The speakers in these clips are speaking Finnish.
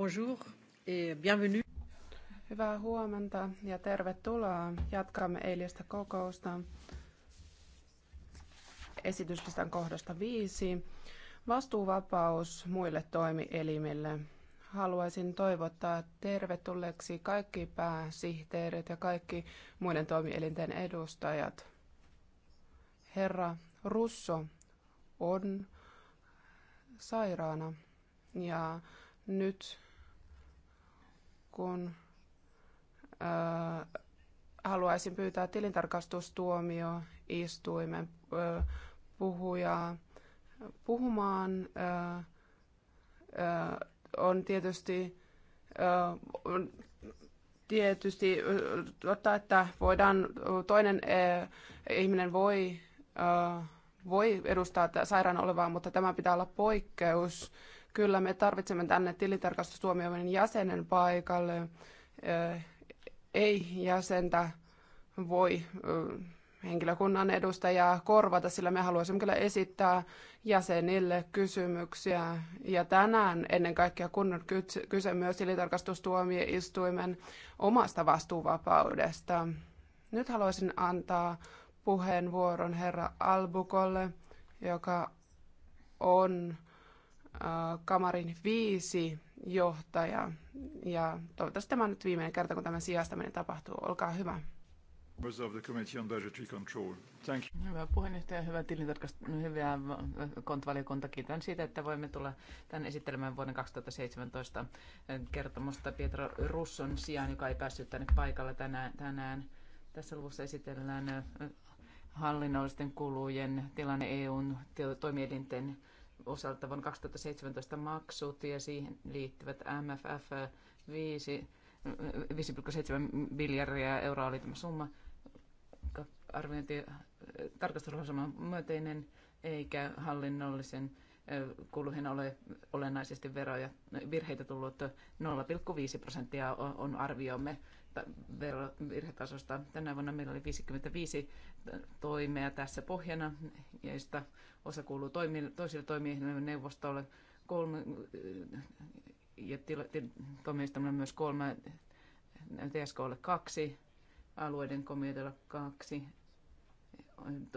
Bonjour et bienvenue. Hyvää huomenta ja tervetuloa. Jatkamme eilistä kokousta esityslistan kohdasta viisi. Vastuuvapaus muille toimielimille. Haluaisin toivottaa tervetulleeksi kaikki pääsihteerit ja kaikki muiden toimielinten edustajat. Herra Russo on sairaana ja nyt kun ö, haluaisin pyytää istuimen ö, puhujaa puhumaan. Ö, ö, on tietysti ö, tietysti totta, että voidaan, toinen ihminen voi, voi edustaa sairaan olevaa, mutta tämä pitää olla poikkeus. Kyllä me tarvitsemme tänne tilitarkastustuomioiden jäsenen paikalle. Ei jäsentä voi henkilökunnan edustajaa korvata, sillä me haluaisimme kyllä esittää jäsenille kysymyksiä. Ja tänään ennen kaikkea kun on kyse myös tilitarkastustuomioistuimen omasta vastuuvapaudesta. Nyt haluaisin antaa puheenvuoron herra Albukolle, joka on Äh, kamarin viisi johtaja. Ja toivottavasti tämä on nyt viimeinen kerta, kun tämä sijastaminen tapahtuu. Olkaa hyvä. Hyvä puheenjohtaja, hyvä tilintarkastus, hyvä kontvaliokunta. Kiitän siitä, että voimme tulla tämän esittelemään vuoden 2017 kertomusta Pietro Russon sijaan, joka ei päässyt tänne paikalla tänään. tänään. Tässä luvussa esitellään hallinnollisten kulujen tilanne EUn toimielinten osalta vuonna 2017 maksut ja siihen liittyvät MFF 5, 5,7 miljardia euroa oli tämä summa. Arviointi on myönteinen eikä hallinnollisen kuluihin ole olennaisesti veroja, virheitä tullut 0,5 prosenttia on arviomme virhetasosta. Tänä vuonna meillä oli 55 toimea tässä pohjana, joista osa kuuluu toimi, toisille toimijoille neuvostolle kolme, ja on myös kolme, TSKlle kaksi, alueiden komitealla kaksi,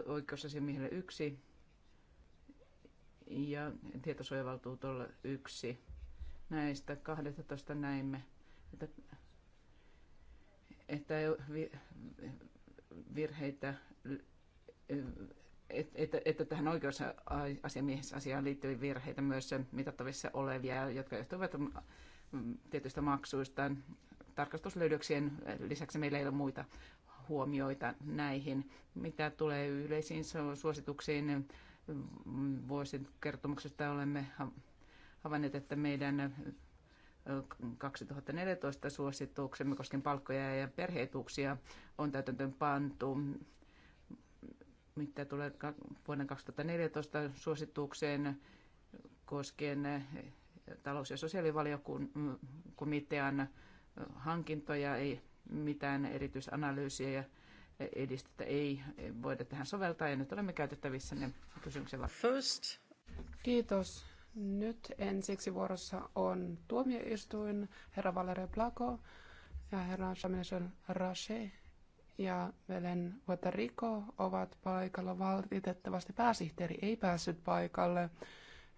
oikeusasiamiehelle yksi ja tietosuojavaltuutolle yksi. Näistä 12 näimme, että että virheitä, että, että tähän asiaan liittyviä virheitä myös mitattavissa olevia, jotka johtuvat tietyistä maksuista. Tarkastuslöydöksien lisäksi meillä ei ole muita huomioita näihin. Mitä tulee yleisiin suosituksiin vuosikertomuksesta, olemme havainneet, että meidän 2014 suosituksemme koskien palkkoja ja perheetuuksia on täytäntöön pantu. Mitä tulee vuoden 2014 suositukseen koskien eh, talous- ja sosiaalivaliokomitean hankintoja, ei mitään erityisanalyysiä ja edistetä ei voida tähän soveltaa ja nyt olemme käytettävissä ne kysymyksen First. Kiitos. Nyt ensiksi vuorossa on tuomioistuin, herra Valerio Plako ja herra Jean-Michel Rache ja Velen Rico ovat paikalla. Valitettavasti pääsihteeri ei päässyt paikalle.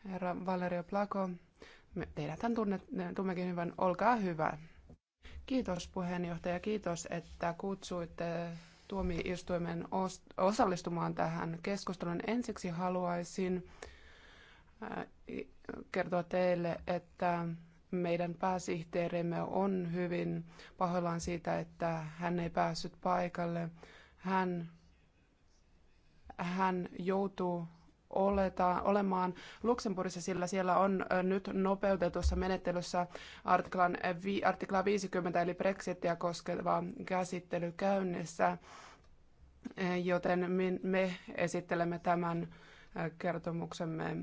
Herra Valerio Plako, teidät hän tunnekin hyvän, olkaa hyvä. Kiitos puheenjohtaja, kiitos, että kutsuitte tuomioistuimen osallistumaan tähän keskusteluun. Ensiksi haluaisin kertoa teille, että meidän pääsihteerimme on hyvin pahoillaan siitä, että hän ei päässyt paikalle. Hän, hän joutuu oleta, olemaan Luxemburgissa, sillä siellä on nyt nopeutetussa menettelyssä artiklan, artikla 50 eli Brexitia koskeva käsittely käynnissä, joten me esittelemme tämän kertomuksemme.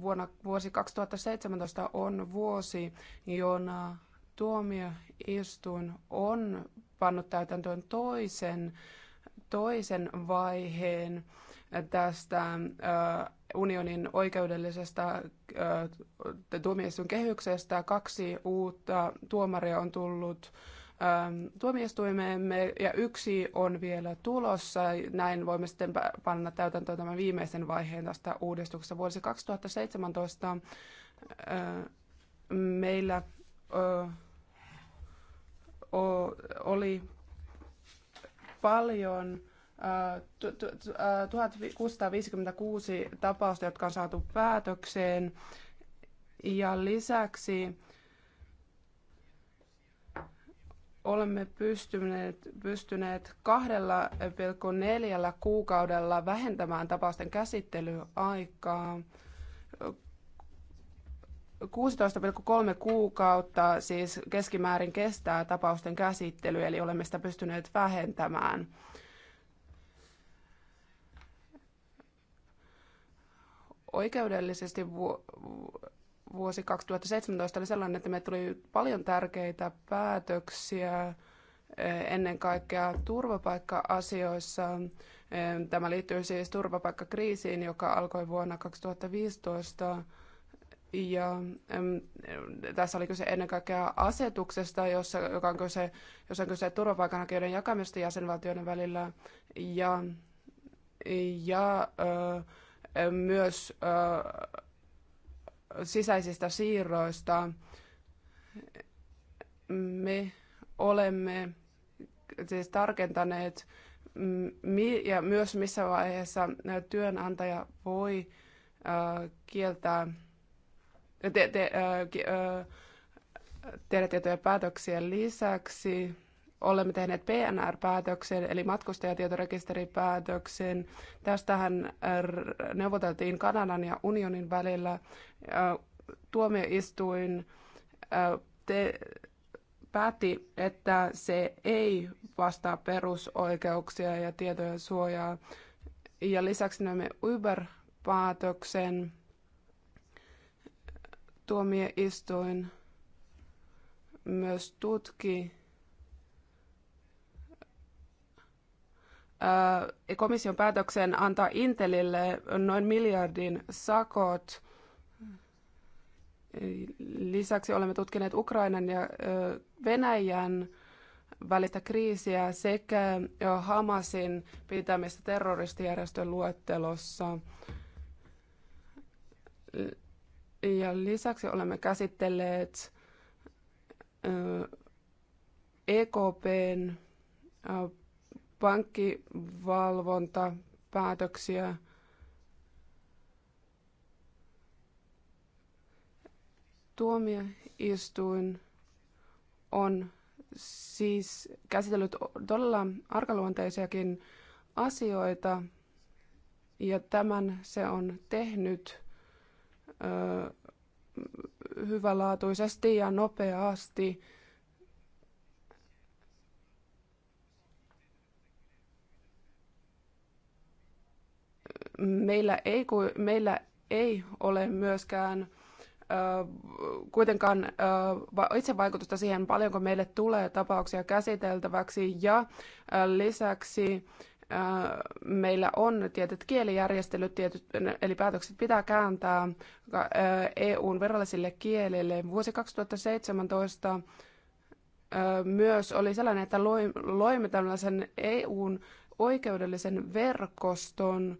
Vuonna, vuosi 2017 on vuosi, jona tuomioistuin on pannut täytäntöön toisen, toisen vaiheen tästä unionin oikeudellisesta tuomioistuin kehyksestä. Kaksi uutta tuomaria on tullut tuomioistuimeemme ja yksi on vielä tulossa. Näin voimme sitten panna täytäntöön tämän viimeisen vaiheen tästä uudistuksesta. Vuosi 2017 meillä oli paljon 1656 tapausta, jotka on saatu päätökseen. Ja lisäksi olemme pystyneet, pystyneet 2,4 kuukaudella vähentämään tapausten käsittelyaikaa. 16,3 kuukautta siis keskimäärin kestää tapausten käsittely, eli olemme sitä pystyneet vähentämään. Oikeudellisesti vuosi 2017 oli sellainen, että me tuli paljon tärkeitä päätöksiä e, ennen kaikkea turvapaikka-asioissa. E, tämä liittyy siis turvapaikkakriisiin, joka alkoi vuonna 2015. Ja tässä oli kyse ennen kaikkea asetuksesta, jossa, joka on kyse, jossa on kyse turvapaikanhakijoiden jakamista jäsenvaltioiden välillä. Ja, ja ö, myös ö, sisäisistä siirroista. Me olemme siis tarkentaneet ja myös missä vaiheessa työnantaja voi kieltää te, te, äh, tiedetietojen päätöksien lisäksi olemme tehneet PNR-päätöksen, eli matkustajatietorekisteripäätöksen. Tästähän äh, neuvoteltiin Kanadan ja unionin välillä. Äh, tuomioistuin äh, te, päätti, että se ei vastaa perusoikeuksia ja tietojen suojaa. Ja lisäksi näemme Uber-päätöksen tuomioistuin myös tutki Äh, komission päätöksen antaa Intelille noin miljardin sakot. Lisäksi olemme tutkineet Ukrainan ja äh, Venäjän välistä kriisiä sekä Hamasin pitämistä terroristijärjestön luettelossa. Ja lisäksi olemme käsitelleet EKPn pankkivalvonta päätöksiä. Tuomioistuin on siis käsitellyt todella arkaluonteisiakin asioita, ja tämän se on tehnyt ö, hyvälaatuisesti ja nopeasti meillä ei, meillä ei ole myöskään kuitenkaan itse vaikutusta siihen, paljonko meille tulee tapauksia käsiteltäväksi ja lisäksi meillä on tietyt kielijärjestelyt, tietyt, eli päätökset pitää kääntää EUn verollisille kielille. Vuosi 2017 myös oli sellainen, että loimme tällaisen EUn oikeudellisen verkoston,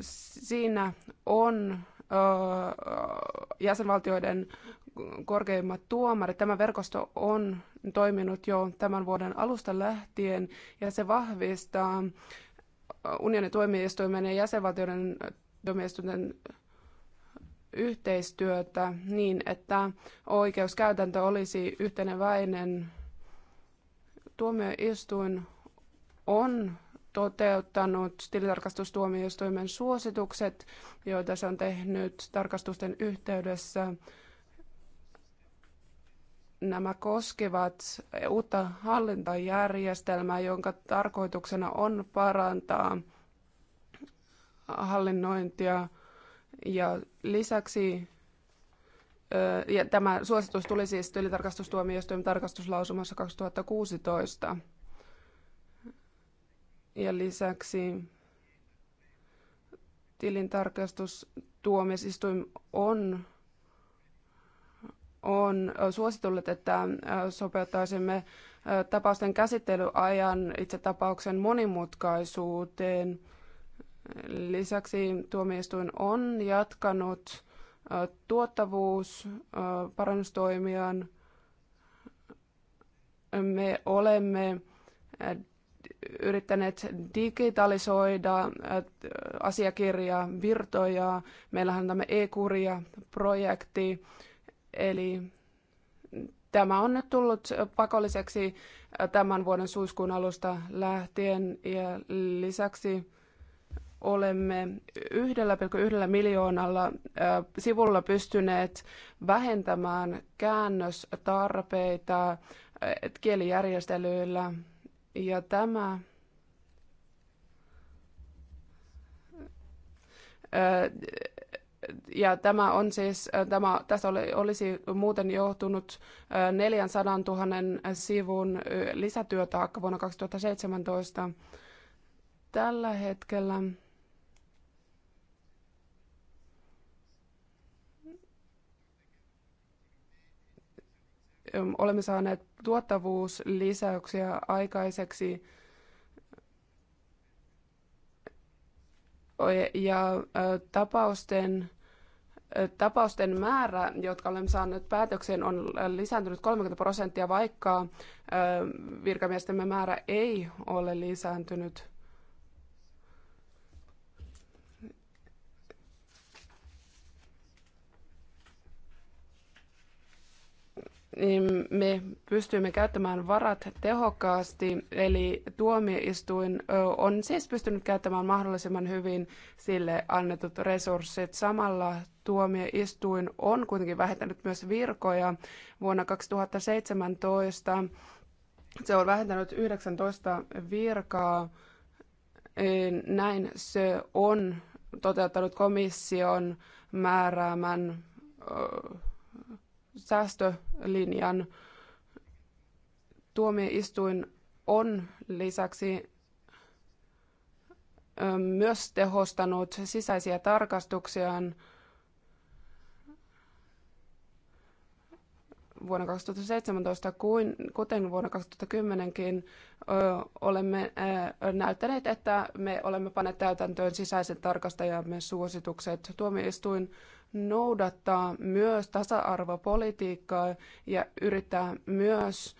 siinä on jäsenvaltioiden korkeimmat tuomarit. Tämä verkosto on toiminut jo tämän vuoden alusta lähtien ja se vahvistaa unionin tuomioistuimen ja jäsenvaltioiden tuomioistuinten yhteistyötä niin, että oikeuskäytäntö olisi yhteneväinen. Tuomioistuin on toteuttanut tilintarkastustuomioistuimen suositukset, joita se on tehnyt tarkastusten yhteydessä. Nämä koskevat uutta hallintajärjestelmää, jonka tarkoituksena on parantaa hallinnointia ja lisäksi ja tämä suositus tuli siis tilintarkastustuomioistuimen tarkastuslausumassa 2016. Ja lisäksi tilintarkastustuomioistuin on, on suositellut, että äh, sopeuttaisimme äh, tapausten käsittelyajan itse tapauksen monimutkaisuuteen. Lisäksi tuomioistuin on jatkanut äh, tuottavuus parannustoimiaan. Me olemme yrittäneet digitalisoida äh, asiakirja virtoja. Meillähän on tämä e-kuria-projekti, eli tämä on nyt tullut pakolliseksi äh, tämän vuoden syyskuun alusta lähtien ja lisäksi olemme 1,1 miljoonalla äh, sivulla pystyneet vähentämään käännöstarpeita kielijärjestelyillä – ja tämä ja tämä on siis, tämä, tästä oli, olisi muuten johtunut 400 000 sivun lisätyötaakka vuonna 2017. Tällä hetkellä olemme saaneet tuottavuuslisäyksiä aikaiseksi ja tapausten, tapausten määrä, jotka olemme saaneet päätökseen, on lisääntynyt 30 prosenttia, vaikka virkamiestemme määrä ei ole lisääntynyt. niin me pystymme käyttämään varat tehokkaasti, eli tuomioistuin on siis pystynyt käyttämään mahdollisimman hyvin sille annetut resurssit. Samalla tuomioistuin on kuitenkin vähentänyt myös virkoja vuonna 2017. Se on vähentänyt 19 virkaa. Näin se on toteuttanut komission määräämän säästölinjan. Tuomioistuin on lisäksi myös tehostanut sisäisiä tarkastuksiaan vuonna 2017 kuten vuonna 2010kin olemme näyttäneet, että me olemme panneet täytäntöön sisäisen tarkastajamme suositukset. Tuomioistuin noudattaa myös tasa-arvopolitiikkaa ja yrittää myös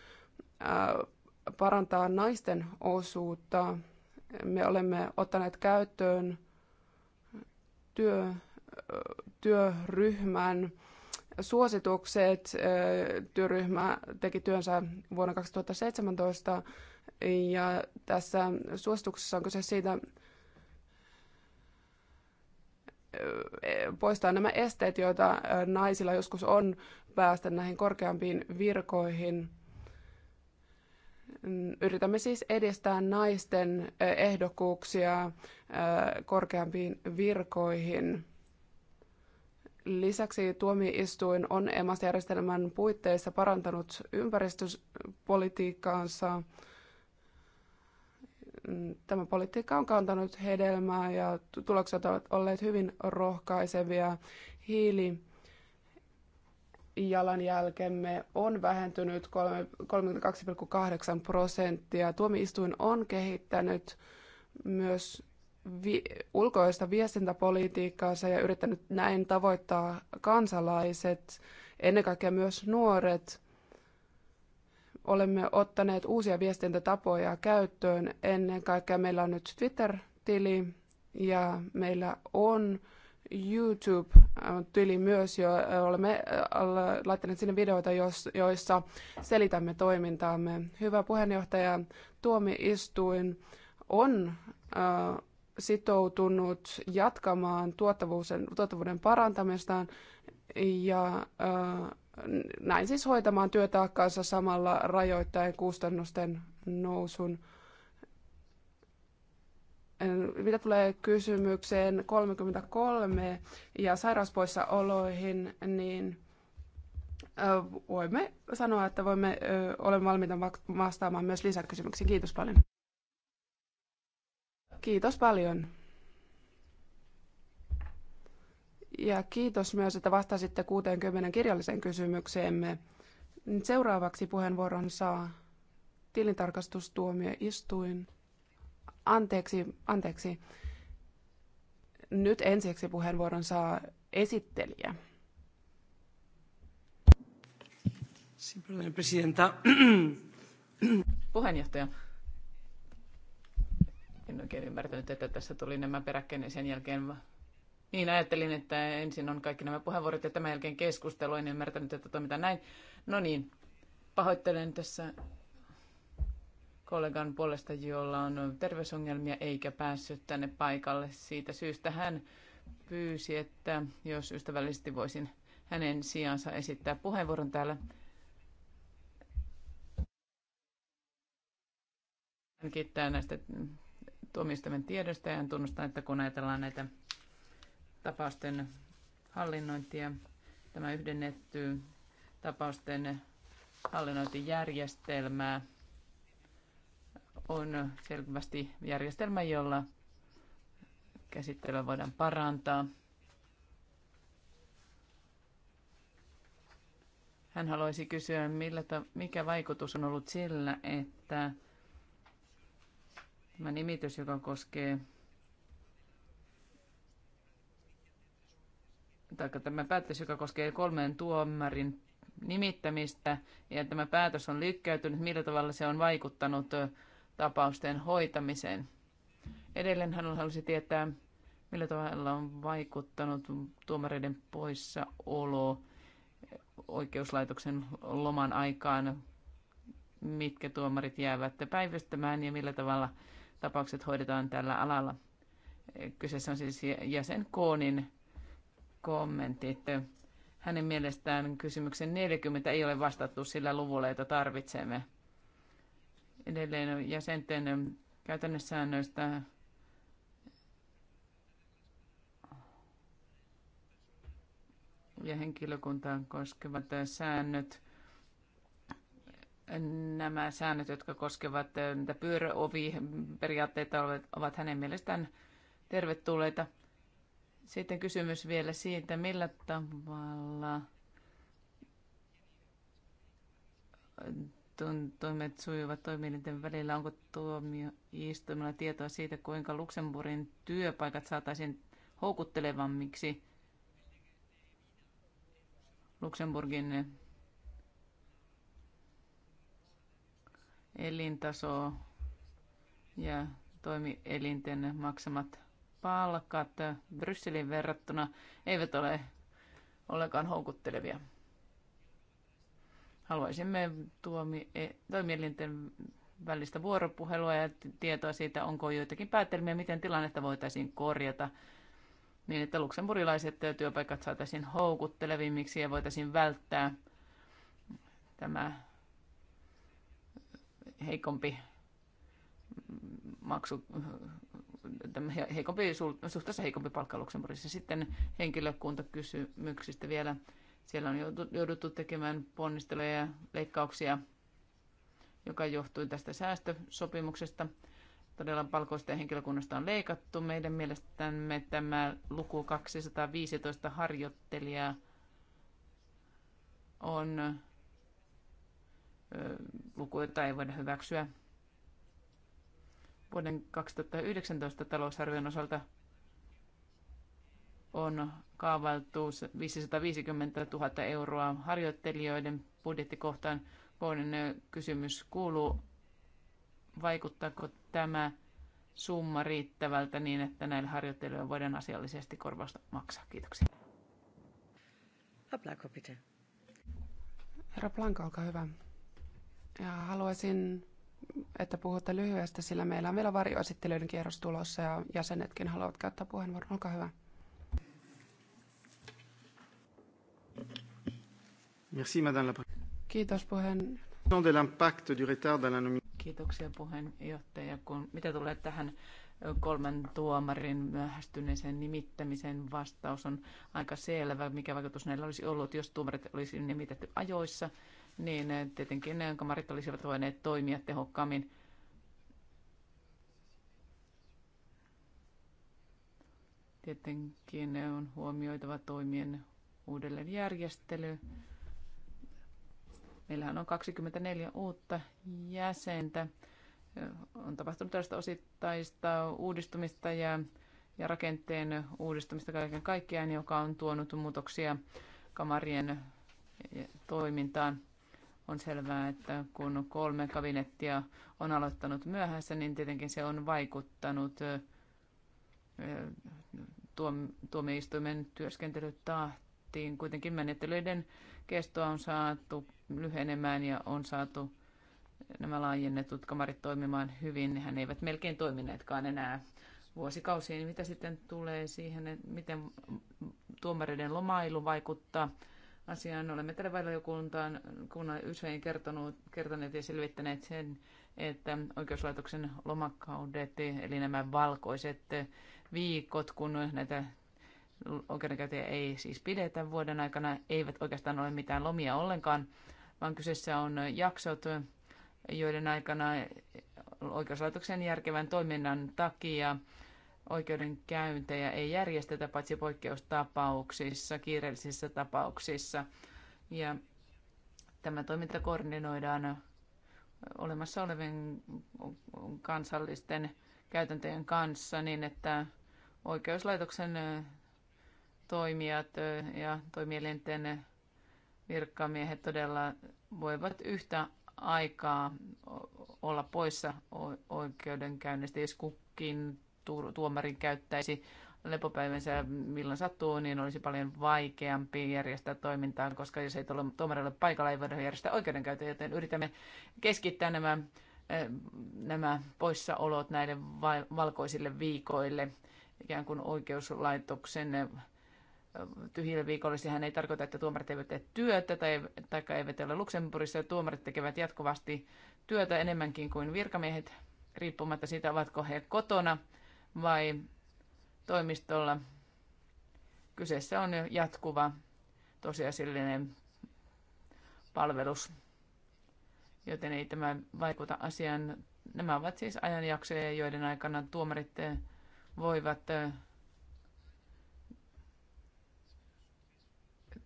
parantaa naisten osuutta. Me olemme ottaneet käyttöön työ, työryhmän suositukset. Työryhmä teki työnsä vuonna 2017 ja tässä suosituksessa on kyse siitä, poistaa nämä esteet, joita naisilla joskus on päästä näihin korkeampiin virkoihin. Mm, yritämme siis edistää naisten ehdokkuuksia korkeampiin virkoihin. Lisäksi tuomioistuin on emasjärjestelmän puitteissa parantanut ympäristöpolitiikkaansa Mm, tämä politiikka on kantanut hedelmää ja tulokset ovat olleet hyvin rohkaisevia. Hiili jalanjälkemme on vähentynyt 32,8 prosenttia. Tuomioistuin on kehittänyt myös vi- ulkoista viestintäpolitiikkaansa ja yrittänyt näin tavoittaa kansalaiset, ennen kaikkea myös nuoret olemme ottaneet uusia viestintätapoja käyttöön. Ennen kaikkea meillä on nyt Twitter-tili ja meillä on YouTube-tili myös, jo olemme laittaneet sinne videoita, joissa selitämme toimintaamme. Hyvä puheenjohtaja, tuomioistuin on sitoutunut jatkamaan tuottavuuden, tuottavuuden parantamistaan ja näin siis hoitamaan työtaakkaansa samalla rajoittain kustannusten nousun. Mitä tulee kysymykseen 33 ja sairauspoissaoloihin, niin voimme sanoa, että voimme, olemme valmiita vastaamaan myös lisäkysymyksiin. Kiitos paljon. Kiitos paljon. Ja kiitos myös, että vastasitte 60 kirjalliseen kysymykseemme. Seuraavaksi puheenvuoron saa tilintarkastustuomioistuin. Anteeksi, anteeksi. Nyt ensiksi puheenvuoron saa esittelijä. Presidenta. Puheenjohtaja. En oikein ymmärtänyt, että tässä tuli nämä peräkkäin sen jälkeen niin ajattelin, että ensin on kaikki nämä puheenvuorot ja tämän jälkeen keskustelu. En ymmärtänyt, että toimita näin. No niin, pahoittelen tässä kollegan puolesta, jolla on terveysongelmia eikä päässyt tänne paikalle. Siitä syystä hän pyysi, että jos ystävällisesti voisin hänen sijaansa esittää puheenvuoron täällä. Hän kiittää näistä tuomioistuimen tiedosta ja hän tunnustaa, että kun ajatellaan näitä tapausten hallinnointia. Tämä yhdennetty tapausten hallinnointijärjestelmää on selvästi järjestelmä, jolla käsittelyä voidaan parantaa. Hän haluaisi kysyä, millä ta- mikä vaikutus on ollut sillä, että tämä nimitys, joka koskee tai tämä päätös, joka koskee kolmeen tuomarin nimittämistä, ja tämä päätös on lykkäytynyt, millä tavalla se on vaikuttanut tapausten hoitamiseen. Edelleen hän halusi tietää, millä tavalla on vaikuttanut tuomareiden poissaolo oikeuslaitoksen loman aikaan, mitkä tuomarit jäävät päivystämään ja millä tavalla tapaukset hoidetaan tällä alalla. Kyseessä on siis jäsen Koonin kommentit. Hänen mielestään kysymyksen 40 ei ole vastattu sillä luvulla, jota tarvitsemme. Edelleen jäsenten käytännössäännöistä ja henkilökuntaa koskevat säännöt. Nämä säännöt, jotka koskevat äh, pyöröovi-periaatteita, ovat hänen mielestään tervetulleita. Sitten kysymys vielä siitä, millä tavalla toimet sujuvat toimielinten välillä. Onko tuomioistuimella tietoa siitä, kuinka Luxemburgin työpaikat saataisiin houkuttelevammiksi Luxemburgin elintaso ja toimielinten maksamat palkat Brysselin verrattuna eivät ole ollenkaan houkuttelevia. Haluaisimme e, toimielinten välistä vuoropuhelua ja tietoa siitä, onko joitakin päätelmiä, miten tilannetta voitaisiin korjata niin, että luksemburilaiset työpaikat saataisiin houkuttelevimmiksi ja voitaisiin välttää tämä heikompi maksu heikompi, suhteessa heikompi palkka Luxemburgissa. Sitten henkilökuntakysymyksistä vielä. Siellä on jouduttu tekemään ponnisteluja ja leikkauksia, joka johtui tästä säästösopimuksesta. Todella palkoista ja henkilökunnasta on leikattu. Meidän mielestämme tämä luku 215 harjoittelijaa on luku, jota ei voida hyväksyä vuoden 2019 talousarvion osalta on kaavailtu 550 000 euroa harjoittelijoiden budjettikohtaan. Vuoden kysymys kuuluu, vaikuttaako tämä summa riittävältä niin, että näille harjoittelijoille voidaan asiallisesti korvausta maksaa? Kiitoksia. Herra Blanka, olkaa hyvä. Ja haluaisin että puhutte lyhyesti, sillä meillä on vielä varjoesittelyiden kierros tulossa ja jäsenetkin haluavat käyttää puheenvuoron. Olkaa hyvä. Merci, madame la Kiitos puheen. Kiitoksia puheenjohtaja. Kun, mitä tulee tähän kolmen tuomarin myöhästyneeseen nimittämiseen, vastaus on aika selvä, mikä vaikutus näillä olisi ollut, jos tuomarit olisi nimitetty ajoissa niin eh, tietenkin ne kamarit olisivat voineet toimia tehokkaammin. Tietenkin ne on huomioitava toimien uudelleenjärjestely. Meillähän on 24 uutta jäsentä. On tapahtunut tällaista osittaista uudistumista ja, ja rakenteen uudistumista kaiken kaikkiaan, joka on tuonut muutoksia kamarien eh, toimintaan. On selvää, että kun kolme kabinettia on aloittanut myöhässä, niin tietenkin se on vaikuttanut tuomioistuimen työskentelytahtiin. Kuitenkin menettelyiden kestoa on saatu lyhenemään ja on saatu nämä laajennetut kamarit toimimaan hyvin. Nehän eivät melkein toimineetkaan enää vuosikausiin. Mitä sitten tulee siihen, että miten tuomareiden lomailu vaikuttaa asiaan. Olemme tälle valiokuntaan kunnan usein kertonut, kertoneet ja selvittäneet sen, että oikeuslaitoksen lomakaudet, eli nämä valkoiset viikot, kun näitä oikeudenkäyntiä ei siis pidetä vuoden aikana, eivät oikeastaan ole mitään lomia ollenkaan, vaan kyseessä on jaksot, joiden aikana oikeuslaitoksen järkevän toiminnan takia oikeudenkäyntejä ei järjestetä paitsi poikkeustapauksissa, kiireellisissä tapauksissa. Ja tämä toiminta koordinoidaan olemassa olevien kansallisten käytäntöjen kanssa niin, että oikeuslaitoksen toimijat ja toimielinten virkamiehet todella voivat yhtä aikaa olla poissa oikeudenkäynnistä, jos kukin tuomarin käyttäisi lepopäivänsä milloin sattuu, niin olisi paljon vaikeampi järjestää toimintaa, koska jos ei tuomarille paikalla, ei voida järjestää oikeudenkäyntiä, joten yritämme keskittää nämä, eh, nämä poissaolot näille valkoisille viikoille, ikään kuin oikeuslaitoksen eh, tyhjille viikolle. Sehän ei tarkoita, että tuomarit eivät tee työtä tai, tai eivät ole Luxemburgissa. Tuomarit tekevät jatkuvasti työtä enemmänkin kuin virkamiehet, riippumatta siitä, ovatko he kotona – vai toimistolla. Kyseessä on jatkuva tosiasiallinen palvelus, joten ei tämä vaikuta asiaan. Nämä ovat siis ajanjaksoja, joiden aikana tuomarit voivat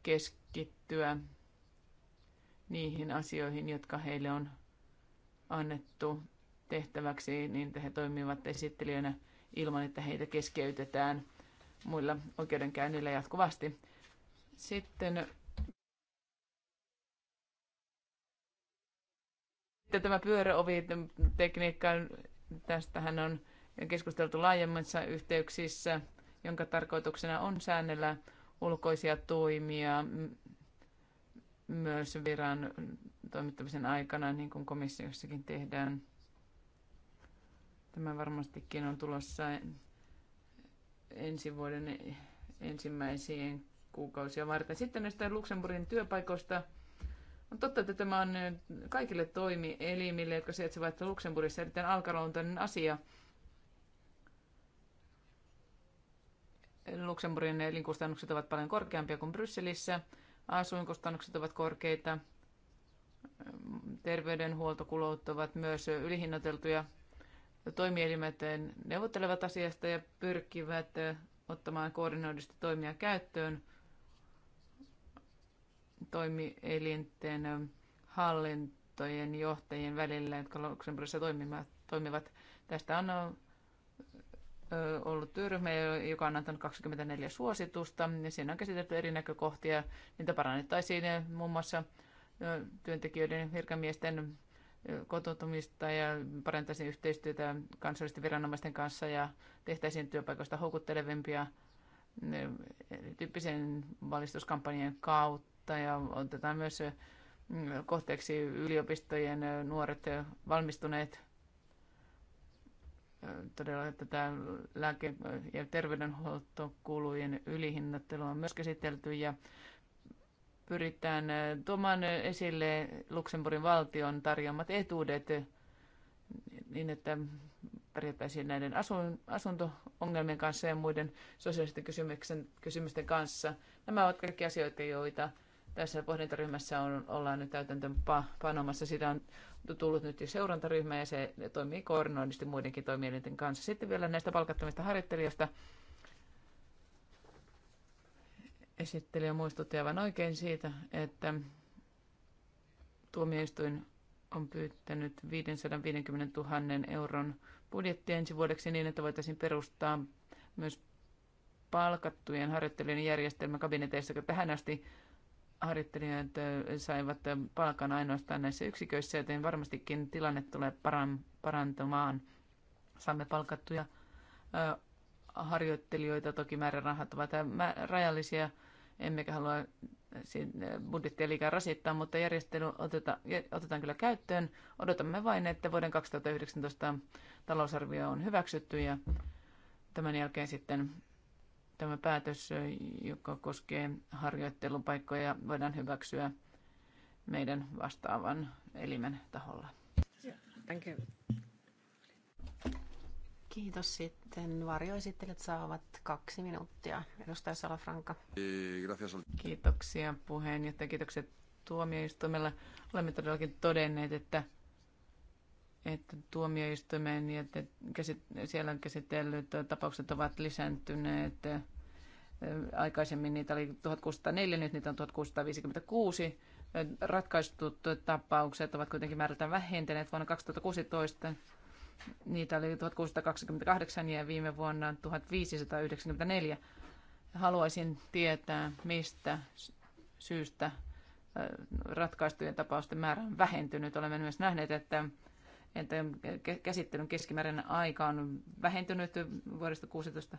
keskittyä niihin asioihin, jotka heille on annettu tehtäväksi, niin he toimivat esittelijöinä ilman, että heitä keskeytetään muilla oikeudenkäynnillä jatkuvasti. Sitten Sitten tämä pyöräovitekniikka, tästähän on keskusteltu laajemmissa yhteyksissä, jonka tarkoituksena on säännellä ulkoisia toimia myös viran toimittamisen aikana, niin kuin komissiossakin tehdään. Tämä varmastikin on tulossa ensi vuoden ensimmäisiin kuukausia varten. Sitten näistä Luxemburgin työpaikoista. On totta, että tämä on kaikille toimielimille, jotka sijaitsevat Luxemburgissa erittäin alkaluontoinen asia. Luxemburgin elinkustannukset ovat paljon korkeampia kuin Brysselissä. Asuinkustannukset ovat korkeita. Terveydenhuoltokulut ovat myös ylihinnoiteltuja toimielimet neuvottelevat asiasta ja pyrkivät ottamaan koordinoidusti toimia käyttöön toimielinten hallintojen johtajien välillä, jotka Luxemburgissa toimivat. Tästä on ollut työryhmä, joka on antanut 24 suositusta, ja siinä on käsitelty eri näkökohtia. Niitä parannettaisiin muun muassa työntekijöiden, virkamiesten kotoutumista ja parantaisin yhteistyötä kansallisten viranomaisten kanssa ja tehtäisiin työpaikoista houkuttelevimpia tyyppisen valistuskampanjan kautta ja otetaan myös kohteeksi yliopistojen nuoret valmistuneet todella tätä lääke- ja terveydenhuoltokulujen ylihinnattelua on myös käsitelty ja pyritään eh, tuomaan esille Luxemburgin valtion tarjoamat etuudet niin, että pärjättäisiin näiden asun, asunto-ongelmien kanssa ja muiden sosiaalisten kysymyksen, kysymysten kanssa. Nämä ovat kaikki asioita, joita tässä pohdintaryhmässä on, ollaan nyt täytäntöön panomassa. Sitä on tullut nyt jo seurantaryhmä ja se toimii koordinoinnisesti muidenkin toimielinten kanssa. Sitten vielä näistä palkattomista harjoittelijoista. Esittelijä muistutti aivan oikein siitä, että tuomioistuin on pyytänyt 550 000 euron budjetti ensi vuodeksi niin, että voitaisiin perustaa myös palkattujen harjoittelijan järjestelmä kabineteissa, kun tähän asti harjoittelijat saivat palkan ainoastaan näissä yksiköissä, joten varmastikin tilanne tulee parantumaan. Saamme palkattuja harjoittelijoita, toki määrärahat ovat rajallisia, emmekä halua äh, äh, budjettia liikaa rasittaa, mutta järjestely oteta, otetaan kyllä käyttöön. Odotamme vain, että vuoden 2019 talousarvio on hyväksytty ja tämän jälkeen sitten tämä päätös, joka koskee harjoittelupaikkoja, voidaan hyväksyä meidän vastaavan elimen taholla. you. Kiitos sitten. Varjoesittelijät saavat kaksi minuuttia. Edustaja Salafranka. Kiitoksia puheenjohtaja. Kiitokset tuomioistuimella. Olemme todellakin todenneet, että, että tuomioistuimen ja että käsit, siellä on käsitellyt tapaukset ovat lisääntyneet. Aikaisemmin niitä oli 1604, nyt niitä on 1656. Ratkaistut tapaukset ovat kuitenkin määrältään vähentyneet vuonna 2016 Niitä oli 1628 ja viime vuonna 1594. Haluaisin tietää, mistä syystä ratkaistujen tapausten määrä on vähentynyt. Olemme myös nähneet, että entä käsittelyn keskimääräinen aika on vähentynyt vuodesta 16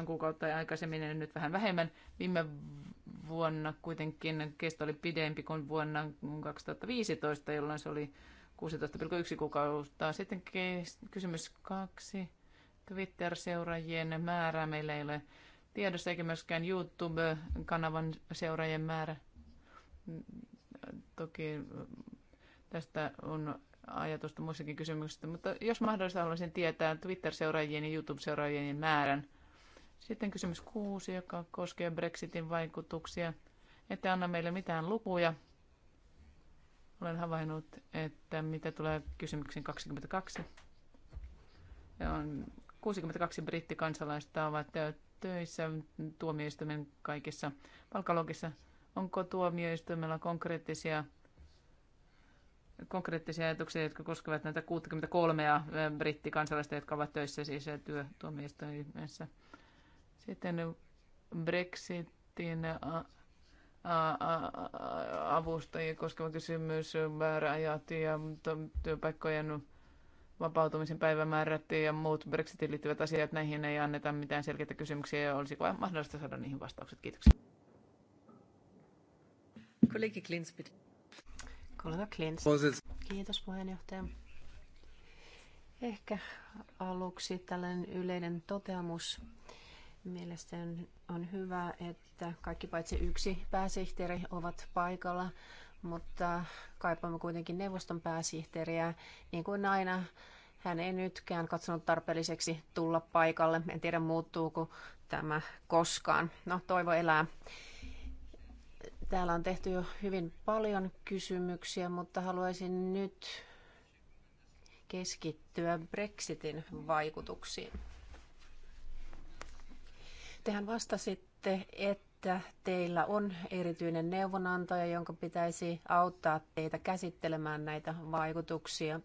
17,7 kuukautta ja aikaisemmin ja nyt vähän vähemmän. Viime vuonna kuitenkin kesto oli pidempi kuin vuonna 2015, jolloin se oli 16,1 kuukautta. Sitten kysymys kaksi. Twitter-seuraajien määrä meillä ei ole tiedossa, eikä myöskään YouTube-kanavan seuraajien määrä. Toki tästä on ajatusta muissakin kysymyksistä, mutta jos mahdollista haluaisin tietää Twitter-seuraajien ja YouTube-seuraajien määrän. Sitten kysymys kuusi, joka koskee Brexitin vaikutuksia. Ette anna meille mitään lukuja. Olen havainnut, että mitä tulee kysymyksiin 22. On 62 brittikansalaista ovat töissä tuomioistuimen kaikissa palkalogissa. Onko tuomioistuimella konkreettisia konkreettisia ajatuksia, jotka koskevat näitä 63 eh, brittikansalaista, jotka ovat töissä siis eh, työtuomioistuimessa. Sitten Brexitin avustajia koskeva kysymys, määräajat ja työpaikkojen vapautumisen päivämäärät ja muut Brexitiin liittyvät asiat, näihin ei anneta mitään selkeitä kysymyksiä ja olisiko mahdollista saada niihin vastaukset. Kiitoksia. Kollegi Klins, Kollega Klins. Kiitos puheenjohtaja. Ehkä aluksi tällainen yleinen toteamus. Mielestäni on hyvä, että kaikki paitsi yksi pääsihteeri ovat paikalla, mutta kaipaamme kuitenkin neuvoston pääsihteeriä. Niin kuin aina, hän ei nytkään katsonut tarpeelliseksi tulla paikalle. En tiedä, muuttuuko tämä koskaan. No, toivo elää. Täällä on tehty jo hyvin paljon kysymyksiä, mutta haluaisin nyt keskittyä Brexitin vaikutuksiin. Tehän vastasitte, että teillä on erityinen neuvonantaja, jonka pitäisi auttaa teitä käsittelemään näitä vaikutuksia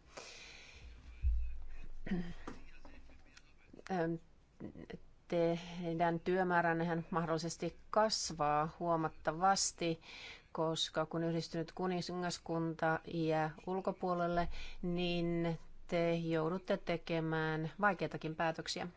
teidän työmääränne mahdollisesti kasvaa huomattavasti, koska kun yhdistynyt kuningaskunta jää ulkopuolelle, niin te joudutte tekemään vaikeitakin päätöksiä.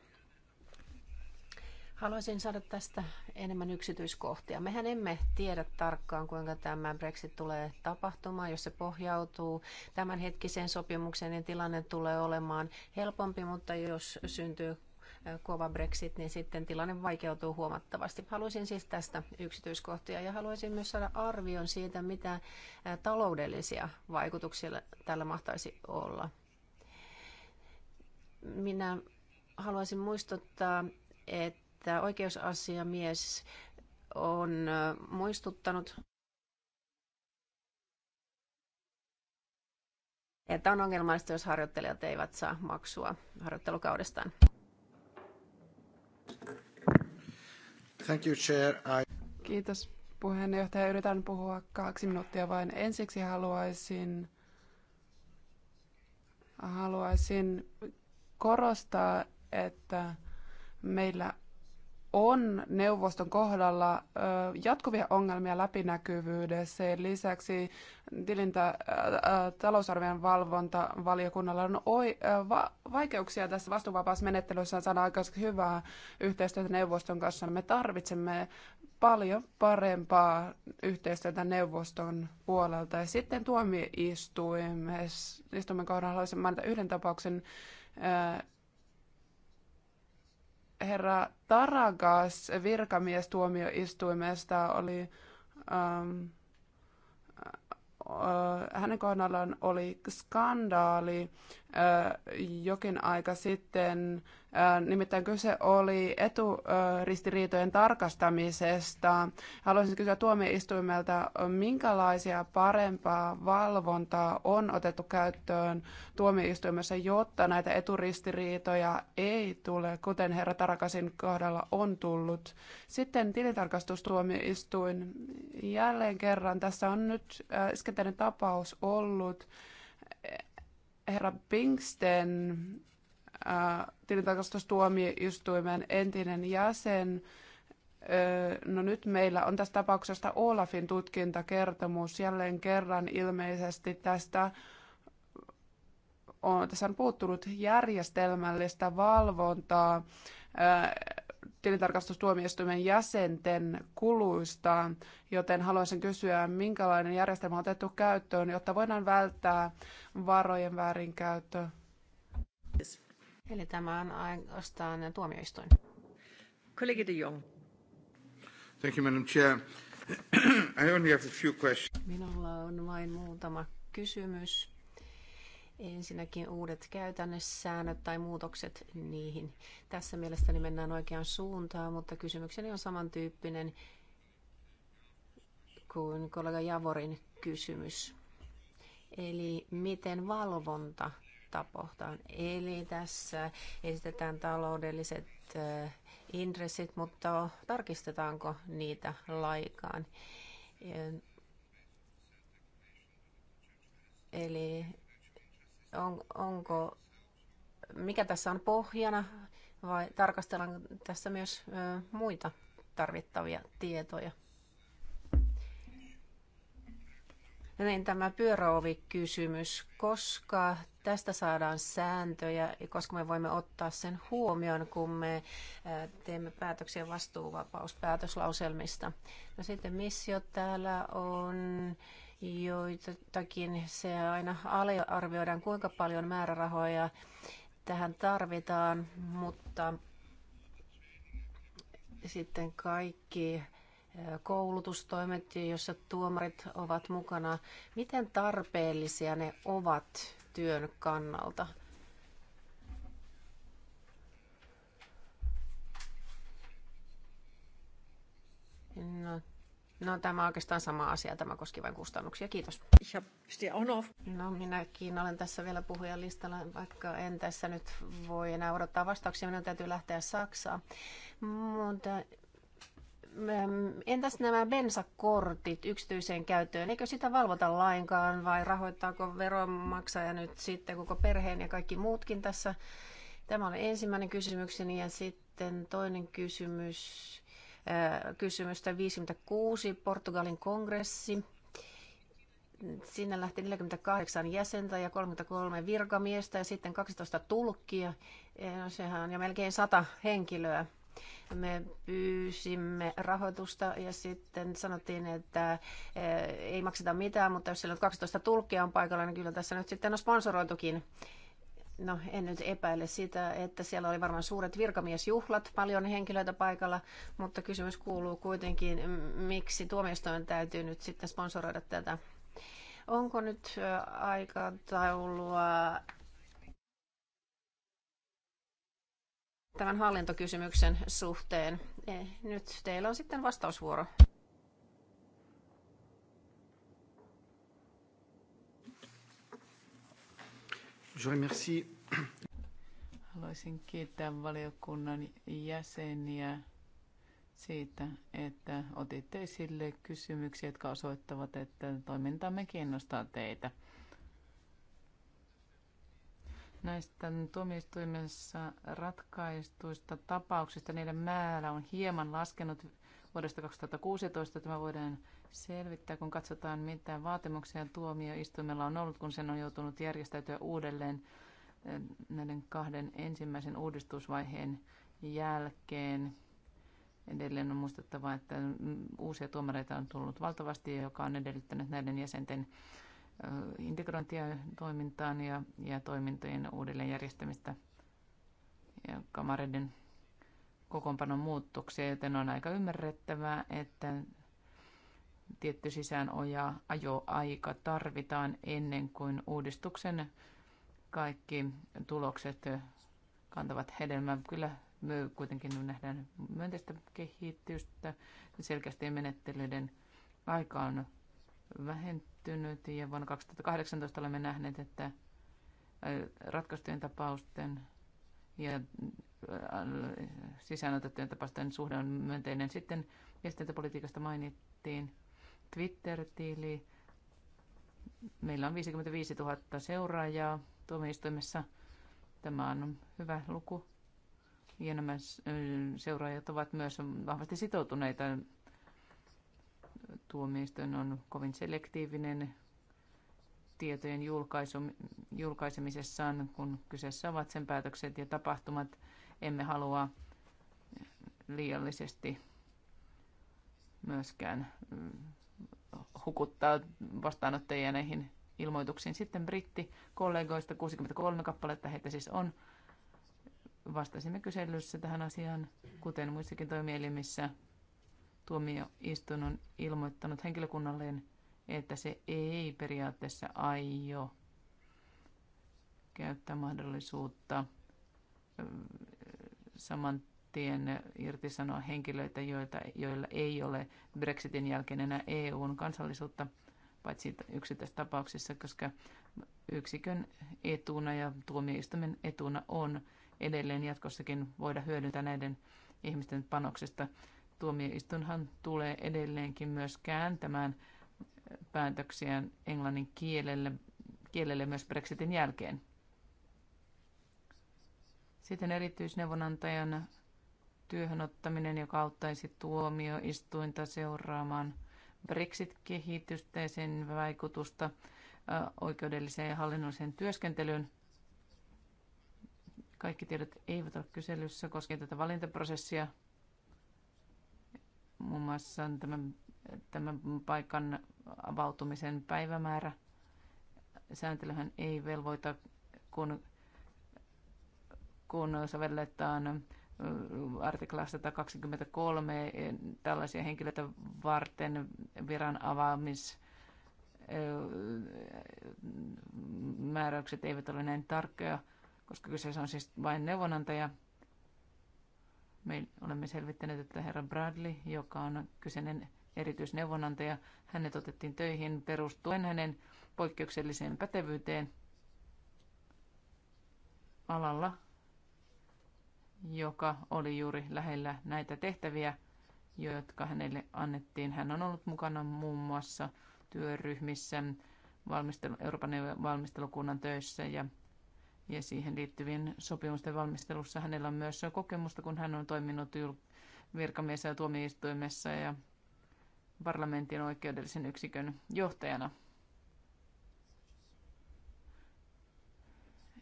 Haluaisin saada tästä enemmän yksityiskohtia. Mehän emme tiedä tarkkaan, kuinka tämä Brexit tulee tapahtumaan. Jos se pohjautuu tämänhetkiseen sopimukseen, niin tilanne tulee olemaan helpompi, mutta jos syntyy kova Brexit, niin sitten tilanne vaikeutuu huomattavasti. Haluaisin siis tästä yksityiskohtia ja haluaisin myös saada arvion siitä, mitä taloudellisia vaikutuksia tällä mahtaisi olla. Minä haluaisin muistuttaa, että oikeusasiamies on muistuttanut että on ongelmallista, jos harjoittelijat eivät saa maksua harjoittelukaudestaan. Thank you, Chair. I... Kiitos puheenjohtaja. Yritän puhua kaksi minuuttia vain. Ensiksi haluaisin, haluaisin korostaa, että meillä on neuvoston kohdalla jatkuvia ongelmia läpinäkyvyydessä. Lisäksi tilintä, talousarvion valiokunnalla on oi, va, vaikeuksia tässä menettelyssä saada aika hyvää yhteistyötä neuvoston kanssa. Me tarvitsemme paljon parempaa yhteistyötä neuvoston puolelta. Ja sitten tuomioistuimen kohdalla haluaisin mainita yhden tapauksen herra Taragas virkamies tuomioistuimesta oli, ähm, äh, hänen kohdallaan oli skandaali äh, jokin aika sitten Äh, nimittäin kyse oli eturistiriitojen tarkastamisesta. Haluaisin kysyä tuomioistuimelta, minkälaisia parempaa valvontaa on otettu käyttöön tuomioistuimessa, jotta näitä eturistiriitoja ei tule, kuten herra Tarakasin kohdalla on tullut. Sitten tilintarkastustuomioistuin. Jälleen kerran tässä on nyt äskettäinen äh, tapaus ollut. Herra Pinksten tilintarkastustuomioistuimen entinen jäsen. No nyt meillä on tästä tapauksesta Olafin tutkintakertomus jälleen kerran ilmeisesti tästä on, tässä on puuttunut järjestelmällistä valvontaa tilintarkastustuomioistuimen jäsenten kuluista, joten haluaisin kysyä, minkälainen järjestelmä on otettu käyttöön, jotta voidaan välttää varojen väärinkäyttö. Eli tämä on ainoastaan tuomioistuin. Kollegi de Jong. Thank you, Madam Chair. I only have a few questions. Minulla on vain muutama kysymys. Ensinnäkin uudet käytännössäännöt tai muutokset niihin. Tässä mielestäni mennään oikeaan suuntaan, mutta kysymykseni on samantyyppinen kuin kollega Javorin kysymys. Eli miten valvonta kohtaan. Eli tässä esitetään taloudelliset eh, intressit, mutta tarkistetaanko niitä laikaan? Eh, eli on, onko, mikä tässä on pohjana vai tarkastellaan tässä myös eh, muita tarvittavia tietoja? niin tämä pyöräovikysymys, koska tästä saadaan sääntöjä, koska me voimme ottaa sen huomioon, kun me teemme päätöksiä vastuuvapauspäätöslauselmista. No sitten missio täällä on joitakin, se aina aliarvioidaan, kuinka paljon määrärahoja tähän tarvitaan, mutta sitten kaikki koulutustoimet, joissa tuomarit ovat mukana. Miten tarpeellisia ne ovat työn kannalta? No, no tämä on oikeastaan sama asia. Tämä koski vain kustannuksia. Kiitos. No minäkin olen tässä vielä puhujan listalla, vaikka en tässä nyt voi enää odottaa vastauksia. Minun täytyy lähteä Saksaan. Mutta Entäs nämä bensakortit yksityiseen käyttöön? Eikö sitä valvota lainkaan vai rahoittaako veronmaksaja nyt sitten koko perheen ja kaikki muutkin tässä? Tämä oli ensimmäinen kysymykseni ja sitten toinen kysymys. Äh, kysymystä 56, Portugalin kongressi. Sinne lähti 48 jäsentä ja 33 virkamiestä ja sitten 12 tulkkia, no sehän on ja melkein 100 henkilöä me pyysimme rahoitusta ja sitten sanottiin, että eh, ei makseta mitään, mutta jos siellä on 12 tulkkia on paikalla, niin kyllä tässä nyt sitten on sponsoroitukin. No en nyt epäile sitä, että siellä oli varmaan suuret virkamiesjuhlat, paljon henkilöitä paikalla, mutta kysymys kuuluu kuitenkin, miksi tuomioistuin täytyy nyt sitten sponsoroida tätä. Onko nyt eh, aikataulua tämän hallintokysymyksen suhteen. E, nyt teillä on sitten vastausvuoro. Haluaisin kiittää valiokunnan jäseniä siitä, että otitte esille kysymyksiä, jotka osoittavat, että toimintamme kiinnostaa teitä näistä tuomioistuimessa ratkaistuista tapauksista, niiden määrä on hieman laskenut vuodesta 2016. Tämä voidaan selvittää, kun katsotaan, mitä vaatimuksia tuomioistuimella on ollut, kun sen on joutunut järjestäytyä uudelleen eh, näiden kahden ensimmäisen uudistusvaiheen jälkeen. Edelleen on muistettava, että mm, uusia tuomareita on tullut valtavasti, joka on edellyttänyt näiden jäsenten integrointia toimintaan ja, ja toimintojen uudelleenjärjestämistä ja kamareiden kokoonpanon muutoksia, joten on aika ymmärrettävää, että tietty sisäänoja ajoaika tarvitaan ennen kuin uudistuksen kaikki tulokset kantavat hedelmää. Kyllä me kuitenkin nähdään myönteistä kehitystä. Selkeästi menettelyiden aika on vähentynyt ja vuonna 2018 olemme nähneet, että äh, ratkaistujen tapausten ja äh, sisäänotettujen tapausten suhde on myönteinen. Sitten viestintäpolitiikasta mainittiin Twitter-tiili. Meillä on 55 000 seuraajaa tuomioistuimessa. Tämä on hyvä luku. Ja nämä seuraajat ovat myös vahvasti sitoutuneita tuomioistuin on kovin selektiivinen tietojen julkaisu, julkaisemisessaan, kun kyseessä ovat sen päätökset ja tapahtumat. Emme halua liiallisesti myöskään mm, hukuttaa vastaanottajia näihin ilmoituksiin. Sitten britti kollegoista 63 kappaletta heitä siis on. Vastasimme kyselyssä tähän asiaan, kuten muissakin toimielimissä Tuomioistuin on ilmoittanut henkilökunnalleen, että se ei periaatteessa aio käyttää mahdollisuutta saman tien irtisanoa henkilöitä, joita, joilla ei ole Brexitin jälkeen enää EUn kansallisuutta, paitsi yksittäisissä tapauksissa, koska yksikön etuna ja tuomioistuimen etuna on edelleen jatkossakin voida hyödyntää näiden ihmisten panoksesta Tuomioistuinhan tulee edelleenkin myös kääntämään päätöksiä englannin kielelle, kielelle myös Brexitin jälkeen. Sitten erityisneuvonantajan työhönottaminen, joka auttaisi tuomioistuinta seuraamaan Brexit-kehitystä ja sen vaikutusta oikeudelliseen ja hallinnolliseen työskentelyyn. Kaikki tiedot eivät ole kyselyssä koskien tätä valintaprosessia muun muassa tämän, tämän paikan avautumisen päivämäärä. Sääntelyhän ei velvoita, kun, kun sovelletaan artiklaa 123 e, tällaisia henkilöitä varten viran avaamis määräykset eivät ole näin tarkkoja, koska kyseessä on siis vain neuvonantaja, me olemme selvittäneet, että herra Bradley, joka on kyseinen erityisneuvonantaja, hänet otettiin töihin perustuen hänen poikkeukselliseen pätevyyteen alalla, joka oli juuri lähellä näitä tehtäviä, jotka hänelle annettiin. Hän on ollut mukana muun muassa työryhmissä, valmistelu, Euroopan valmistelukunnan töissä ja ja siihen liittyvien sopimusten valmistelussa hänellä on myös kokemusta, kun hän on toiminut virkamies- ja tuomioistuimessa ja parlamentin oikeudellisen yksikön johtajana.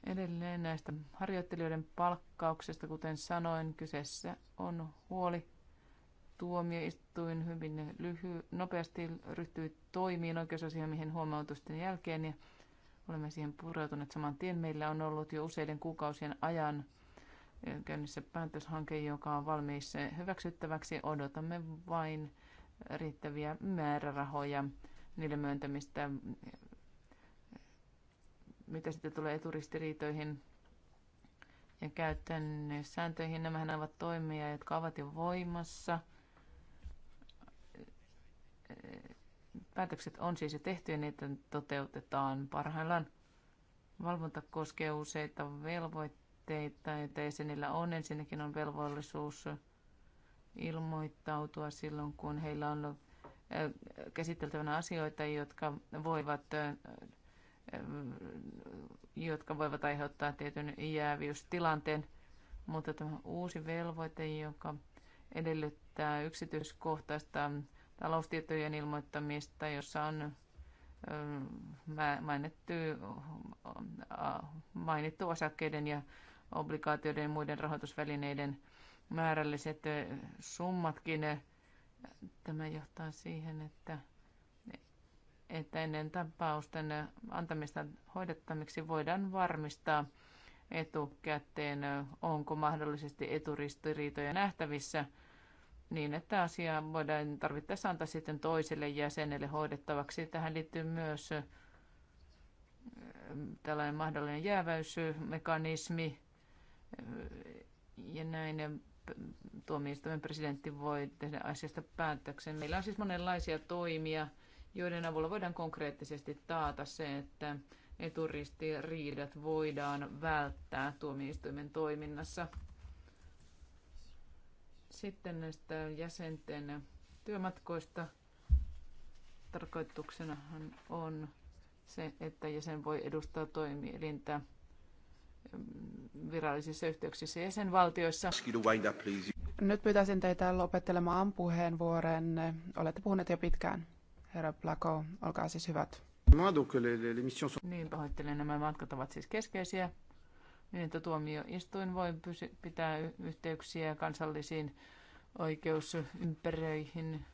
Edelleen näistä harjoittelijoiden palkkauksesta, kuten sanoin, kyseessä on huoli. Tuomioistuin hyvin lyhy, nopeasti ryhtyi toimiin oikeusasiamiehen huomautusten jälkeen ja Olemme siihen pureutuneet saman tien. Meillä on ollut jo useiden kuukausien ajan käynnissä päätöshanke, joka on valmis hyväksyttäväksi. Odotamme vain riittäviä määrärahoja niille myöntämistä. Mitä sitten tulee eturistiriitoihin ja käytännön sääntöihin, nämähän ovat toimia, jotka ovat jo voimassa – Päätökset on siis jo tehty ja niitä toteutetaan parhaillaan. Valvonta koskee useita velvoitteita, joita jäsenillä on. Ensinnäkin on velvollisuus ilmoittautua silloin, kun heillä on käsiteltävänä asioita, jotka voivat, jotka voivat aiheuttaa tietyn jääviystilanteen. Mutta tämä uusi velvoite, joka edellyttää yksityiskohtaista taloustietojen ilmoittamista, jossa on mainittu, mainittu osakkeiden ja obligaatioiden ja muiden rahoitusvälineiden määrälliset summatkin. Tämä johtaa siihen, että, että ennen tapausten antamista hoidettamiksi voidaan varmistaa etukäteen, onko mahdollisesti eturistiriitoja nähtävissä – niin, että asia voidaan tarvittaessa antaa sitten toiselle jäsenelle hoidettavaksi. Tähän liittyy myös tällainen mahdollinen jääväysmekanismi ja näin tuomioistuimen presidentti voi tehdä asiasta päätöksen. Meillä on siis monenlaisia toimia, joiden avulla voidaan konkreettisesti taata se, että eturistiriidat voidaan välttää tuomioistuimen toiminnassa. Sitten näistä jäsenten työmatkoista. Tarkoituksenahan on se, että jäsen voi edustaa toimielintä mm, virallisissa yhteyksissä jäsenvaltioissa. Nyt pyytäisin teitä lopettelemaan puheenvuoren. Olette puhuneet jo pitkään. Herra Plako, olkaa siis hyvät. Niin, pahoittelen. Nämä matkat ovat siis keskeisiä niin että tuomioistuin voi pysy- pitää yhteyksiä kansallisiin oikeusympäröihin.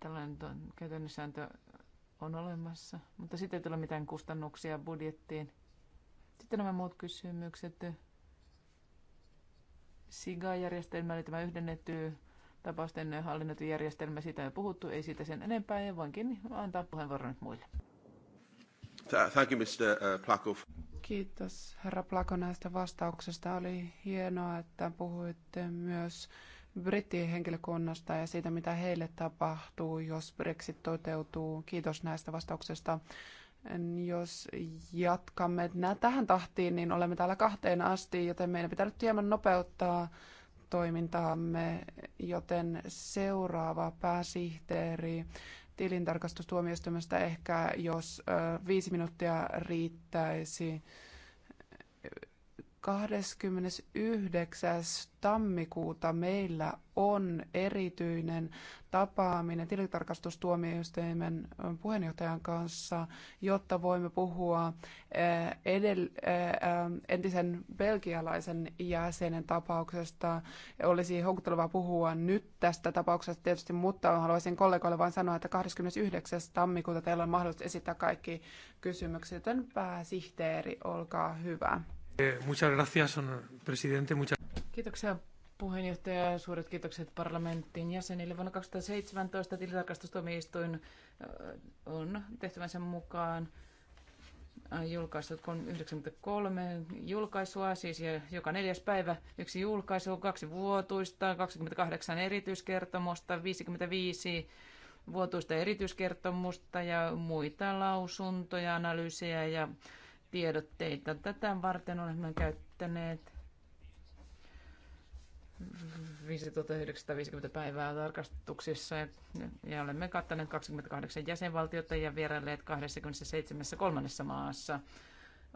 Tällainen käytännön sääntö on olemassa, mutta sitten ei tule mitään kustannuksia budjettiin. Sitten nämä muut kysymykset. SIGA-järjestelmä, eli tämä yhdennetty tapausten hallinnointijärjestelmä, siitä jo puhuttu, ei siitä sen enempää, ja voinkin antaa puheenvuoron nyt muille. Uh, thank you, Mr. Uh, Plakov. Kiitos herra Plako näistä vastauksesta. Oli hienoa, että puhuitte myös brittien henkilökunnasta ja siitä, mitä heille tapahtuu, jos Brexit toteutuu. Kiitos näistä vastauksista. Jos jatkamme tähän tahtiin, niin olemme täällä kahteen asti, joten meidän pitää nyt hieman nopeuttaa toimintaamme, joten seuraava pääsihteeri tilintarkastustuomioistuimesta ehkä, jos viisi minuuttia riittäisi 29. tammikuuta meillä on erityinen tapaaminen tilintarkastustuomioistuimen puheenjohtajan kanssa, jotta voimme puhua edell- entisen belgialaisen jäsenen tapauksesta. Olisi houkuttelevaa puhua nyt tästä tapauksesta tietysti, mutta haluaisin kollegoille vain sanoa, että 29. tammikuuta teillä on mahdollisuus esittää kaikki kysymykset, joten pääsihteeri, olkaa hyvä. Eh, muchas gracias, presidente. Muchas... Kiitoksia puheenjohtaja. Suuret kiitokset parlamentin jäsenille. Vuonna 2017 tilintarkastustuomioistuin eh, on tehtävänsä mukaan eh, julkaissut 93 julkaisua, siis joka neljäs päivä yksi julkaisu, kaksi vuotuista, 28 erityiskertomusta, 55 vuotuista erityiskertomusta ja muita lausuntoja, analyysejä ja tiedotteita. Tätä varten olemme käyttäneet 5950 päivää tarkastuksissa ja olemme kattaneet 28 jäsenvaltiota ja vierailleet 27 kolmannessa maassa.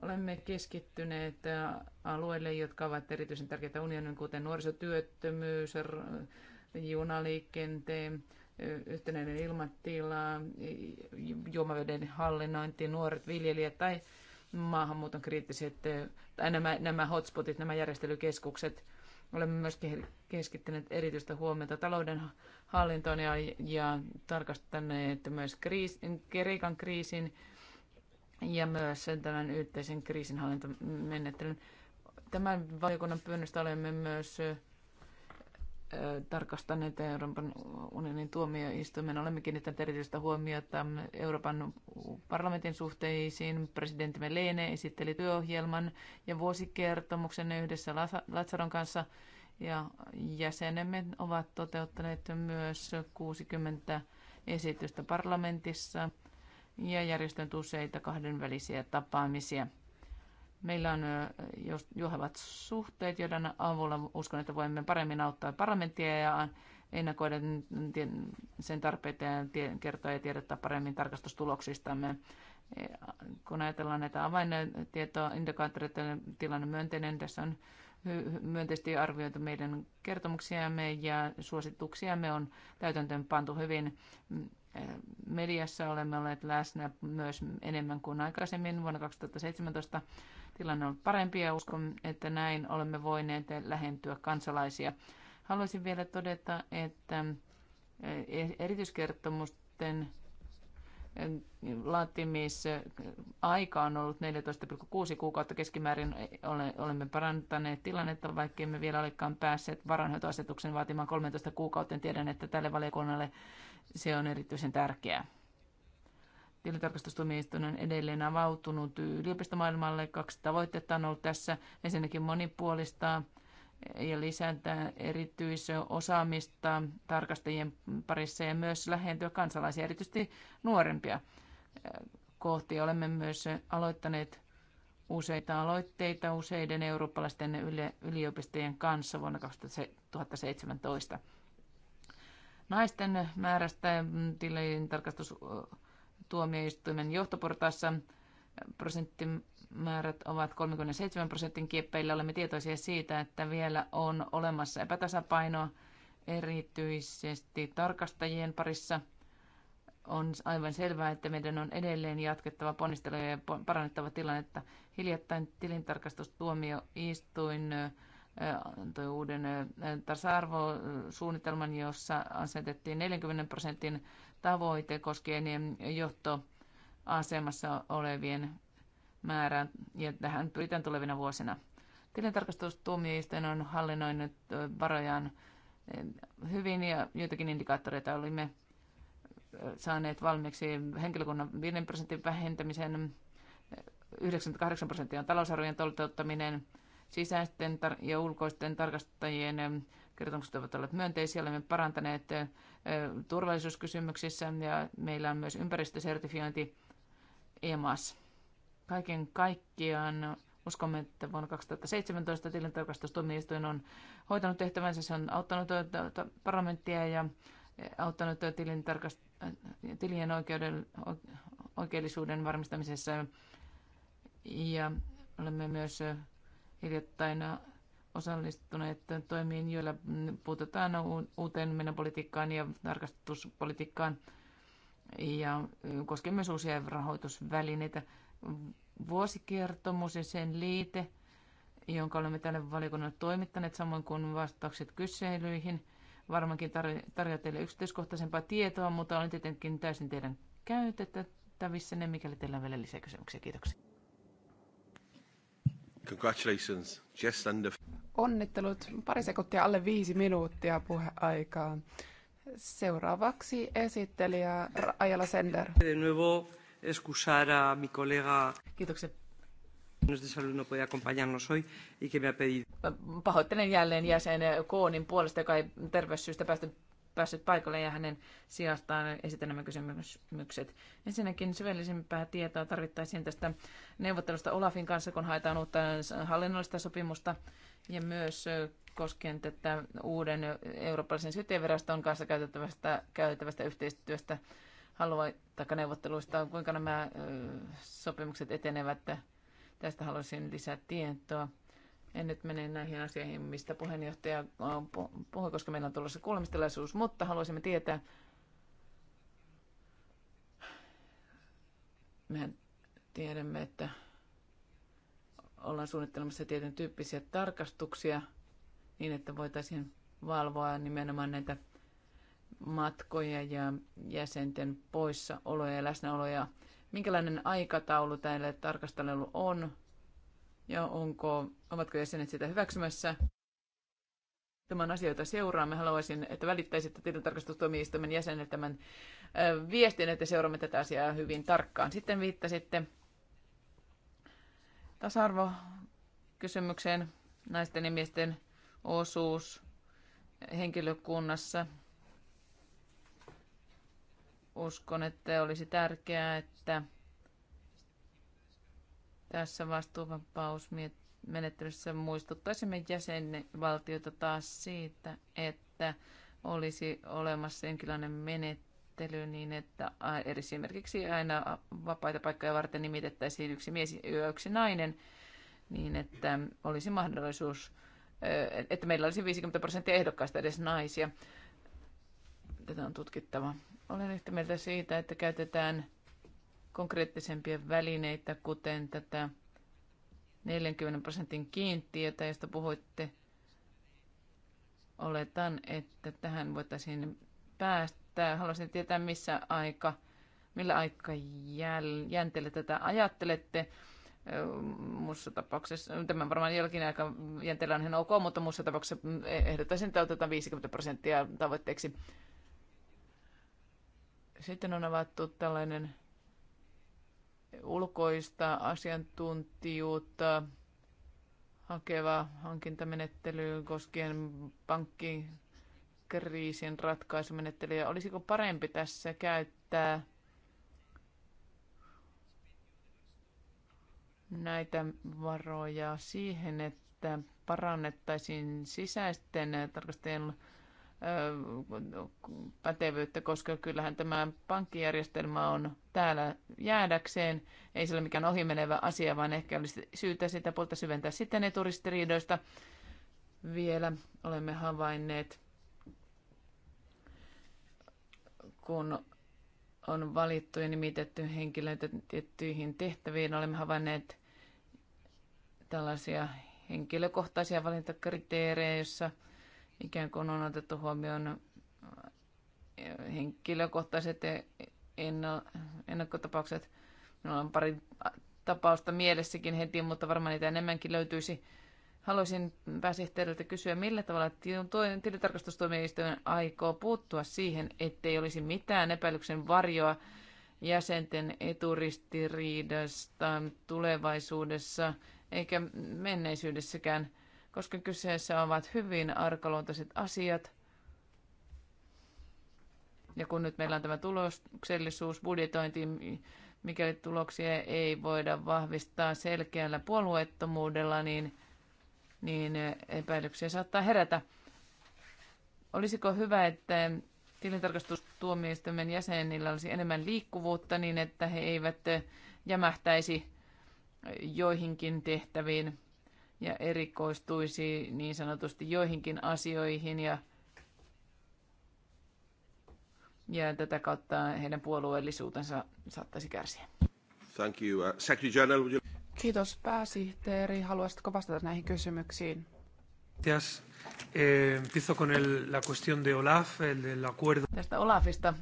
Olemme keskittyneet alueille, jotka ovat erityisen tärkeitä unionin, kuten nuorisotyöttömyys, junaliikenteen, yhtenäinen ilmatila, juomaveden hallinnointi, nuoret viljelijät tai maahanmuuton kriittiset, eh, tai nämä, nämä hotspotit, nämä järjestelykeskukset. Olemme myös keskittäneet erityistä huomiota talouden hallintoon ja, ja tarkastaneet myös kriis, Kreikan kriisin ja myös sen tämän yhteisen kriisinhallintamenettelyn. Tämän valiokunnan pyynnöstä olemme myös eh, tarkastaneet Euroopan unionin tuomioistuimen. Olemme kiinnittäneet erityistä huomiota Euroopan parlamentin suhteisiin. Presidentti Melene esitteli työohjelman ja vuosikertomuksen yhdessä Latsaron kanssa. Ja jäsenemme ovat toteuttaneet myös 60 esitystä parlamentissa ja järjestänyt useita kahdenvälisiä tapaamisia. Meillä on juhavat suhteet, joiden avulla uskon, että voimme paremmin auttaa parlamenttia ja ennakoida sen tarpeita ja kertoa ja tiedottaa paremmin tarkastustuloksistamme. E, kun ajatellaan näitä avaintietoa, indikaattoreita, tilanne myönteinen, tässä on myönteisesti arvioitu meidän kertomuksiamme ja suosituksiamme on täytäntöön pantu hyvin mediassa olemme olleet läsnä myös enemmän kuin aikaisemmin. Vuonna 2017 tilanne on ollut parempi ja uskon, että näin olemme voineet lähentyä kansalaisia. Haluaisin vielä todeta, että e- e- erityiskertomusten aika on ollut 14,6 kuukautta keskimäärin. Olemme parantaneet tilannetta, vaikka emme vielä olekaan päässeet varanhoitoasetuksen vaatimaan 13 kuukautta. Tiedän, että tälle valiokunnalle se on erityisen tärkeää. Tilintarkastustuomioistuin on edelleen avautunut yliopistomaailmalle. Kaksi tavoitetta on ollut tässä. Ensinnäkin monipuolistaa ja lisätä erityisosaamista tarkastajien parissa ja myös lähentyä kansalaisia, erityisesti nuorempia kohti. Olemme myös aloittaneet useita aloitteita useiden eurooppalaisten yliopistojen kanssa vuonna 2017. Naisten määrästä tilintarkastustuomioistuimen tarkastustuomioistuimen johtoportaassa prosentti määrät ovat 37 prosentin kieppeillä. Olemme tietoisia siitä, että vielä on olemassa epätasapainoa erityisesti tarkastajien parissa. On aivan selvää, että meidän on edelleen jatkettava ponnisteluja ja parannettava tilannetta. Hiljattain tilintarkastustuomioistuin antoi uuden tasa-arvosuunnitelman, jossa asetettiin 40 prosentin tavoite koskien johtoasemassa olevien määrään ja tähän pyritään tulevina vuosina. Tilintarkastustuomioistuin on hallinnoinut varojaan hyvin, ja joitakin indikaattoreita olimme saaneet valmiiksi henkilökunnan 5 prosentin vähentämisen, 98 prosenttia on talousarvojen toteuttaminen, sisäisten ja ulkoisten tarkastajien kertomukset ovat olleet myönteisiä, olemme parantaneet turvallisuuskysymyksissä ja meillä on myös ympäristösertifiointi EMAS. Kaiken kaikkiaan uskomme, että vuonna 2017 tilintarkastustuomioistuin on hoitanut tehtävänsä, se on auttanut parlamenttia ja auttanut tilien oikeuden, oikeellisuuden varmistamisessa. Ja olemme myös hiljattain osallistuneet toimiin, joilla puututaan uuteen menopolitiikkaan ja tarkastuspolitiikkaan ja koskee myös uusia rahoitusvälineitä vuosikertomus ja sen liite, jonka olemme tälle valiokunnalle toimittaneet, samoin kuin vastaukset kyselyihin. Varmaankin tarjoaa teille yksityiskohtaisempaa tietoa, mutta on tietenkin täysin teidän käytettävissä ne, mikäli teillä on vielä lisää kysymyksiä. Kiitoksia. Congratulations. Just under... Onnittelut. Pari sekuntia alle viisi minuuttia puheaikaa. Seuraavaksi esittelijä Ajala Sender. De excusar a mi colega. Kiitoksia. De salud no puede acompañarnos hoy y que me ha pedido. Pahoittelen jälleen jäsen Koonin puolesta, joka ei terveyssyistä päästy päässyt paikalle ja hänen sijastaan esitän nämä kysymykset. Ensinnäkin syvällisempää tietoa tarvittaisiin tästä neuvottelusta Olafin kanssa, kun haetaan uutta hallinnollista sopimusta ja myös koskien tätä uuden eurooppalaisen syyteenviraston kanssa käytettävästä, käytettävästä yhteistyöstä haluaa, tai neuvotteluista, kuinka nämä sopimukset etenevät. Tästä haluaisin lisää tietoa. En nyt mene näihin asioihin, mistä puheenjohtaja puhui, koska meillä on tulossa kuulemistilaisuus, mutta haluaisimme tietää, mehän tiedämme, että ollaan suunnittelemassa tietyn tyyppisiä tarkastuksia niin, että voitaisiin valvoa nimenomaan näitä matkoja ja jäsenten poissaoloja ja läsnäoloja. Minkälainen aikataulu tälle tarkastelulle on ja onko, ovatko jäsenet sitä hyväksymässä? tämän asioita seuraamme. Haluaisin, että välittäisitte tilintarkastustuomioistuimen jäsenet tämän viestin, että seuraamme tätä asiaa hyvin tarkkaan. Sitten viittasitte tasa-arvokysymykseen, naisten ja miesten osuus henkilökunnassa Uskon, että olisi tärkeää, että tässä vastuuvapausmenettelyssä muistuttaisimme jäsenvaltiota taas siitä, että olisi olemassa jonkinlainen menettely niin, että esimerkiksi aina vapaita paikkoja varten nimitettäisiin yksi mies ja yksi nainen niin, että olisi mahdollisuus, että meillä olisi 50 prosenttia ehdokkaista edes naisia. Tätä on tutkittava. Olen yhtä mieltä siitä, että käytetään konkreettisempia välineitä, kuten tätä 40 prosentin kiintiötä, josta puhuitte. Oletan, että tähän voitaisiin päästä. Haluaisin tietää, missä aika, millä jänteellä tätä ajattelette. Muussa tapauksessa, tämä varmaan jollakin jänteellä on ihan ok, mutta muussa tapauksessa ehdottaisin, että otetaan 50 prosenttia tavoitteeksi. Sitten on avattu tällainen ulkoista asiantuntijuutta hakeva hankintamenettely koskien pankkikriisin ratkaisumenettelyä. Olisiko parempi tässä käyttää näitä varoja siihen, että parannettaisiin sisäisten tarkastajien pätevyyttä, koska kyllähän tämä pankkijärjestelmä on täällä jäädäkseen. Ei se ole mikään ohimenevä asia, vaan ehkä olisi syytä sitä puolta syventää sitten eturistiriidoista. Vielä olemme havainneet, kun on valittu ja nimitetty henkilöitä tiettyihin tehtäviin, olemme havainneet tällaisia henkilökohtaisia valintakriteerejä, joissa – ikään kuin on otettu huomioon äh, henkilökohtaiset ennakkotapaukset. Minulla on pari tapausta mielessäkin heti, mutta varmaan niitä enemmänkin löytyisi. Haluaisin pääsihteeriltä kysyä, millä tavalla tilintarkastustuomioistuin aikoo puuttua siihen, ettei olisi mitään epäilyksen varjoa jäsenten eturistiriidasta tulevaisuudessa eikä menneisyydessäkään – koska kyseessä ovat hyvin arkaluontoiset asiat. Ja kun nyt meillä on tämä tuloksellisuus, budjetointi, mikäli tuloksia ei voida vahvistaa selkeällä puolueettomuudella, niin, niin epäilyksiä saattaa herätä. Olisiko hyvä, että tilintarkastustuomioistuimen jäsenillä olisi enemmän liikkuvuutta niin, että he eivät jämähtäisi joihinkin tehtäviin ja erikoistuisi niin sanotusti joihinkin asioihin ja, ja tätä kautta heidän puolueellisuutensa saattaisi kärsiä. Thank you. Uh, Secretary General, would you... Kiitos pääsihteeri. Haluaisitko vastata näihin kysymyksiin? Yes. Eh, con el, la cuestión de Olaf, el, el acuerdo. Tästä Olafista.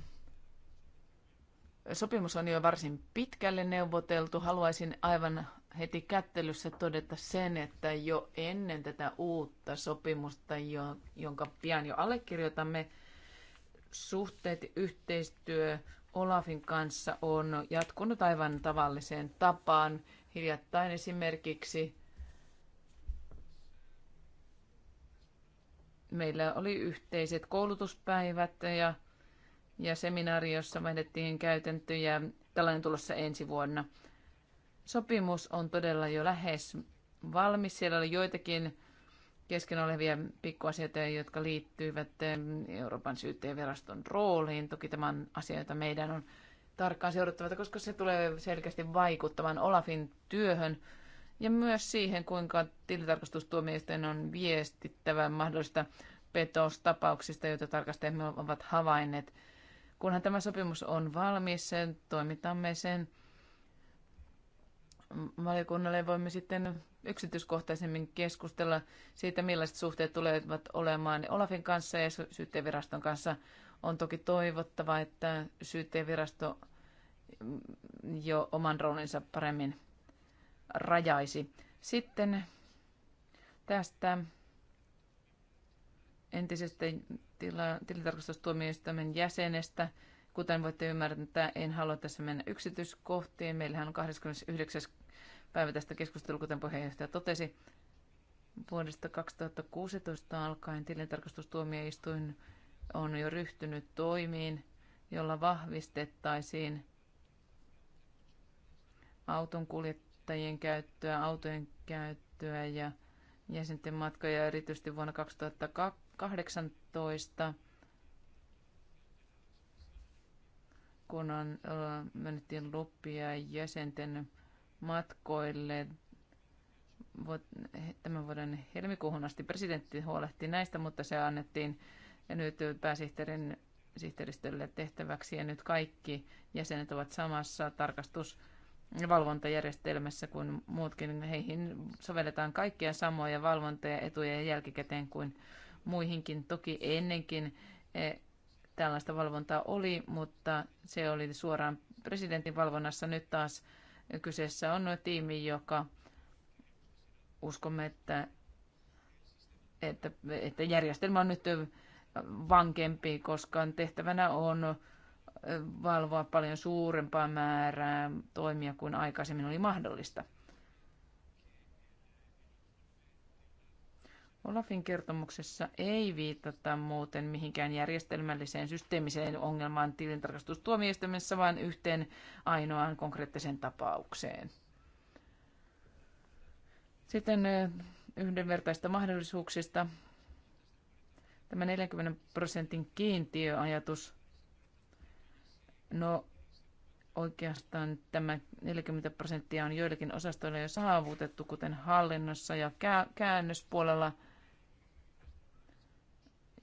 Sopimus on jo varsin pitkälle neuvoteltu. Haluaisin aivan heti kättelyssä todeta sen, että jo ennen tätä uutta sopimusta, jo, jonka pian jo allekirjoitamme, suhteet yhteistyö Olafin kanssa on jatkunut aivan tavalliseen tapaan. Hiljattain esimerkiksi meillä oli yhteiset koulutuspäivät ja, ja seminaari, jossa vaihdettiin käytäntöjä. Tällainen tulossa ensi vuonna – sopimus on todella jo lähes valmis. Siellä oli joitakin kesken olevia pikkuasioita, jotka liittyivät eh, Euroopan syyttäjäviraston rooliin. Toki tämä on asia, jota meidän on tarkkaan seurattava, koska se tulee selkeästi vaikuttamaan Olafin työhön ja myös siihen, kuinka tilintarkastustuomioistuin on viestittävä mahdollista petostapauksista, joita tarkastajamme ovat havainneet. Kunhan tämä sopimus on valmis, sen toimitamme sen valiokunnalle voimme sitten yksityiskohtaisemmin keskustella siitä, millaiset suhteet tulevat olemaan Olafin kanssa ja syyttäjäviraston kanssa. On toki toivottava, että syyttäjävirasto mm, jo oman roolinsa paremmin rajaisi. Sitten tästä entisestä tila- tilintarkastustuomioistuimen jäsenestä. Kuten voitte ymmärtää, en halua tässä mennä yksityiskohtiin. Meillähän on 29 päivä tästä keskustelua, kuten puheenjohtaja totesi. Vuodesta 2016 alkaen tilintarkastustuomioistuin on jo ryhtynyt toimiin, jolla vahvistettaisiin auton kuljettajien käyttöä, autojen käyttöä ja jäsenten matkoja erityisesti vuonna 2018, kun on, äh, menettiin lupia jäsenten matkoille tämän vuoden helmikuuhun asti presidentti huolehti näistä, mutta se annettiin nyt pääsihteerin sihteeristölle tehtäväksi ja nyt kaikki jäsenet ovat samassa tarkastus- ja valvontajärjestelmässä kuin muutkin. Heihin sovelletaan kaikkia samoja valvontoja etuja ja jälkikäteen kuin muihinkin. Toki ennenkin e, tällaista valvontaa oli, mutta se oli suoraan presidentin valvonnassa. Nyt taas Kyseessä on tiimi, joka uskomme, että, että, että järjestelmä on nyt vankempi, koska tehtävänä on valvoa paljon suurempaa määrää toimia kuin aikaisemmin oli mahdollista. Olafin kertomuksessa ei viitata muuten mihinkään järjestelmälliseen systeemiseen ongelmaan tilintarkastustuomioistuimessa, vaan yhteen ainoaan konkreettiseen tapaukseen. Sitten yhdenvertaista mahdollisuuksista. Tämä 40 prosentin kiintiöajatus. No oikeastaan tämä 40 prosenttia on joillakin osastoilla jo saavutettu, kuten hallinnossa ja käännöspuolella –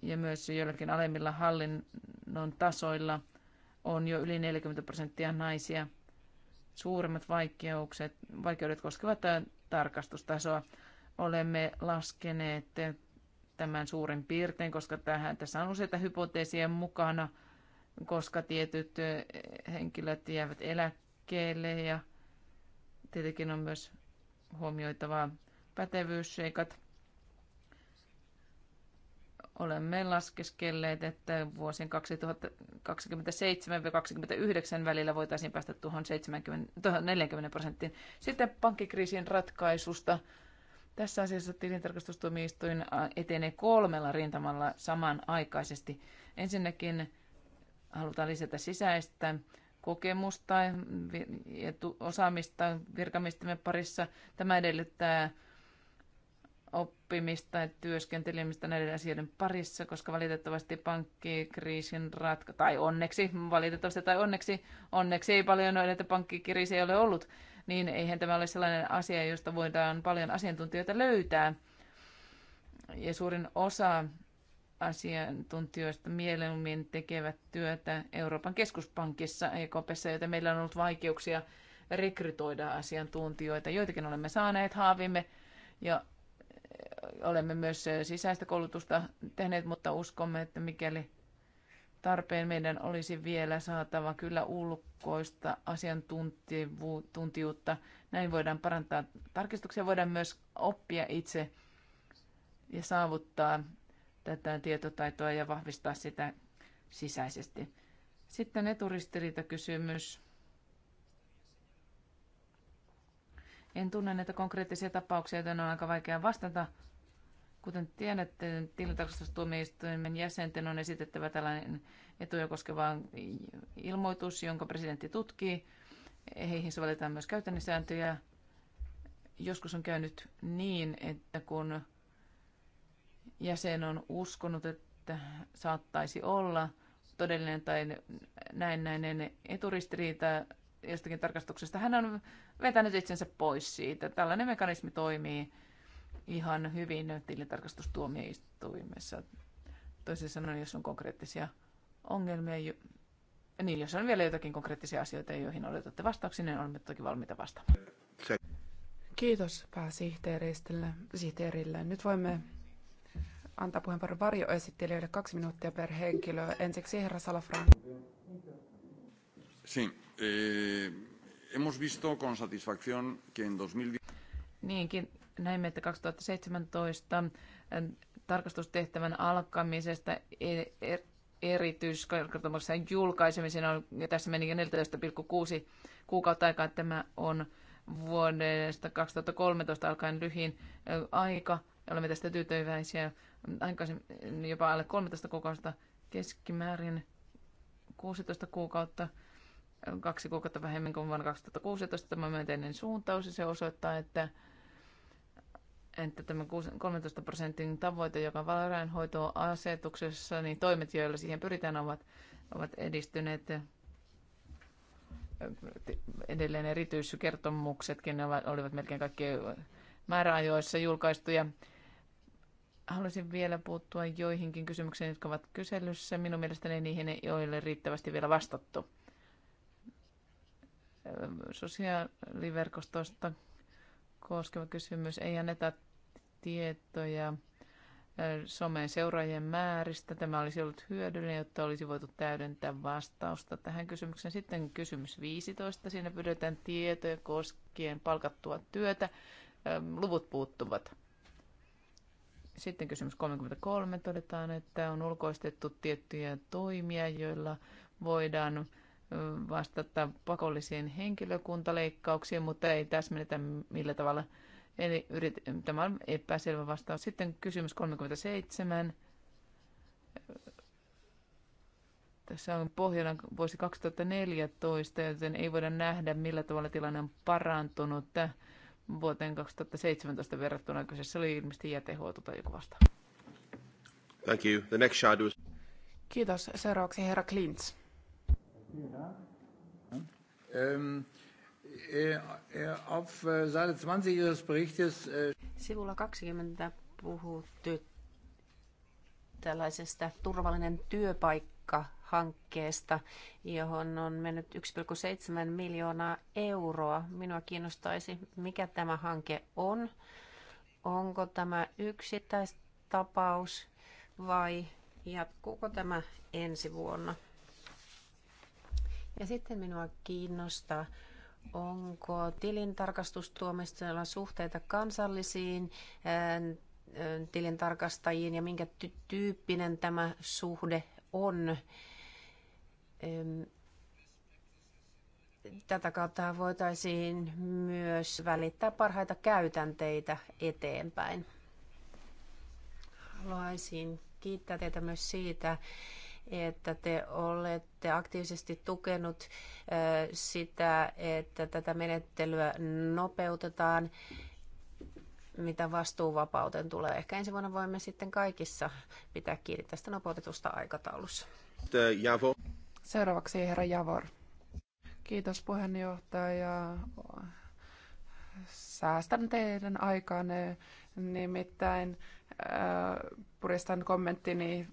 ja myös joillakin alemmilla hallinnon tasoilla on jo yli 40 prosenttia naisia. Suurimmat vaikeukset, vaikeudet koskevat tarkastustasoa. Olemme laskeneet tämän suurin piirtein, koska tähän, tässä on useita hypoteesia mukana, koska tietyt henkilöt jäävät eläkkeelle ja tietenkin on myös huomioitavaa pätevyysseikat. Olemme laskeskelleet, että vuosien 2027-2029 välillä voitaisiin päästä tuohon 70, 40 prosenttiin. Sitten pankkikriisin ratkaisusta. Tässä asiassa tilintarkastustuomioistuin etenee kolmella rintamalla samanaikaisesti. Ensinnäkin halutaan lisätä sisäistä kokemusta ja osaamista virkamistimme parissa. Tämä edellyttää oppimista ja työskentelemistä näiden asioiden parissa, koska valitettavasti pankkikriisin ratka... Tai onneksi, valitettavasti tai onneksi, onneksi ei paljon ole, pankkikriisi ei ole ollut, niin eihän tämä ole sellainen asia, josta voidaan paljon asiantuntijoita löytää. Ja suurin osa asiantuntijoista mieluummin tekevät työtä Euroopan keskuspankissa EKPssä, joita meillä on ollut vaikeuksia rekrytoida asiantuntijoita. Joitakin olemme saaneet haavimme ja Olemme myös eh, sisäistä koulutusta tehneet, mutta uskomme, että mikäli tarpeen meidän olisi vielä saatava kyllä ulkoista asiantuntijuutta. Näin voidaan parantaa tarkistuksia, voidaan myös oppia itse ja saavuttaa tätä tietotaitoa ja vahvistaa sitä sisäisesti. Sitten eturistiriitakysymys. En tunne näitä konkreettisia tapauksia, joten on aika vaikea vastata Kuten tiedätte, tilintarkastustuomioistuimen jäsenten on esitettävä tällainen etuja koskeva ilmoitus, jonka presidentti tutkii. Heihin sovelletaan myös käytännössääntöjä. Joskus on käynyt niin, että kun jäsen on uskonut, että saattaisi olla todellinen tai näennäinen eturistiriita jostakin tarkastuksesta, hän on vetänyt itsensä pois siitä. Tällainen mekanismi toimii ihan hyvin tilintarkastustuomioistuimessa. Toisin sanoen, jos on konkreettisia ongelmia, niin jos on vielä jotakin konkreettisia asioita, joihin odotatte vastauksia, niin olemme toki valmiita vastaamaan. Kiitos pääsihteerille. Nyt voimme antaa puheenvuoron varjoesittelijöille kaksi minuuttia per henkilö. Ensiksi herra Salafran. Sí, eh, hemos visto con satisfacción que en 2000... Niinkin, näimme, että 2017 äh, tarkastustehtävän alkamisesta e-, er-, erityiskertomuksen julkaisemisen on, ja tässä meni 14,6 kuukautta aikaa, tämä on vuodesta 2013 alkaen lyhin äh, aika, ja olemme tästä tyytyväisiä aikaisemmin jopa alle 13 kuukautta keskimäärin 16 kuukautta, äh, kaksi kuukautta vähemmän kuin vuonna 2016 tämä myönteinen suuntaus, ja se osoittaa, että että tämä 13 prosentin tavoite, joka varainhoitoasetuksessa, niin toimet, joilla siihen pyritään, ovat, ovat edistyneet edelleen erityiskertomuksetkin ne olivat melkein kaikki määräajoissa julkaistuja. Haluaisin vielä puuttua joihinkin kysymyksiin, jotka ovat kyselyssä. Minun mielestäni niihin ei ole riittävästi vielä vastattu. Sosiaaliverkostosta koskeva kysymys. Ei anneta tietoja somen seuraajien määristä. Tämä olisi ollut hyödyllinen, jotta olisi voitu täydentää vastausta tähän kysymykseen. Sitten kysymys 15. Siinä pyydetään tietoja koskien palkattua työtä. Luvut puuttuvat. Sitten kysymys 33. Todetaan, että on ulkoistettu tiettyjä toimia, joilla voidaan vastata pakollisiin henkilökuntaleikkauksiin, mutta ei täsmennetä millä tavalla. Eli yrit, tämä on epäselvä vastaus. Sitten kysymys 37. Tässä on pohjana vuosi 2014, joten ei voida nähdä, millä tavalla tilanne on parantunut vuoteen 2017 verrattuna. Kyseessä oli ilmeisesti jätehuolto tai joku vastaava. Thank you. The next shadow is... Kiitos. Seuraavaksi herra Klintz. Ähm, äh, äh, äh, Sivulla 20 puhuttu tällaisesta turvallinen työpaikka hankkeesta, johon on mennyt 1,7 miljoonaa euroa. Minua kiinnostaisi, mikä tämä hanke on. Onko tämä yksittäistapaus vai jatkuuko tämä ensi vuonna? Ja sitten minua kiinnostaa, onko tilintarkastustuomioistuimella suhteita kansallisiin tilintarkastajiin ja minkä tyyppinen tämä suhde on. Tätä kautta voitaisiin myös välittää parhaita käytänteitä eteenpäin. Haluaisin kiittää teitä myös siitä, että te olette aktiivisesti tukenut sitä, että tätä menettelyä nopeutetaan, mitä vastuuvapauteen tulee. Ehkä ensi vuonna voimme sitten kaikissa pitää kiinni tästä nopeutetusta aikataulussa. Seuraavaksi herra Javor. Kiitos puheenjohtaja. Säästän teidän aikaanne, nimittäin puristan kommenttini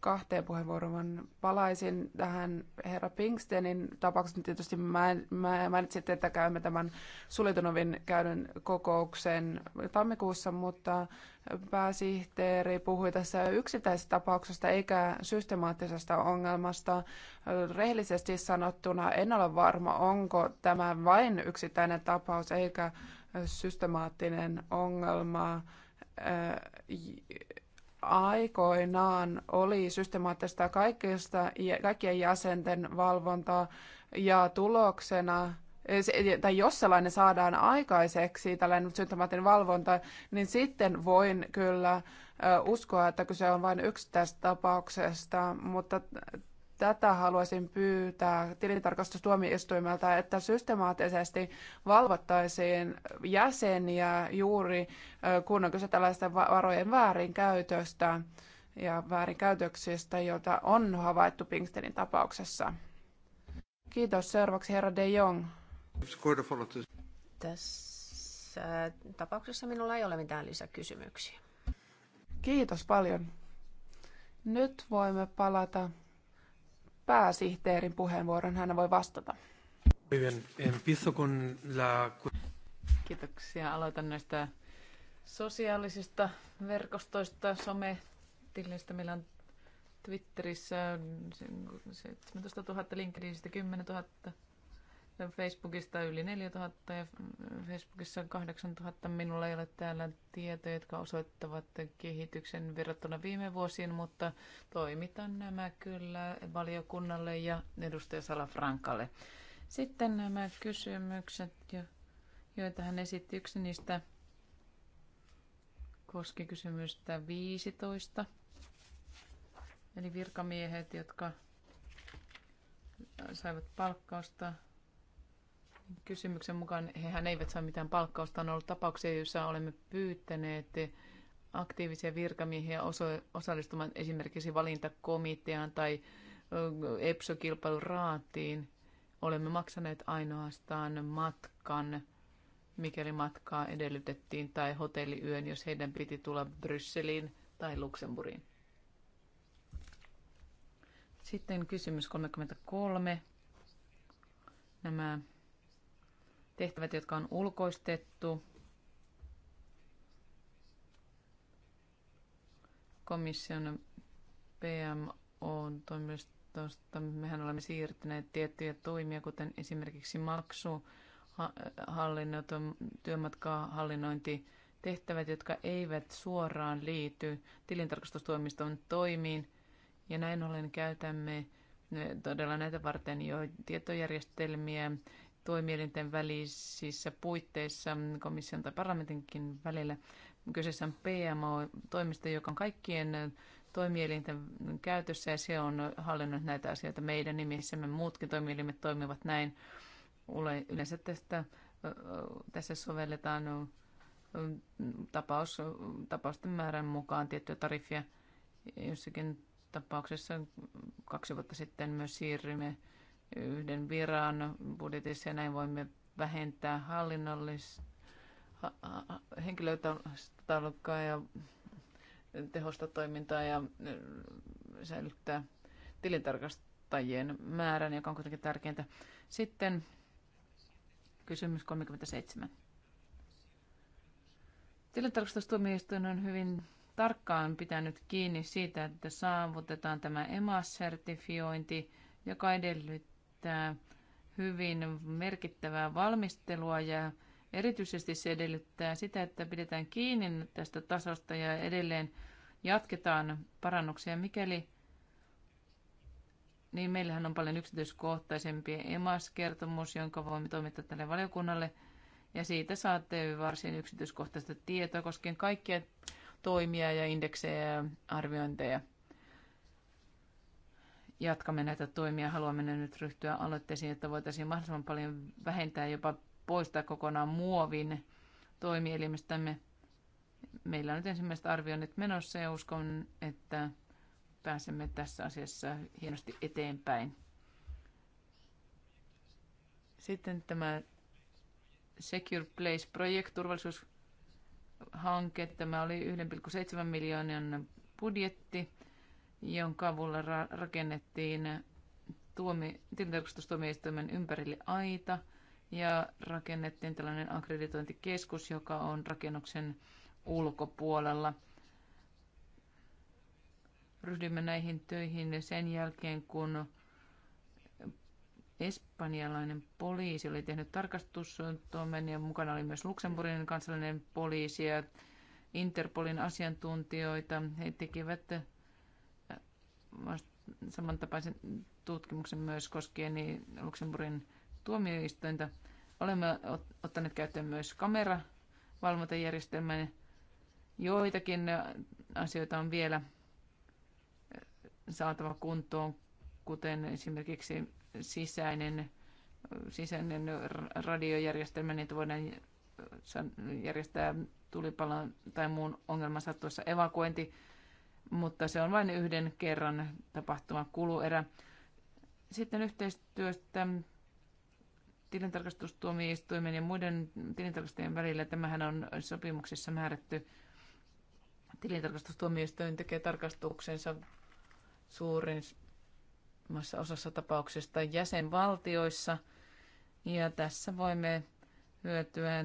kahteen puheenvuoroon, vaan palaisin tähän herra Pinkstenin tapauksesta. Tietysti mä, mä sitten että käymme tämän Sulitunovin käydyn kokouksen tammikuussa, mutta pääsihteeri puhui tässä yksittäisestä tapauksesta eikä systemaattisesta ongelmasta. Rehellisesti sanottuna en ole varma, onko tämä vain yksittäinen tapaus eikä systemaattinen ongelma aikoinaan oli systemaattista kaikista, kaikkien jäsenten valvontaa ja tuloksena eh, eh, tai jos sellainen saadaan aikaiseksi, tällainen symptomaattinen valvonta, niin sitten voin kyllä eh, uskoa, että kyse on vain yksittäisestä tapauksesta, mutta tätä haluaisin pyytää tilintarkastustuomioistuimelta, että systemaattisesti valvottaisiin jäseniä juuri kun on kyse tällaisten varojen väärinkäytöstä ja väärinkäytöksistä, joita on havaittu Pinkstenin tapauksessa. Kiitos. Seuraavaksi herra De Jong. Tässä tapauksessa minulla ei ole mitään lisäkysymyksiä. Kiitos paljon. Nyt voimme palata pääsihteerin puheenvuoron. Hän voi vastata. Kiitoksia. Aloitan näistä sosiaalisista verkostoista, sometilleistä. Meillä on Twitterissä 17 000, LinkedInistä 10 000 Facebookista yli 4000 ja Facebookissa 8000. Minulla ei ole täällä tietoja, jotka osoittavat kehityksen verrattuna viime vuosiin, mutta toimitan nämä kyllä valiokunnalle ja edustaja Salafrankalle. Sitten nämä kysymykset, joita hän esitti. Yksi niistä koski kysymystä 15. Eli virkamiehet, jotka saivat palkkausta kysymyksen mukaan hehän eivät saa mitään palkkausta. On ollut tapauksia, joissa olemme pyytäneet aktiivisia virkamiehiä osallistumaan esimerkiksi valintakomiteaan tai EPSO-kilpailuraatiin. Olemme maksaneet ainoastaan matkan, mikäli matkaa edellytettiin, tai hotelliyön, jos heidän piti tulla Brysseliin tai Luxemburgiin. Sitten kysymys 33. Nämä tehtävät, jotka on ulkoistettu. Komission PMO-toimistosta mehän olemme siirtäneet tiettyjä toimia, kuten esimerkiksi maksu, hallinnot, työmatkahallinnointi, tehtävät, jotka eivät suoraan liity tilintarkastustoimiston toimiin. Ja näin ollen käytämme todella näitä varten jo tietojärjestelmiä, toimielinten välisissä puitteissa komission tai parlamentinkin välillä. Kyseessä on PMO-toimisto, joka on kaikkien toimielinten käytössä ja se on hallinnut näitä asioita meidän nimissämme. Muutkin toimielimet toimivat näin. Yleensä tästä, tässä sovelletaan tapaus, tapausten määrän mukaan tiettyä tariffia. Jossakin tapauksessa kaksi vuotta sitten myös siirrymme yhden viran budjetissa ja näin voimme vähentää hallinnollista henkilötaulukkaa ja tehosta toimintaa ja äh, säilyttää tilintarkastajien määrän, joka on kuitenkin tärkeintä. Sitten kysymys 37. Tilintarkastustuomioistuin on hyvin tarkkaan pitänyt kiinni siitä, että saavutetaan tämä EMAS-sertifiointi, joka edellyttää edellyttää hyvin merkittävää valmistelua ja erityisesti se edellyttää sitä, että pidetään kiinni tästä tasosta ja edelleen jatketaan parannuksia, mikäli niin meillähän on paljon yksityiskohtaisempi EMAS-kertomus, jonka voimme toimittaa tälle valiokunnalle. Ja siitä saatte varsin yksityiskohtaista tietoa koskien kaikkia toimia ja indeksejä ja arviointeja jatkamme näitä toimia. Haluamme nyt ryhtyä aloitteisiin, että voitaisiin mahdollisimman paljon vähentää jopa poistaa kokonaan muovin toimielimistämme. Meillä on nyt ensimmäiset arvioinnit menossa ja uskon, että pääsemme tässä asiassa hienosti eteenpäin. Sitten tämä Secure Place-projekt, turvallisuushanke. Tämä oli 1,7 miljoonan budjetti jonka avulla ra- rakennettiin tuomi- tilintarkastustuomioistuimen ympärille aita ja rakennettiin tällainen akkreditointikeskus, joka on rakennuksen ulkopuolella. Ryhdymme näihin töihin sen jälkeen, kun espanjalainen poliisi oli tehnyt tarkastustoimen ja mukana oli myös Luxemburgin kansallinen poliisi ja Interpolin asiantuntijoita. He tekivät samantapaisen tutkimuksen myös koskien niin Luxemburgin tuomioistuinta. Olemme ottaneet käyttöön myös kameravalvontajärjestelmän. Joitakin asioita on vielä eh, saatava kuntoon, kuten esimerkiksi sisäinen, sisäinen radiojärjestelmä, niin voidaan järjestää tulipalon tai muun ongelman sattuessa evakuointi mutta se on vain yhden kerran tapahtuma kuluerä. Sitten yhteistyöstä tilintarkastustuomioistuimen ja muiden tilintarkastajien välillä. Tämähän on sopimuksessa määrätty. Tilintarkastustuomioistuin tekee tarkastuksensa suurimmassa osassa tapauksista jäsenvaltioissa. Ja tässä voimme hyötyä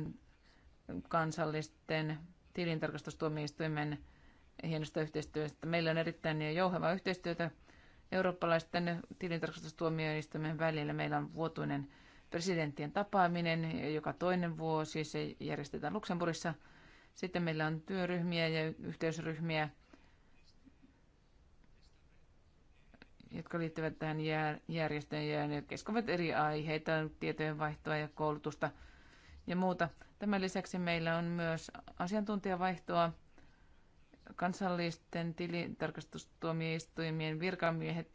kansallisten tilintarkastustuomioistuimen hienosta yhteistyöstä. Meillä on erittäin jouheva yhteistyötä eurooppalaisten tilintarkastustuomioistuimen välillä. Meillä on vuotuinen presidenttien tapaaminen, joka toinen vuosi se järjestetään Luxemburgissa. Sitten meillä on työryhmiä ja yhteysryhmiä, jotka liittyvät tähän järjestöön ja ne keskivat eri aiheita, tietojenvaihtoa ja koulutusta ja muuta. Tämän lisäksi meillä on myös asiantuntijavaihtoa kansallisten tilintarkastustuomioistuimien virkamiehet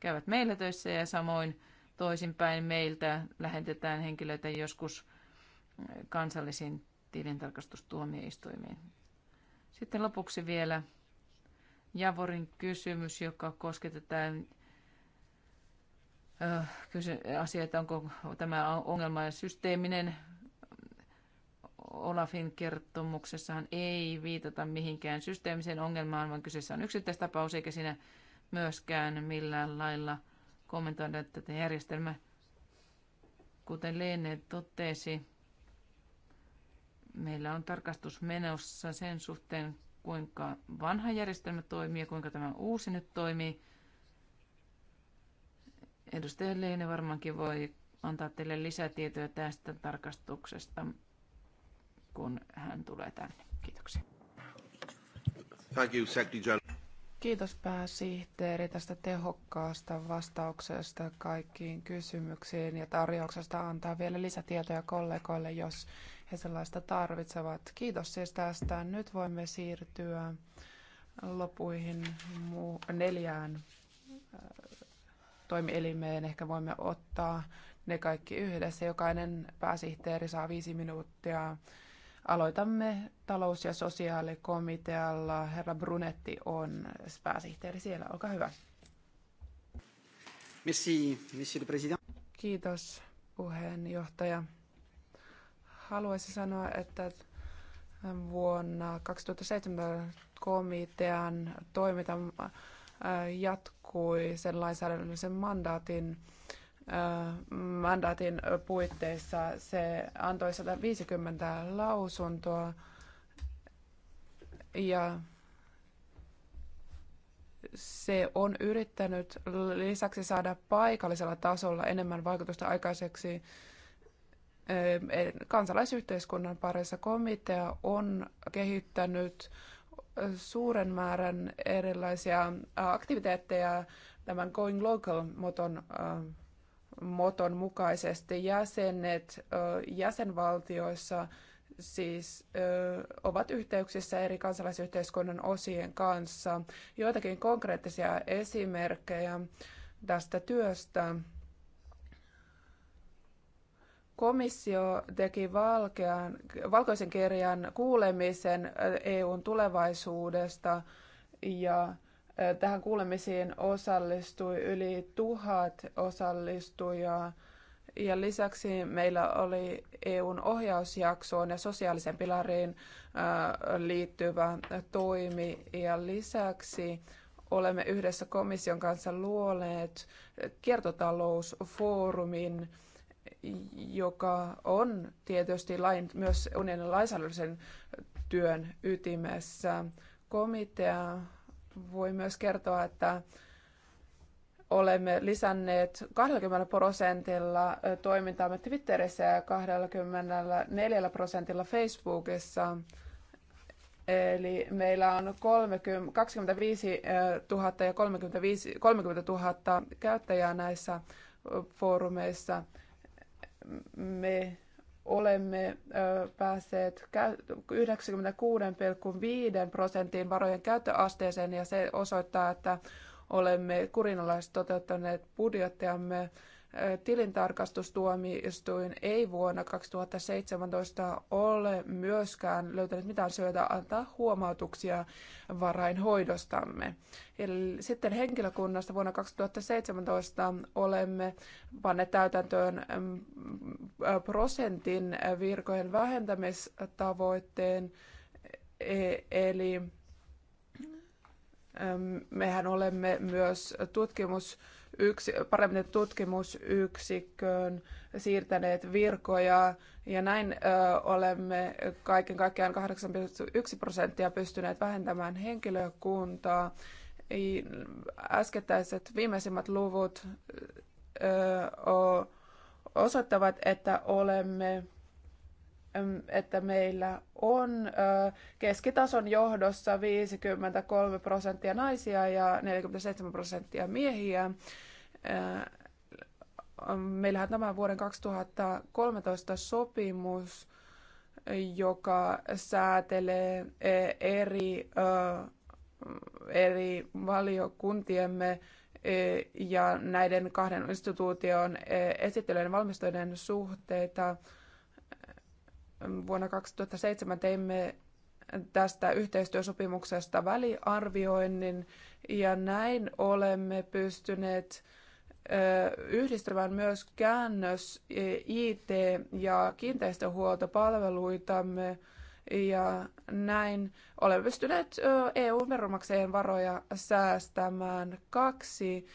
käyvät meillä töissä ja samoin toisinpäin meiltä lähetetään henkilöitä joskus kansallisiin tilintarkastustuomioistuimiin. Sitten lopuksi vielä Javorin kysymys, joka kosketetaan että onko tämä ongelma systeeminen Olafin kertomuksessahan ei viitata mihinkään systeemiseen ongelmaan, vaan kyseessä on yksittäistapaus, eikä siinä myöskään millään lailla kommentoida tätä järjestelmää. Kuten Leene totesi, meillä on tarkastus menossa sen suhteen, kuinka vanha järjestelmä toimii ja kuinka tämä uusi nyt toimii. Edustaja Leene varmaankin voi antaa teille lisätietoja tästä tarkastuksesta kun hän tulee tänne. Kiitoksia. Thank you, Kiitos pääsihteeri tästä tehokkaasta vastauksesta kaikkiin kysymyksiin ja tarjouksesta antaa vielä lisätietoja kollegoille, jos he sellaista tarvitsevat. Kiitos siis tästä. Nyt voimme siirtyä lopuihin neljään äh, toimielimeen. Ehkä voimme ottaa ne kaikki yhdessä. Jokainen pääsihteeri saa viisi minuuttia Aloitamme talous- ja sosiaalikomitealla. Herra Brunetti on pääsihteeri siellä. Olkaa hyvä. Merci, monsieur le président. Kiitos puheenjohtaja. Haluaisin sanoa, että vuonna 2017 komitean toiminta äh, jatkui sen lainsäädännöllisen mandaatin Äh, mandaatin puitteissa. Se antoi 150 lausuntoa ja se on yrittänyt lisäksi saada paikallisella tasolla enemmän vaikutusta aikaiseksi äh, kansalaisyhteiskunnan parissa. Komitea on kehittänyt suuren määrän erilaisia aktiviteetteja tämän Going Local-moton äh, moton mukaisesti jäsenet jäsenvaltioissa siis ö, ovat yhteyksissä eri kansalaisyhteiskunnan osien kanssa. Joitakin konkreettisia esimerkkejä tästä työstä. Komissio teki valkean, valkoisen kirjan kuulemisen EUn tulevaisuudesta ja Tähän kuulemisiin osallistui yli tuhat osallistujaa. Ja lisäksi meillä oli EUn ohjausjaksoon ja sosiaalisen pilariin liittyvä toimi. Ja lisäksi olemme yhdessä komission kanssa luoneet kiertotalousfoorumin, joka on tietysti lain, myös unionin lainsäädännöllisen työn ytimessä. Komitea voi myös kertoa, että olemme lisänneet 20 prosentilla toimintaamme Twitterissä ja 24 prosentilla Facebookissa. Eli meillä on 30, 25 000 ja 35, 30 000 käyttäjää näissä foorumeissa. Me olemme päässeet 96,5 prosentin varojen käyttöasteeseen ja se osoittaa, että olemme kurinalaisesti toteuttaneet budjettiamme tilintarkastustuomioistuin ei vuonna 2017 ole myöskään löytänyt mitään syötä antaa huomautuksia varainhoidostamme. Eli sitten henkilökunnasta vuonna 2017 olemme panneet täytäntöön mm, prosentin virkojen vähentämistavoitteen, e, eli mm, mehän olemme myös tutkimus yksi, paremmin tutkimusyksikköön siirtäneet virkoja ja näin ö, olemme kaiken kaikkiaan 8,1 prosenttia pystyneet vähentämään henkilökuntaa. Äskettäiset viimeisimmät luvut ö, osoittavat, että olemme että meillä on keskitason johdossa 53 prosenttia naisia ja 47 prosenttia miehiä. Meillähän tämä vuoden 2013 sopimus, joka säätelee e, eri, eri valiokuntiemme e, ja näiden kahden instituution e, esittelyjen valmistuneiden suhteita – vuonna 2007 teimme tästä yhteistyösopimuksesta väliarvioinnin ja näin olemme pystyneet yhdistämään myös käännös, e, IT- ja kiinteistöhuoltopalveluitamme ja näin olemme pystyneet EU-veronmaksajien varoja säästämään kaksi,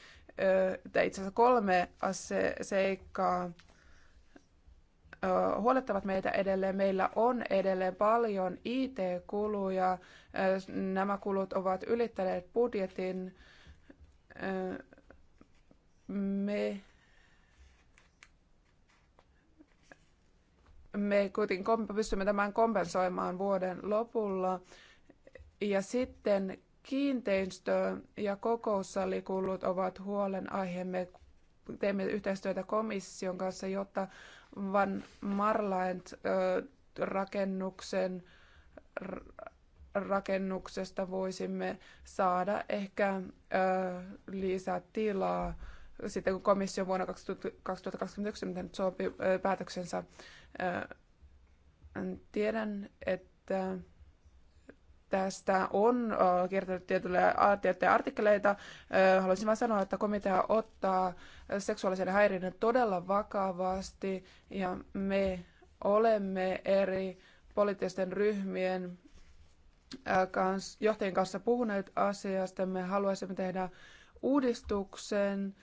tai itse asiassa kolme seikkaa huolettavat meitä edelleen. Meillä on edelleen paljon IT-kuluja. Nämä kulut ovat ylittäneet budjetin. Me, me kuitenkin pystymme tämän kompensoimaan vuoden lopulla. Ja sitten kiinteistö- ja kokoussalikulut ovat huolenaiheemme. Teemme yhteistyötä komission kanssa, jotta Van Marlaent-rakennuksen rakennuksesta voisimme saada ehkä lisää tilaa sitten kun komissio vuonna 2021 sopi päätöksensä. Tiedän, että tästä on kirjoitettu tiettyjä artikkeleita. Haluaisin vain sanoa, että komitea ottaa seksuaalisen häirinnän todella vakavasti ja me olemme eri poliittisten ryhmien kans, johtajien kanssa puhuneet asiasta. Me haluaisimme tehdä uudistuksen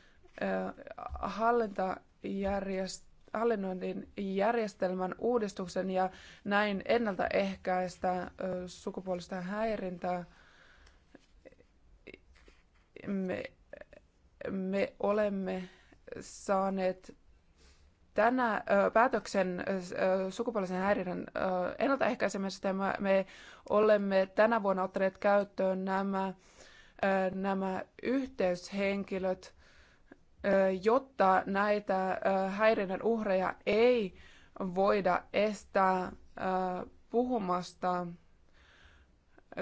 hallintajärjestelmään hallinnoinnin järjestelmän uudistuksen ja näin ennaltaehkäistä sukupuolista häirintää. Me, me olemme saaneet tänä ö, päätöksen ö, sukupuolisen häirinnän ö, ennaltaehkäisemisestä. Me, me olemme tänä vuonna ottaneet käyttöön nämä, ö, nämä yhteyshenkilöt, jotta näitä häirinnän uhreja ei voida estää puhumasta.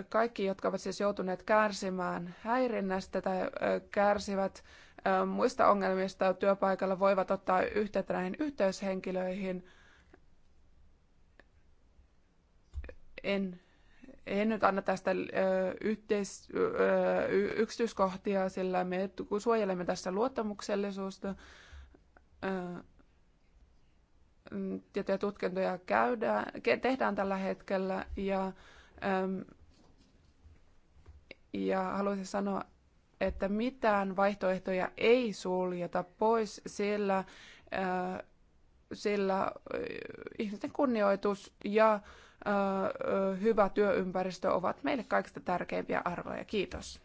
Kaikki, jotka ovat siis joutuneet kärsimään häirinnästä tai kärsivät muista ongelmista työpaikalla, voivat ottaa yhteyttä näihin yhteyshenkilöihin. En en nyt anna tästä ö, yhteis, ö, yksityiskohtia, sillä me kun suojelemme tässä luottamuksellisuutta. Mm, tietoja tutkintoja käydään, tehdään tällä hetkellä ja, ö, ja haluaisin sanoa, että mitään vaihtoehtoja ei suljeta pois, sillä, ö, sillä ihmisten kunnioitus ja hyvä työympäristö ovat meille kaikista tärkeimpiä arvoja. Kiitos.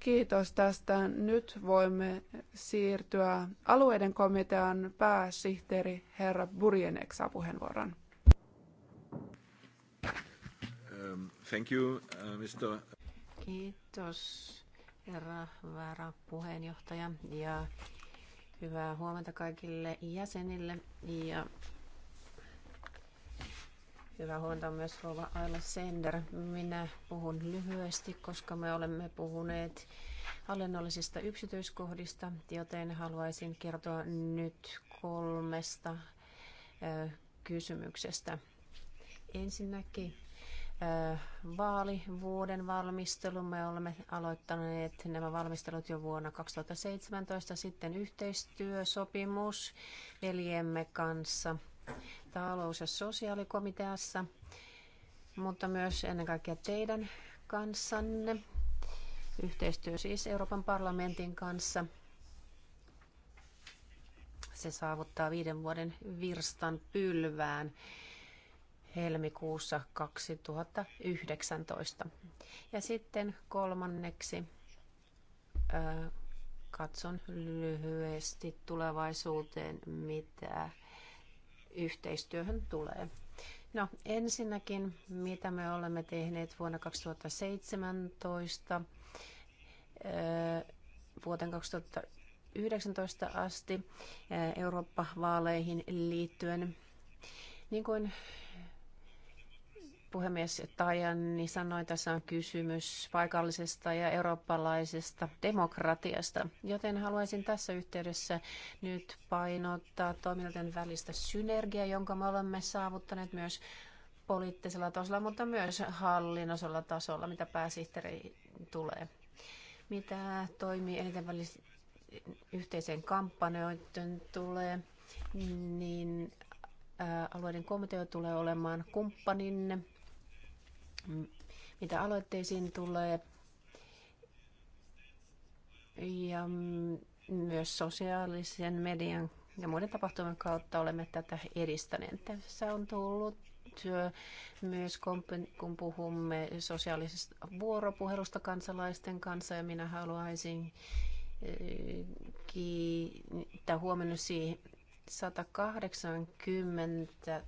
Kiitos tästä. Nyt voimme siirtyä alueiden komitean pääsihteeri herra Burjeneksa saa puheenvuoron. Um, thank you, uh, Mr. Kiitos, herra puheenjohtaja ja hyvää huomenta kaikille jäsenille. Ja Hyvää huomenta myös Rova Aila Sender. Minä puhun lyhyesti, koska me olemme puhuneet hallinnollisista yksityiskohdista, joten haluaisin kertoa nyt kolmesta kysymyksestä. Ensinnäkin vaalivuoden valmistelu. Me olemme aloittaneet nämä valmistelut jo vuonna 2017. Sitten yhteistyösopimus veljemme kanssa talous- ja sosiaalikomiteassa, mutta myös ennen kaikkea teidän kanssanne. Yhteistyö siis Euroopan parlamentin kanssa. Se saavuttaa viiden vuoden virstan pylvään helmikuussa 2019. Ja sitten kolmanneksi katson lyhyesti tulevaisuuteen, mitä yhteistyöhön tulee. No ensinnäkin, mitä me olemme tehneet vuonna 2017 vuoteen 2019 asti Eurooppa-vaaleihin liittyen. Niin kuin puhemies Tajani sanoi, tässä on kysymys paikallisesta ja eurooppalaisesta demokratiasta, joten haluaisin tässä yhteydessä nyt painottaa toimintojen välistä synergiaa, jonka me olemme saavuttaneet myös poliittisella tasolla, mutta myös hallinnosella tasolla, mitä pääsihteeri tulee. Mitä toimii eniten välis- yhteiseen kampanjoiden tulee, niin alueiden komiteo tulee olemaan kumppaninne mitä aloitteisiin tulee. Ja myös sosiaalisen median ja muiden tapahtumien kautta olemme tätä edistäneet. Tässä on tullut myös, kun puhumme sosiaalisesta vuoropuhelusta kansalaisten kanssa, ja minä haluaisin kiinnittää huomenna siihen 180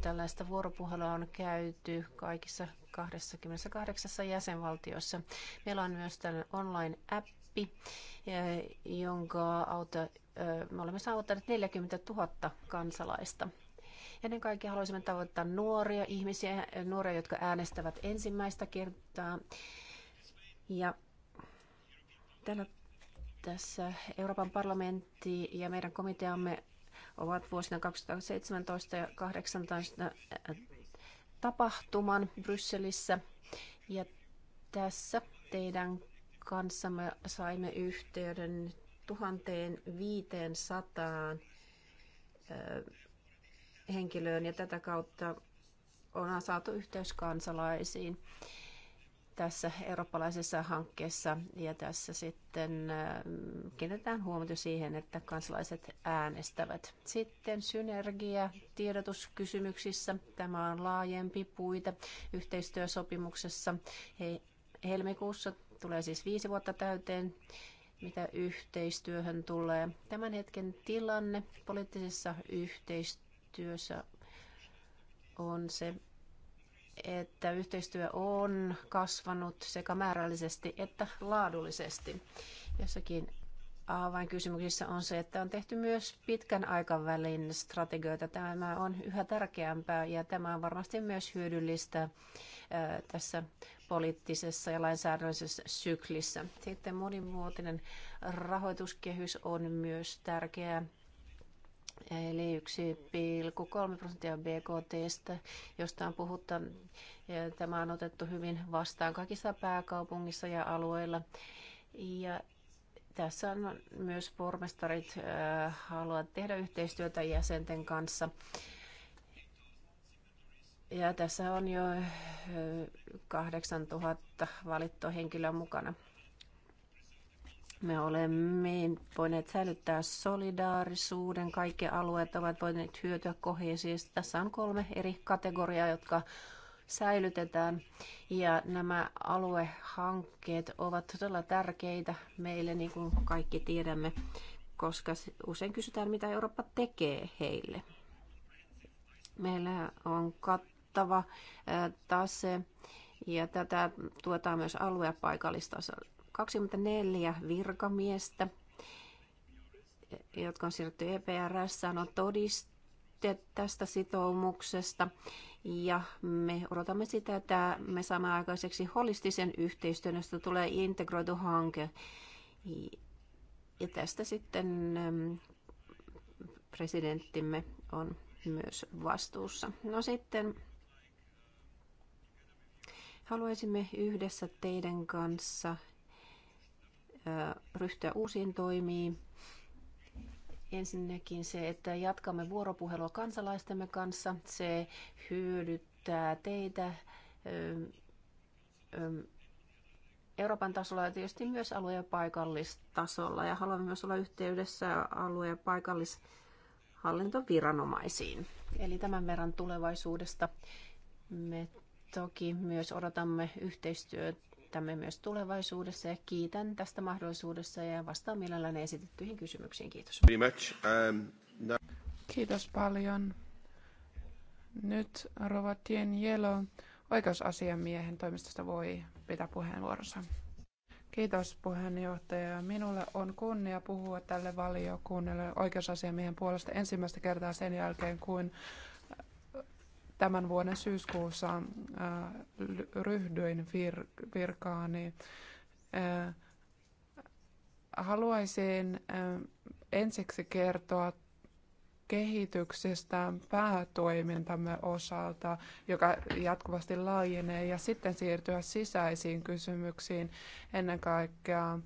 Tällaista vuoropuhelua on käyty kaikissa 28 jäsenvaltiossa. Meillä on myös tällainen online-appi, jonka auta, me olemme saavuttaneet 40 000 kansalaista. Ennen kaikkea haluaisimme tavoittaa nuoria ihmisiä, nuoria, jotka äänestävät ensimmäistä kertaa. Ja tällä tässä Euroopan parlamentti ja meidän komiteamme ovat vuosina 2017 ja 2018 äh, tapahtuman Brysselissä. Ja tässä teidän kanssamme saimme yhteyden 1500 äh, henkilöön ja tätä kautta on saatu yhteys kansalaisiin tässä eurooppalaisessa hankkeessa ja tässä sitten äh, kiinnitetään huomiota siihen, että kansalaiset äänestävät. Sitten synergia tiedotuskysymyksissä. Tämä on laajempi puita yhteistyösopimuksessa. He, helmikuussa tulee siis viisi vuotta täyteen mitä yhteistyöhön tulee. Tämän hetken tilanne poliittisessa yhteistyössä on se, että yhteistyö on kasvanut sekä määrällisesti että laadullisesti. Jossakin avainkysymyksissä on se, että on tehty myös pitkän aikavälin strategioita. Tämä on yhä tärkeämpää ja tämä on varmasti myös hyödyllistä tässä poliittisessa ja lainsäädännöllisessä syklissä. Sitten monivuotinen rahoituskehys on myös tärkeä eli 1,3 prosenttia BKTstä, josta on puhuttu. Tämä on otettu hyvin vastaan kaikissa pääkaupungissa ja alueilla. Ja tässä on myös pormestarit haluavat tehdä yhteistyötä jäsenten kanssa. Ja tässä on jo 8000 valittua henkilöä mukana. Me olemme voineet säilyttää solidaarisuuden. Kaikki alueet ovat voineet hyötyä kohesiosta. Tässä on kolme eri kategoriaa, jotka säilytetään. Ja nämä aluehankkeet ovat todella tärkeitä meille, niin kuin kaikki tiedämme, koska usein kysytään, mitä Eurooppa tekee heille. Meillä on kattava tase ja tätä tuetaan myös alue- ja paikallistasolla. 24 virkamiestä, jotka on siirretty EPRS, on todiste tästä sitoumuksesta ja me odotamme sitä, että me saamme aikaiseksi holistisen yhteistyön, josta tulee integroitu hanke. Ja tästä sitten ähm, presidenttimme on myös vastuussa. No sitten haluaisimme yhdessä teidän kanssa ryhtyä uusiin toimiin. Ensinnäkin se, että jatkamme vuoropuhelua kansalaistemme kanssa. Se hyödyttää teitä Euroopan tasolla ja tietysti myös alue- ja paikallistasolla. Ja haluamme myös olla yhteydessä alue- ja paikallishallintoviranomaisiin. Eli tämän verran tulevaisuudesta me toki myös odotamme yhteistyötä kehittämme myös tulevaisuudessa ja kiitän tästä mahdollisuudessa ja vastaan mielelläni esitettyihin kysymyksiin. Kiitos. Um, Kiitos paljon. Nyt Rova Tien Jelo oikeusasiamiehen toimistosta voi pitää puheenvuoronsa. Kiitos puheenjohtaja. Minulle on kunnia puhua tälle valiokunnalle oikeusasiamiehen puolesta ensimmäistä kertaa sen jälkeen, kun tämän vuoden syyskuussa äh, ryhdyin vir- virkaani. Äh, haluaisin äh, ensiksi kertoa kehityksestä päätoimintamme osalta, joka jatkuvasti laajenee, ja sitten siirtyä sisäisiin kysymyksiin ennen kaikkea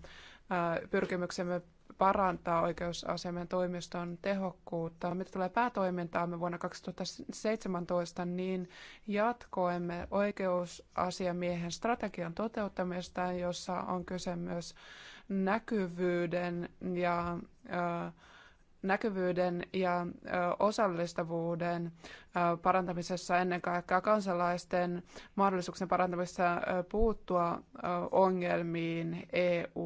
pyrkimyksemme parantaa oikeusasiamiehen toimiston tehokkuutta. Mitä tulee päätoimintaamme vuonna 2017, niin jatkoimme oikeusasiamiehen strategian toteuttamista, jossa on kyse myös näkyvyyden ja näkyvyyden ja osallistavuuden parantamisessa, ennen kaikkea kansalaisten mahdollisuuksien parantamisessa puuttua ongelmiin EU,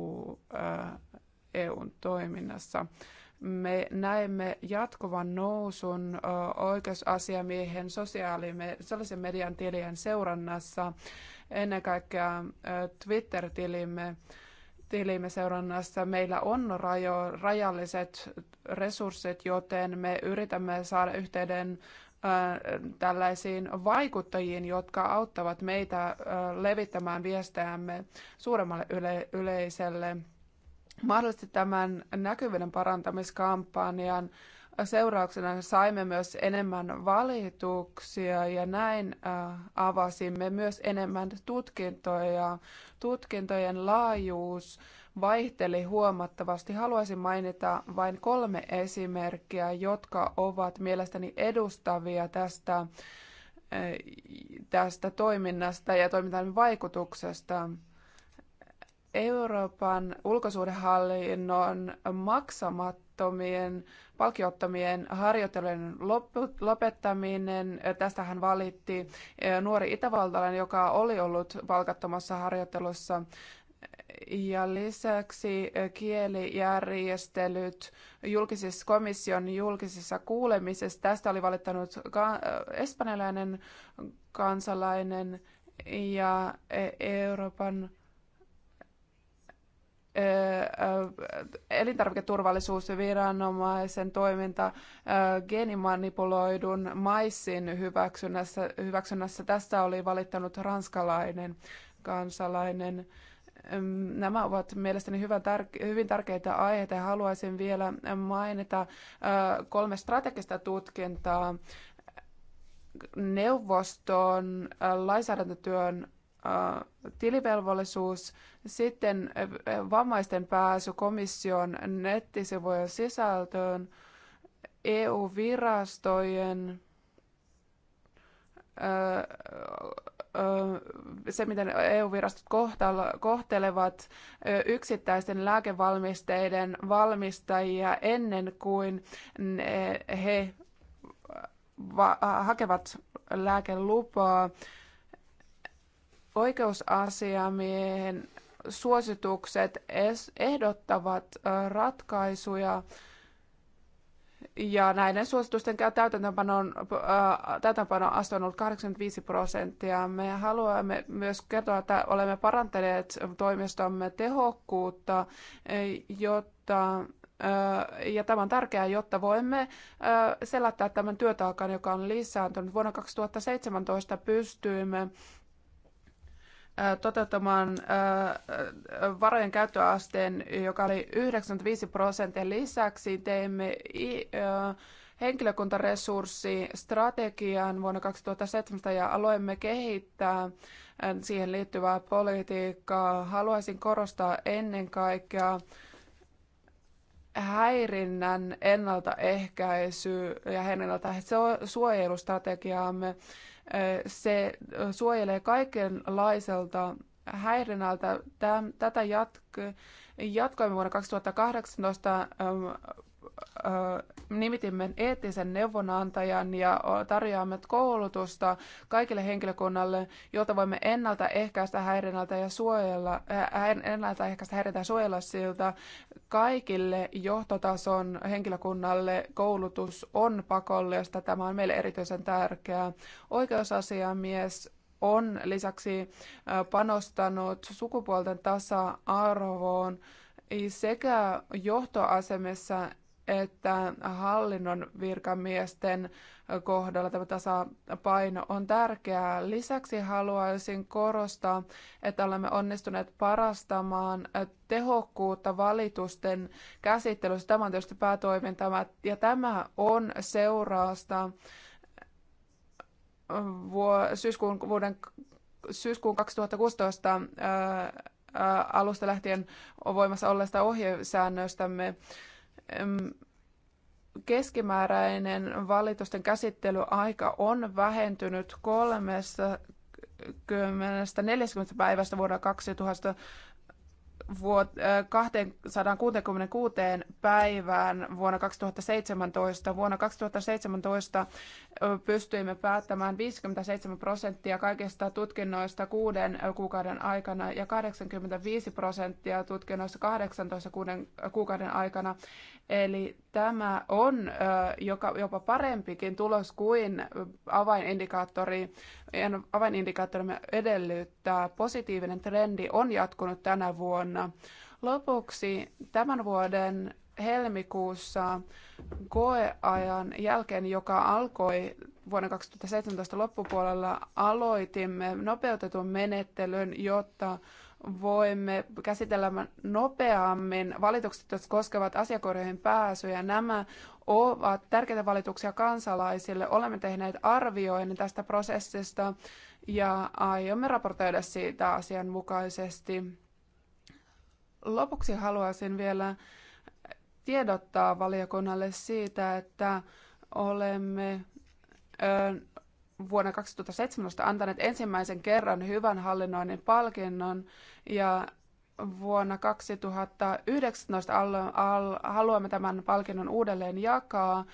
EUn toiminnassa. Me näemme jatkuvan nousun oikeusasiamiehen sosiaalisen median tilien seurannassa, ennen kaikkea Twitter-tilimme tilimme seurannassa. Meillä on rajo, rajalliset resurssit, joten me yritämme saada yhteyden tällaisiin vaikuttajiin, jotka auttavat meitä levittämään viestejämme suuremmalle yle- yleisölle. Mahdollisesti tämän näkyvyyden parantamiskampanjan seurauksena saimme myös enemmän valituksia ja näin äh, avasimme myös enemmän tutkintoja. Tutkintojen laajuus vaihteli huomattavasti. Haluaisin mainita vain kolme esimerkkiä, jotka ovat mielestäni edustavia tästä, äh, tästä toiminnasta ja toiminnan vaikutuksesta. Euroopan ulkosuhdehallinnon maksamattomien palkiottomien harjoittelujen lopettaminen. Tästähän valitti eh, nuori itävaltalainen, joka oli ollut palkattomassa harjoittelussa. Ja lisäksi eh, kielijärjestelyt julkisissa komission julkisissa kuulemisissa. Tästä oli valittanut ka- eh, espanjalainen kansalainen ja Euroopan elintarviketurvallisuusviranomaisen toiminta geenimanipuloidun maissin hyväksynnässä, hyväksynnässä. Tästä oli valittanut ranskalainen kansalainen. Nämä ovat mielestäni hyvin tärkeitä aiheita ja haluaisin vielä mainita kolme strategista tutkintaa neuvoston lainsäädäntötyön tilivelvollisuus, sitten vammaisten pääsy komission nettisivujen sisältöön, EU-virastojen se, miten EU-virastot kohtelevat yksittäisten lääkevalmisteiden valmistajia ennen kuin he hakevat lääkelupaa. Oikeusasiamiehen suositukset ehdottavat ratkaisuja ja näiden suositusten täytäntöönpanon, täytäntöönpanon aste on ollut 85 prosenttia. Me haluamme myös kertoa, että olemme parantaneet toimistomme tehokkuutta, jotta ja tämä on tärkeää, jotta voimme selättää tämän työtaakan, joka on lisääntynyt. Vuonna 2017 pystyimme toteuttamaan varojen käyttöasteen, joka oli 95 prosentin lisäksi. Teimme henkilökuntaresurssistrategian vuonna 2017 ja aloimme kehittää siihen liittyvää politiikkaa. Haluaisin korostaa ennen kaikkea häirinnän ennaltaehkäisy ja ennaltaehkäisy suojelustrategiaamme se suojelee kaikenlaiselta häirinnältä. Tätä jatkoimme vuonna 2018 nimitimme eettisen neuvonantajan ja tarjoamme koulutusta kaikille henkilökunnalle, jota voimme ennaltaehkäistä häirinnältä ja suojella, ennaltaehkäistä häirintää suojella siltä. Kaikille johtotason henkilökunnalle koulutus on pakollista. Tämä on meille erityisen tärkeää. Oikeusasiamies on lisäksi panostanut sukupuolten tasa-arvoon sekä johtoasemissa että hallinnon virkamiesten kohdalla tämä tasapaino on tärkeää. Lisäksi haluaisin korostaa, että olemme onnistuneet parastamaan tehokkuutta valitusten käsittelyssä. Tämä on tietysti päätoiminta ja tämä on seurausta syyskuun, vuoden, syyskuun 2016 alusta lähtien voimassa olleesta ohjesäännöstämme keskimääräinen valitusten käsittelyaika on vähentynyt 30 40 päivästä vuonna 2000 vuot, 266 äh, päivään vuonna 2017. Vuonna 2017 pystyimme päättämään 57 prosenttia kaikista tutkinnoista kuuden kuukauden aikana ja 85 prosenttia tutkinnoista 18 kuukauden aikana. Eli tämä on joka, jopa parempikin tulos kuin avainindikaattori. Avainindikaattorimme edellyttää. Positiivinen trendi on jatkunut tänä vuonna. Lopuksi tämän vuoden helmikuussa koeajan jälkeen, joka alkoi vuonna 2017 loppupuolella, aloitimme nopeutetun menettelyn, jotta voimme käsitellä nopeammin valitukset, jotka koskevat asiakorjoihin pääsyjä. Nämä ovat tärkeitä valituksia kansalaisille. Olemme tehneet arvioinnin tästä prosessista ja aiomme raportoida siitä asianmukaisesti. Lopuksi haluaisin vielä tiedottaa valiokunnalle siitä, että olemme vuonna 2017 antaneet ensimmäisen kerran hyvän hallinnoinnin palkinnon ja vuonna 2019 haluamme tämän palkinnon uudelleen jakaa.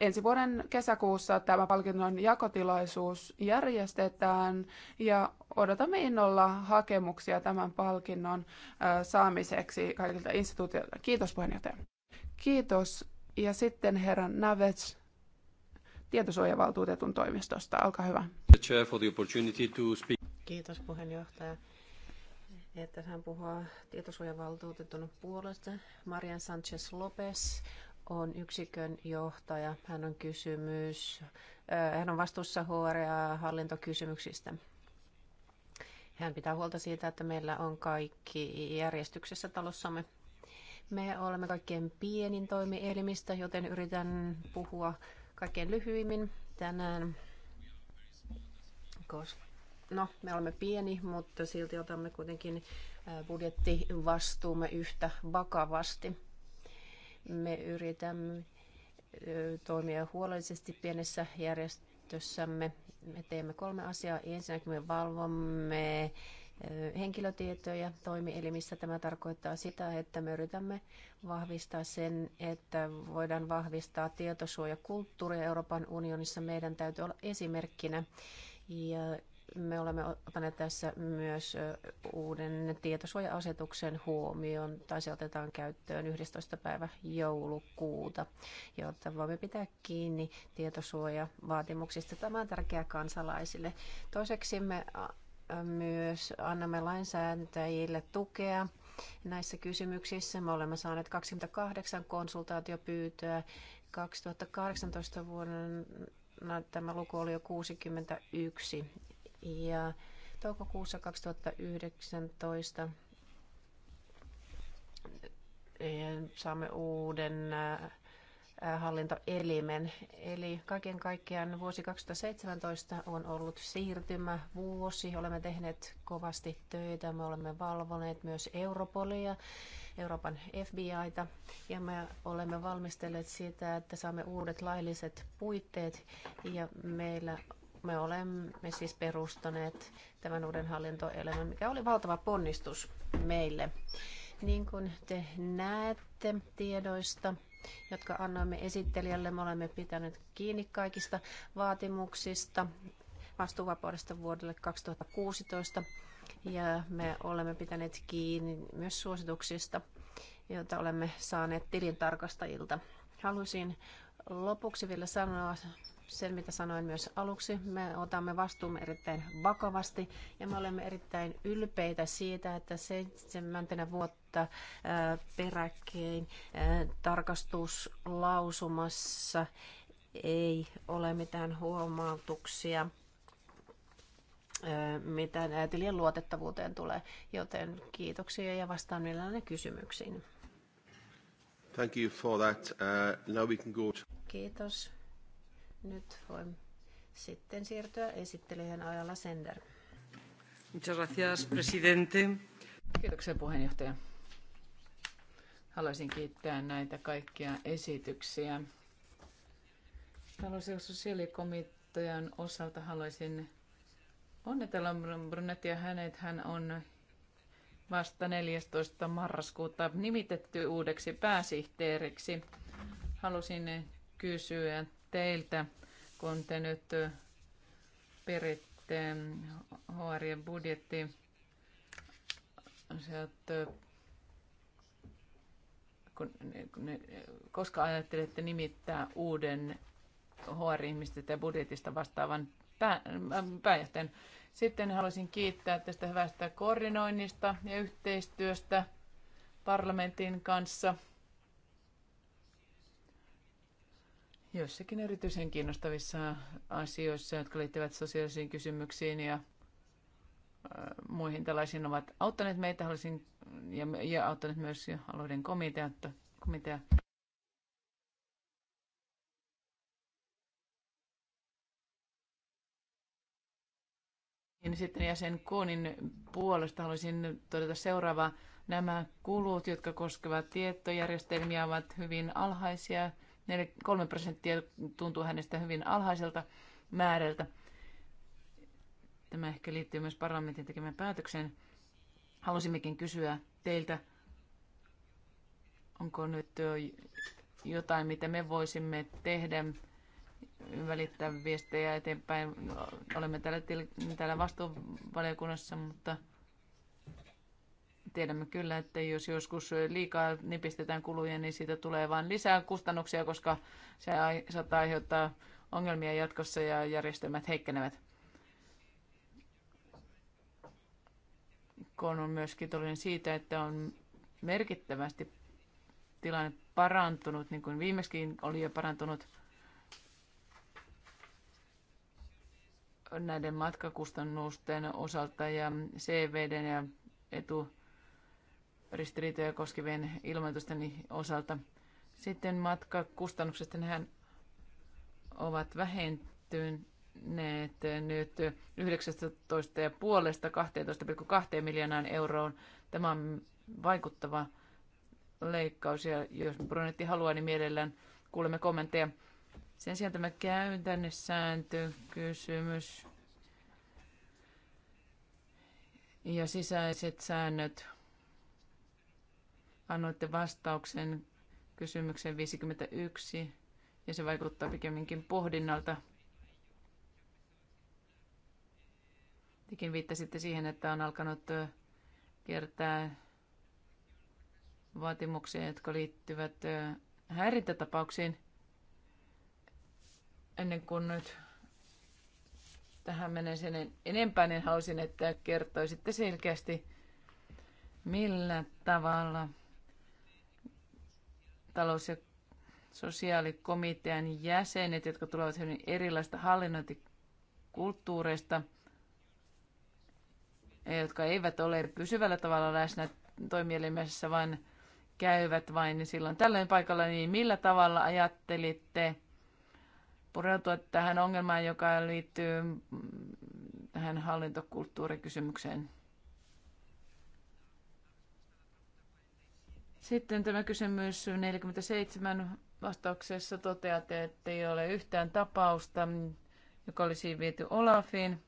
Ensi vuoden kesäkuussa tämä palkinnon jakotilaisuus järjestetään ja odotamme innolla hakemuksia tämän palkinnon saamiseksi kaikilta instituutioilta. Kiitos puheenjohtaja. Kiitos. Ja sitten herra Navets tietosuojavaltuutetun toimistosta. Olkaa hyvä. Kiitos puheenjohtaja että hän puhuu tietosuojavaltuutetun puolesta. Marian Sanchez Lopez on yksikön johtaja. Hän on kysymys, äh, hän on vastuussa HR- ja hallintokysymyksistä. Hän pitää huolta siitä, että meillä on kaikki järjestyksessä talossamme. Me olemme kaikkien pienin toimielimistä, joten yritän puhua kaikkein lyhyimmin tänään. Koska, no, me olemme pieni, mutta silti otamme kuitenkin budjettivastuumme yhtä vakavasti. Me yritämme toimia huolellisesti pienessä järjestössämme. Me teemme kolme asiaa. Ensinnäkin me valvomme henkilötietoja toimielimissä. Tämä tarkoittaa sitä, että me yritämme vahvistaa sen, että voidaan vahvistaa tietosuojakulttuuria Euroopan unionissa. Meidän täytyy olla esimerkkinä ja me olemme ottaneet tässä myös uuden tietosuoja-asetuksen huomioon, tai se otetaan käyttöön 11. päivä joulukuuta, jotta voimme pitää kiinni tietosuojavaatimuksista. Tämä on tärkeää kansalaisille. Toiseksi me myös annamme lainsäätäjille tukea näissä kysymyksissä. Me olemme saaneet 28 konsultaatiopyyntöä. 2018 vuonna tämä luku oli jo 61 ja toukokuussa 2019 eh, saamme uuden eh, hallintoelimen. Eli kaiken kaikkiaan vuosi 2017 on ollut siirtymä vuosi. Olemme tehneet kovasti töitä. Me olemme valvoneet myös Europolia, Euroopan FBIta. Ja me olemme valmistelleet sitä, että saamme uudet lailliset puitteet. Ja meillä me olemme siis perustaneet tämän uuden hallintoelimen, mikä oli valtava ponnistus meille. Niin kuin te näette tiedoista, jotka annoimme esittelijälle. Me olemme pitäneet kiinni kaikista vaatimuksista vastuuvapaudesta vuodelle 2016 ja me olemme pitäneet kiinni myös suosituksista, joita olemme saaneet tilintarkastajilta. Haluaisin lopuksi vielä sanoa sen, mitä sanoin myös aluksi. Me otamme vastuumme erittäin vakavasti ja me olemme erittäin ylpeitä siitä, että seitsemäntenä vuotta äh, peräkkäin äh, tarkastuslausumassa ei ole mitään huomautuksia äh, mitä tilien luotettavuuteen tulee. Joten kiitoksia ja vastaan mielelläni kysymyksiin. Thank you for that. Uh, now we can go to... Kiitos. Nyt voimme sitten siirtyä esittelijän ajalla Sender. Muchas gracias, presidente. Kiitoksia puheenjohtaja. Haluaisin kiittää näitä kaikkia esityksiä. Talous- ja sosiaalikomitean osalta haluaisin onnitella Brunettia hänet. Hän on vasta 14. marraskuuta nimitetty uudeksi pääsihteeriksi. Halusin kysyä teiltä, kun te nyt peritte HRien budjetti sieltä, kun, ne, koska ajattelette nimittää uuden HR-ihmistä ja budjetista vastaavan pää, pääjohtajan. Sitten haluaisin kiittää tästä hyvästä koordinoinnista ja yhteistyöstä parlamentin kanssa – joissakin erityisen kiinnostavissa asioissa, jotka liittyvät sosiaalisiin kysymyksiin ja äh, muihin tällaisiin ovat auttaneet meitä halusin ja, ja auttaneet myös alueiden komitea. komitea. Ja sitten jäsen Koonin puolesta haluaisin todeta seuraava: Nämä kulut, jotka koskevat tietojärjestelmiä, ovat hyvin alhaisia 43 prosenttia tuntuu hänestä hyvin alhaiselta määrältä. Tämä ehkä liittyy myös parlamentin tekemään päätökseen. Halusimmekin kysyä teiltä, onko nyt jotain, mitä me voisimme tehdä, välittää viestejä eteenpäin. Olemme täällä, täällä vastuuvaliokunnassa, mutta – Tiedämme kyllä, että jos joskus liikaa nipistetään kuluja, niin siitä tulee vain lisää kustannuksia, koska se saattaa aiheuttaa ongelmia jatkossa ja järjestelmät heikkenevät. Kon on myös kiitollinen siitä, että on merkittävästi tilanne parantunut, niin kuin viimeksikin oli jo parantunut näiden matkakustannusten osalta ja CVD ja etu ristiriitoja koskevien ilmoitusten osalta. Sitten matkakustannukset, nehän ovat vähentyneet nyt 19,5 12,2 miljoonaan euroon. Tämä on vaikuttava leikkaus ja jos Brunetti haluaa, niin mielellään kuulemme kommentteja. Sen sijaan tämä käytännössääntökysymys ja sisäiset säännöt – annoitte vastauksen kysymykseen 51 ja se vaikuttaa pikemminkin pohdinnalta. Tekin viittasitte siihen, että on alkanut kiertää vaatimuksia, jotka liittyvät häirintätapauksiin. Ennen kuin nyt tähän menen sen enempää, niin halusin, että kertoisitte selkeästi, millä tavalla – talous- ja sosiaalikomitean jäsenet, jotka tulevat hyvin erilaista hallinnointikulttuureista, jotka eivät ole pysyvällä tavalla läsnä toimielimessä, vaan käyvät vain silloin tällöin paikalla, niin millä tavalla ajattelitte pureutua tähän ongelmaan, joka liittyy tähän hallintokulttuurikysymykseen? Sitten tämä kysymys 47 vastauksessa toteatte, että ei ole yhtään tapausta, joka olisi viety Olafiin.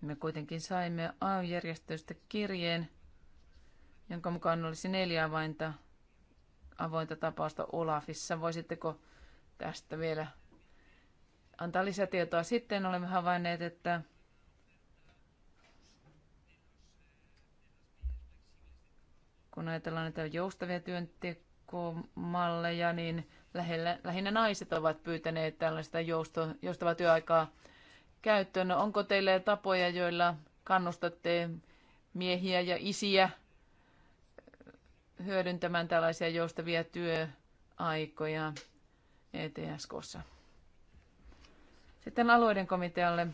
Me kuitenkin saimme AY-järjestöstä kirjeen, jonka mukaan olisi neljä avainta, avointa tapausta Olafissa. Voisitteko tästä vielä antaa lisätietoa? Sitten olemme havainneet, että kun ajatellaan näitä joustavia työntekomalleja, niin lähellä, lähinnä naiset ovat pyytäneet tällaista jousto, joustavaa työaikaa käyttöön. No, onko teille tapoja, joilla kannustatte miehiä ja isiä hyödyntämään tällaisia joustavia työaikoja ETSKssa? Sitten alueiden komitealle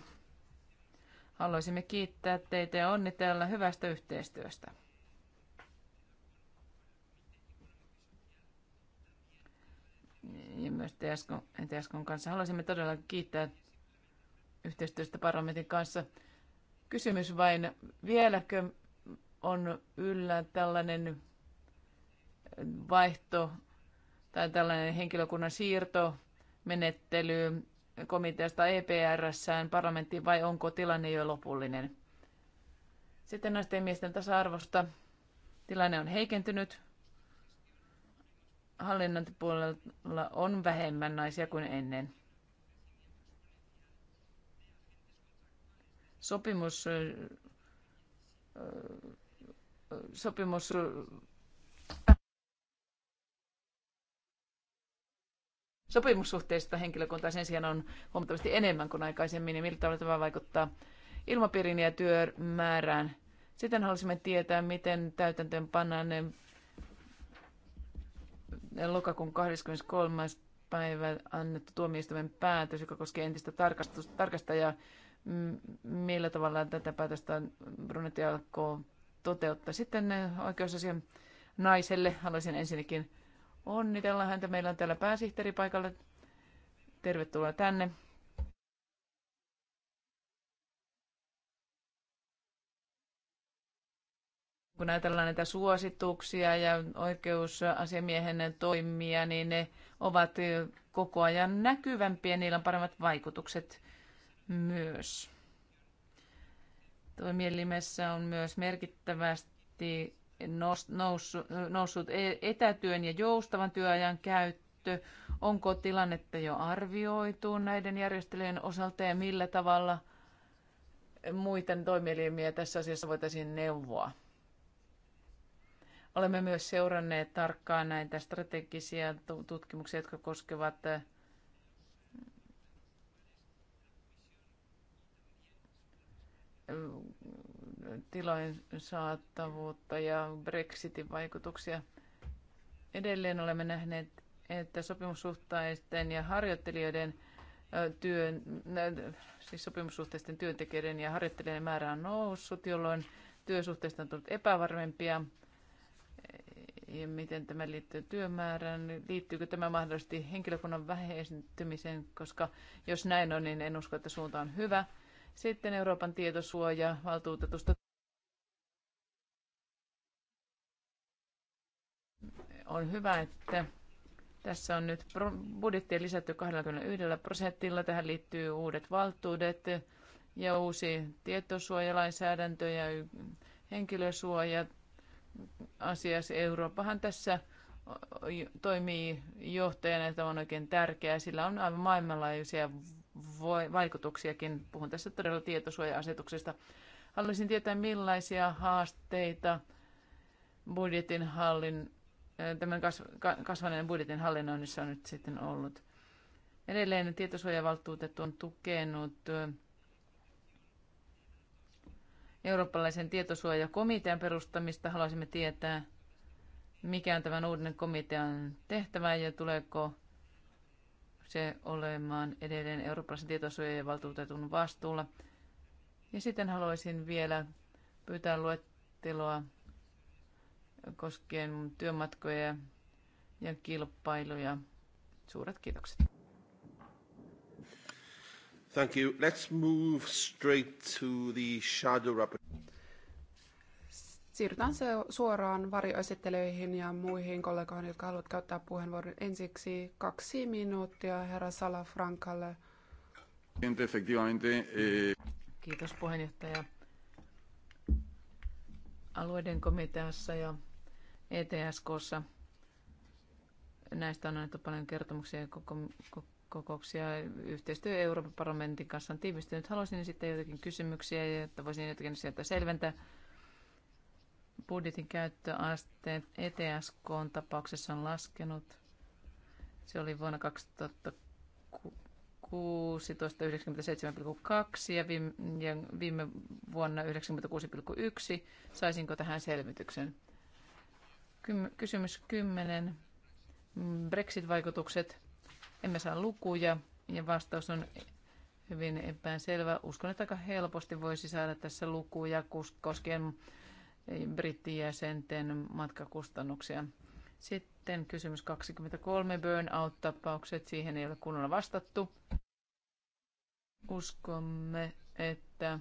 haluaisimme kiittää teitä ja onnitella hyvästä yhteistyöstä. ja myös TSKn kanssa. Haluaisimme todella kiittää yhteistyöstä parlamentin kanssa. Kysymys vain, vieläkö on yllä tällainen vaihto tai tällainen henkilökunnan siirto menettely komiteasta EPRssään parlamenttiin vai onko tilanne jo lopullinen? Sitten naisten miesten tasa-arvosta. Tilanne on heikentynyt hallinnointipuolella on vähemmän naisia kuin ennen. Sopimus, sopimus sopimussuhteista henkilökuntaa sen sijaan on huomattavasti enemmän kuin aikaisemmin, Ja niin millä tavalla tämä vaikuttaa ilmapiiriin ja työmäärään. Sitten halusimme tietää, miten täytäntöön pannaan lokakuun 23. päivä annettu tuomioistuimen päätös, joka koskee entistä tarkastajaa. Millä tavalla tätä päätöstä Brunetti alkoi toteuttaa? Sitten eh, oikeusasian naiselle haluaisin ensinnäkin onnitella häntä. Meillä on täällä pääsihteeri paikalla. Tervetuloa tänne. kun ajatellaan näitä suosituksia ja oikeusasiamiehen toimia, niin ne ovat koko ajan näkyvämpiä, niillä on paremmat vaikutukset myös. Toimielimessä on myös merkittävästi noussut e-, etätyön ja joustavan työajan käyttö. Onko tilannetta jo arvioitu näiden järjestelyjen osalta ja millä tavalla muiden toimielimiä tässä asiassa voitaisiin neuvoa? Olemme myös seuranneet tarkkaan näitä strategisia tutkimuksia, jotka koskevat eh, tilojen saattavuutta ja Brexitin vaikutuksia. Edelleen olemme nähneet, että sopimussuhteisten ja harjoittelijoiden työn, siis sopimussuhteisten työntekijöiden ja harjoittelijoiden määrä on noussut, jolloin työsuhteista on tullut epävarmempia ja miten tämä liittyy työmäärään. Niin liittyykö tämä mahdollisesti henkilökunnan vähentymiseen, koska jos näin on, niin en usko, että suunta on hyvä. Sitten Euroopan tietosuoja valtuutetusta on hyvä, että tässä on nyt budjettia lisätty 21 prosentilla. Tähän liittyy uudet valtuudet ja uusi tietosuojalainsäädäntö ja henkilösuojat asiassa. Eurooppahan tässä toimii johtajana, että on oikein tärkeää. Sillä on aivan maailmanlaajuisia vaikutuksiakin. Puhun tässä todella tietosuoja-asetuksesta. Haluaisin tietää, millaisia haasteita budjetin hallin, tämän kasvaneen budjetin hallinnoinnissa on nyt sitten ollut. Edelleen tietosuojavaltuutettu on tukenut eurooppalaisen tietosuojakomitean perustamista. Haluaisimme tietää, mikä on tämän uuden komitean tehtävä ja tuleeko se olemaan edelleen eurooppalaisen tietosuojavaltuutetun vastuulla. Ja sitten haluaisin vielä pyytää luetteloa koskien työmatkoja ja kilpailuja. Suuret kiitokset. Thank you. Let's move straight to the shadow rapport. Siirrytään se suoraan varjoesittelyihin ja muihin kollegoihin, jotka haluavat käyttää puheenvuoron. Ensiksi kaksi minuuttia herra Salafrankalle. Eh, Kiitos puheenjohtaja. Alueiden komiteassa ja ETSKssa näistä on annettu paljon kertomuksia ja kokouksia. Yhteistyö Euroopan parlamentin kanssa on tiivistynyt. Haluaisin sitten jotakin kysymyksiä, jotta voisin jotakin sieltä selventää. Budjetin käyttöaste ETSK on tapauksessa on laskenut. Se oli vuonna 2016 97,2 ja viime, ja viime vuonna 96,1. Saisinko tähän selvityksen? Kysymys 10. Brexit-vaikutukset emme saa lukuja ja vastaus on hyvin epäselvä. Uskon, että aika helposti voisi saada tässä lukuja koskien brittijäsenten matkakustannuksia. Sitten kysymys 23, burnout-tapaukset. Siihen ei ole kunnolla vastattu. Uskomme, että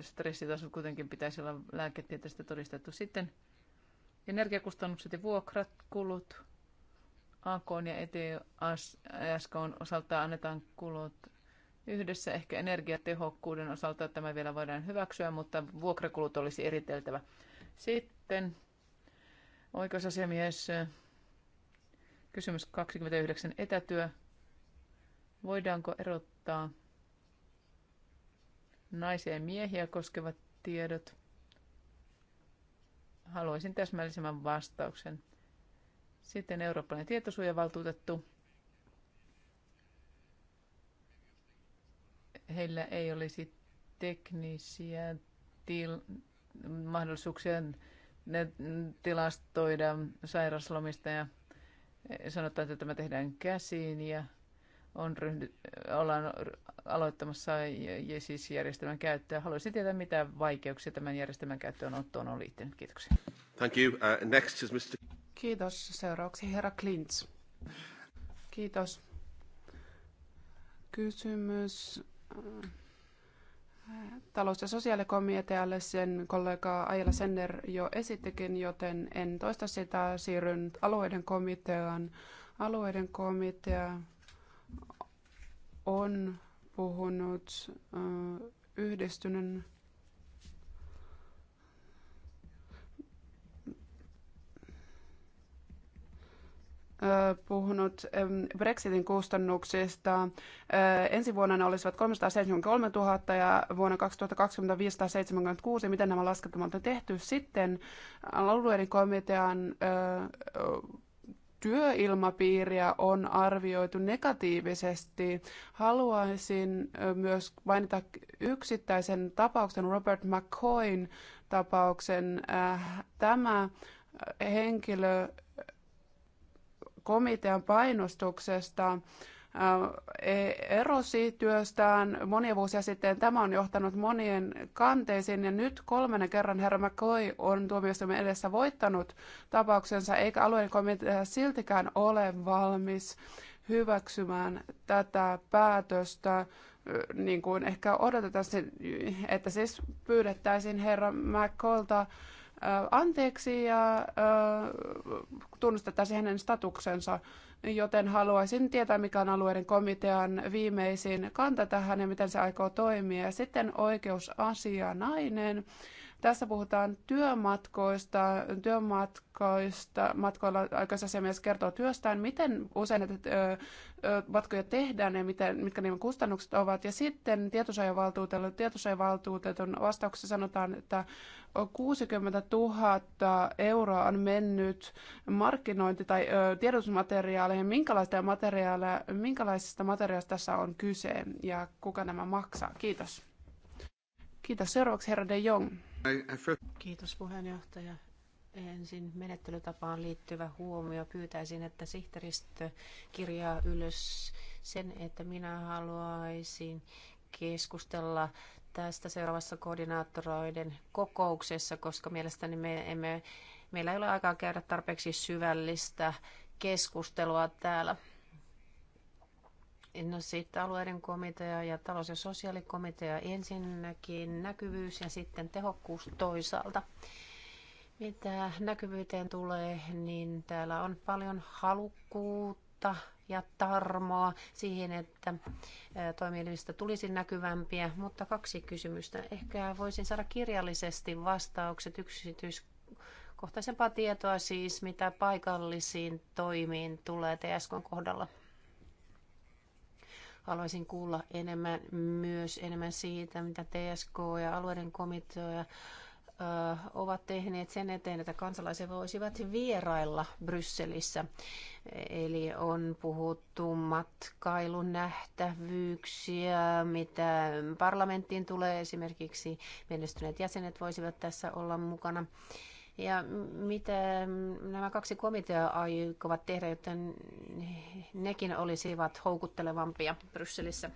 stressitasot kuitenkin pitäisi olla lääketieteestä todistettu. Sitten energiakustannukset ja vuokrat, kulut. AK ja ETSK osalta annetaan kulut yhdessä. Ehkä energiatehokkuuden osalta tämä vielä voidaan hyväksyä, mutta vuokrakulut olisi eriteltävä. Sitten oikeusasiamies kysymys 29 etätyö. Voidaanko erottaa naisia ja miehiä koskevat tiedot? Haluaisin täsmällisemmän vastauksen. Sitten Eurooppalainen tietosuojavaltuutettu. Heillä ei olisi teknisiä til- mahdollisuuksia ne tilastoida sairaslomista ja sanotaan, että tämä tehdään käsiin ja on ryhdy, ollaan aloittamassa ja siis järjestelmän käyttöä. Haluaisin tietää, mitä vaikeuksia tämän järjestelmän käyttöön on liittynyt. Kiitoksia. Thank you. Uh, next is Mr. Kiitos. Seuraavaksi herra Klints. Kiitos. Kysymys äh, talous- ja sosiaalikomitealle sen kollega Aila Senner jo esittikin, joten en toista sitä. Siirryn alueiden komiteaan. Alueiden komitea on puhunut äh, yhdistyneen puhunut Brexitin kustannuksista. Ensi vuonna ne olisivat 373 000 ja vuonna 2020 576. Miten nämä laskelmat on tehty sitten? Alueiden komitean työilmapiiriä on arvioitu negatiivisesti. Haluaisin myös mainita yksittäisen tapauksen, Robert McCoyn tapauksen. Äh, tämä henkilö komitean painostuksesta äh, e- erosi työstään monia vuosia sitten. Tämä on johtanut monien kanteisiin ja nyt kolmannen kerran herra McCoy on tuomioistuimen edessä voittanut tapauksensa, eikä alueen komitea siltikään ole valmis hyväksymään tätä päätöstä, äh, niin kuin ehkä odotetaan, että siis pyydettäisiin herra McCoylta anteeksi ja tunnustettaisiin hänen statuksensa, joten haluaisin tietää, mikä on alueiden komitean viimeisin kanta tähän ja miten se aikoo toimia. Sitten oikeusasianainen. nainen tässä puhutaan työmatkoista, työmatkoista, matkoilla myös kertoo työstään, miten usein näitä matkoja tehdään ja miten, mitkä niiden kustannukset ovat. Ja sitten tietosuojavaltuutetun, tietosuojavaltuutetun vastauksessa sanotaan, että 60 000 euroa on mennyt markkinointi- tai tiedotusmateriaaleihin. Minkälaista materiaaleja, minkälaisista materiaalista tässä on kyse ja kuka nämä maksaa? Kiitos. Kiitos. Seuraavaksi herra De Jong. Kiitos puheenjohtaja. Ensin menettelytapaan liittyvä huomio. Pyytäisin, että sihteeristö kirjaa ylös sen, että minä haluaisin keskustella tästä seuraavassa koordinaattoroiden kokouksessa, koska mielestäni me emme, meillä ei ole aikaa käydä tarpeeksi syvällistä keskustelua täällä. No sitten alueiden komitea ja talous- ja sosiaalikomitea ensinnäkin näkyvyys ja sitten tehokkuus toisaalta. Mitä näkyvyyteen tulee, niin täällä on paljon halukkuutta ja tarmoa siihen, että toimielimistä tulisi näkyvämpiä, mutta kaksi kysymystä. Ehkä voisin saada kirjallisesti vastaukset kohtaisempaa tietoa siis, mitä paikallisiin toimiin tulee TSKn kohdalla. Haluaisin kuulla enemmän myös enemmän siitä, mitä TSK ja alueiden komitea ovat tehneet sen eteen, että kansalaiset voisivat vierailla Brysselissä. Eli on puhuttu matkailun nähtävyyksiä, mitä parlamenttiin tulee esimerkiksi menestyneet jäsenet voisivat tässä olla mukana. Ja mitä nämä kaksi komiteaa aikovat tehdä, jotta nekin olisivat houkuttelevampia Brysselissä?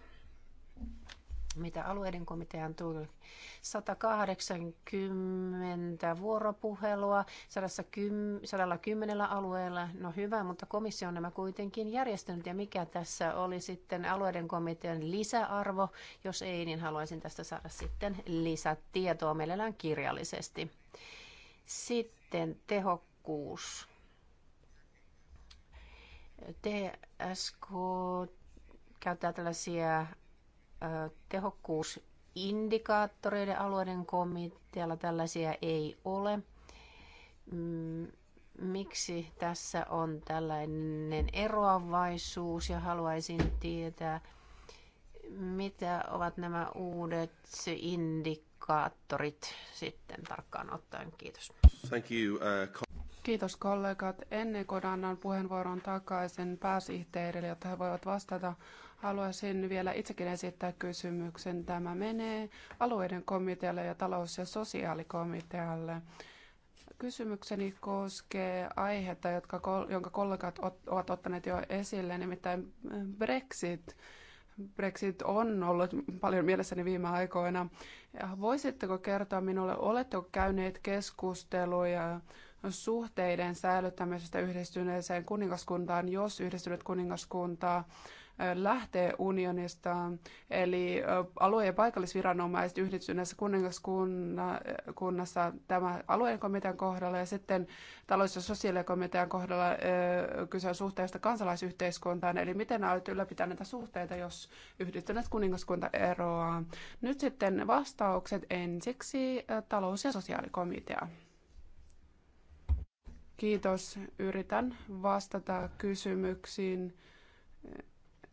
Mitä alueiden komiteaan tuli? 180 vuoropuhelua 110, 110 alueella. No hyvä, mutta komissio on nämä kuitenkin järjestänyt. Ja mikä tässä oli sitten alueiden komitean lisäarvo? Jos ei, niin haluaisin tästä saada sitten lisätietoa mielellään kirjallisesti. Sitten tehokkuus. TSK käyttää tällaisia tehokkuusindikaattoreiden alueiden komitealla. Tällaisia ei ole. Mm, miksi tässä on tällainen eroavaisuus ja haluaisin tietää, mitä ovat nämä uudet indikaattorit indikaattorit sitten tarkkaan ottaen. Kiitos. Thank you, uh, Kiitos kollegat. Ennen kuin annan puheenvuoron takaisin pääsihteerille, jotta he voivat vastata, haluaisin vielä itsekin esittää kysymyksen. Tämä menee alueiden komitealle ja talous- ja sosiaalikomitealle. Kysymykseni koskee aihetta, jotka, jonka kollegat ovat ottaneet jo esille, nimittäin Brexit Brexit on ollut paljon mielessäni viime aikoina. Voisitteko kertoa minulle, oletteko käyneet keskusteluja suhteiden säilyttämisestä yhdistyneeseen kuningaskuntaan, jos yhdistynyt kuningaskuntaa lähtee unionista. Eli alue- ja paikallisviranomaiset yhdistyneessä kuningaskunnassa tämä alueen komitean kohdalla ja sitten talous- ja sosiaalikomitean kohdalla kyse on suhteesta kansalaisyhteiskuntaan. Eli miten aiot ylläpitää näitä suhteita, jos yhdistyneet kuningaskunta eroaa. Nyt sitten vastaukset ensiksi talous- ja sosiaalikomitea. Kiitos. Yritän vastata kysymyksiin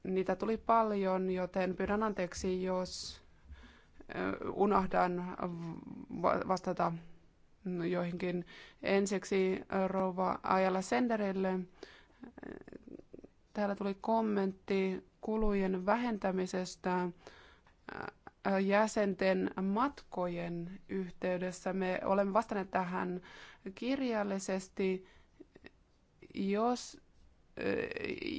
niitä tuli paljon, joten pyydän anteeksi, jos unohdan vastata joihinkin. Ensiksi rouva ajalla Senderille. Täällä tuli kommentti kulujen vähentämisestä jäsenten matkojen yhteydessä. Me olemme vastanneet tähän kirjallisesti. Jos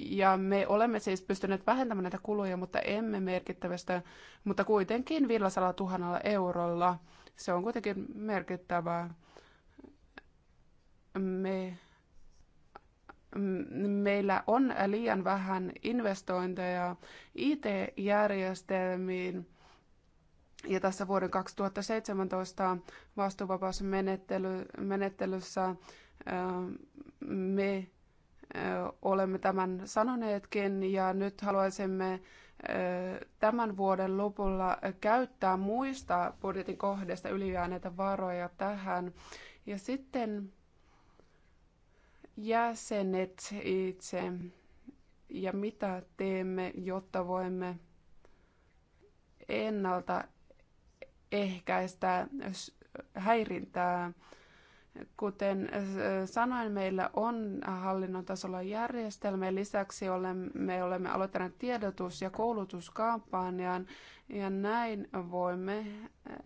ja me olemme siis pystyneet vähentämään näitä kuluja, mutta emme merkittävästä, mutta kuitenkin 500 000 eurolla. Se on kuitenkin merkittävää. Me, meillä on liian vähän investointeja IT-järjestelmiin. Ja tässä vuoden 2017 vastuuvapausmenettelyssä menettelyssä me olemme tämän sanoneetkin ja nyt haluaisimme tämän vuoden lopulla käyttää muista budjetin kohdista ylijääneitä varoja tähän. Ja sitten jäsenet itse ja mitä teemme, jotta voimme ennalta ehkäistä häirintää Kuten sanoin, meillä on hallinnon tasolla järjestelmä. Lisäksi olemme, me olemme aloittaneet tiedotus- ja koulutuskampanjan, ja näin voimme äh,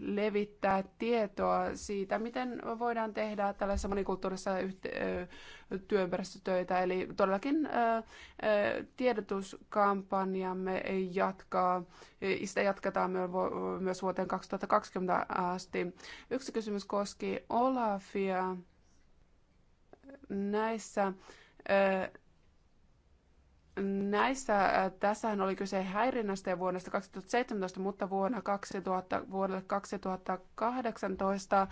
levittää tietoa siitä, miten voidaan tehdä tällaisessa monikulttuurisessa työympäristötöitä. Eli todellakin tiedotuskampanjamme jatkaa, sitä jatketaan myös vuoteen 2020 asti. Yksi kysymys koski Olafia näissä Näissä tässähän oli kyse häirinnästä vuodesta 2017, mutta vuonna 2000, vuodelle 2018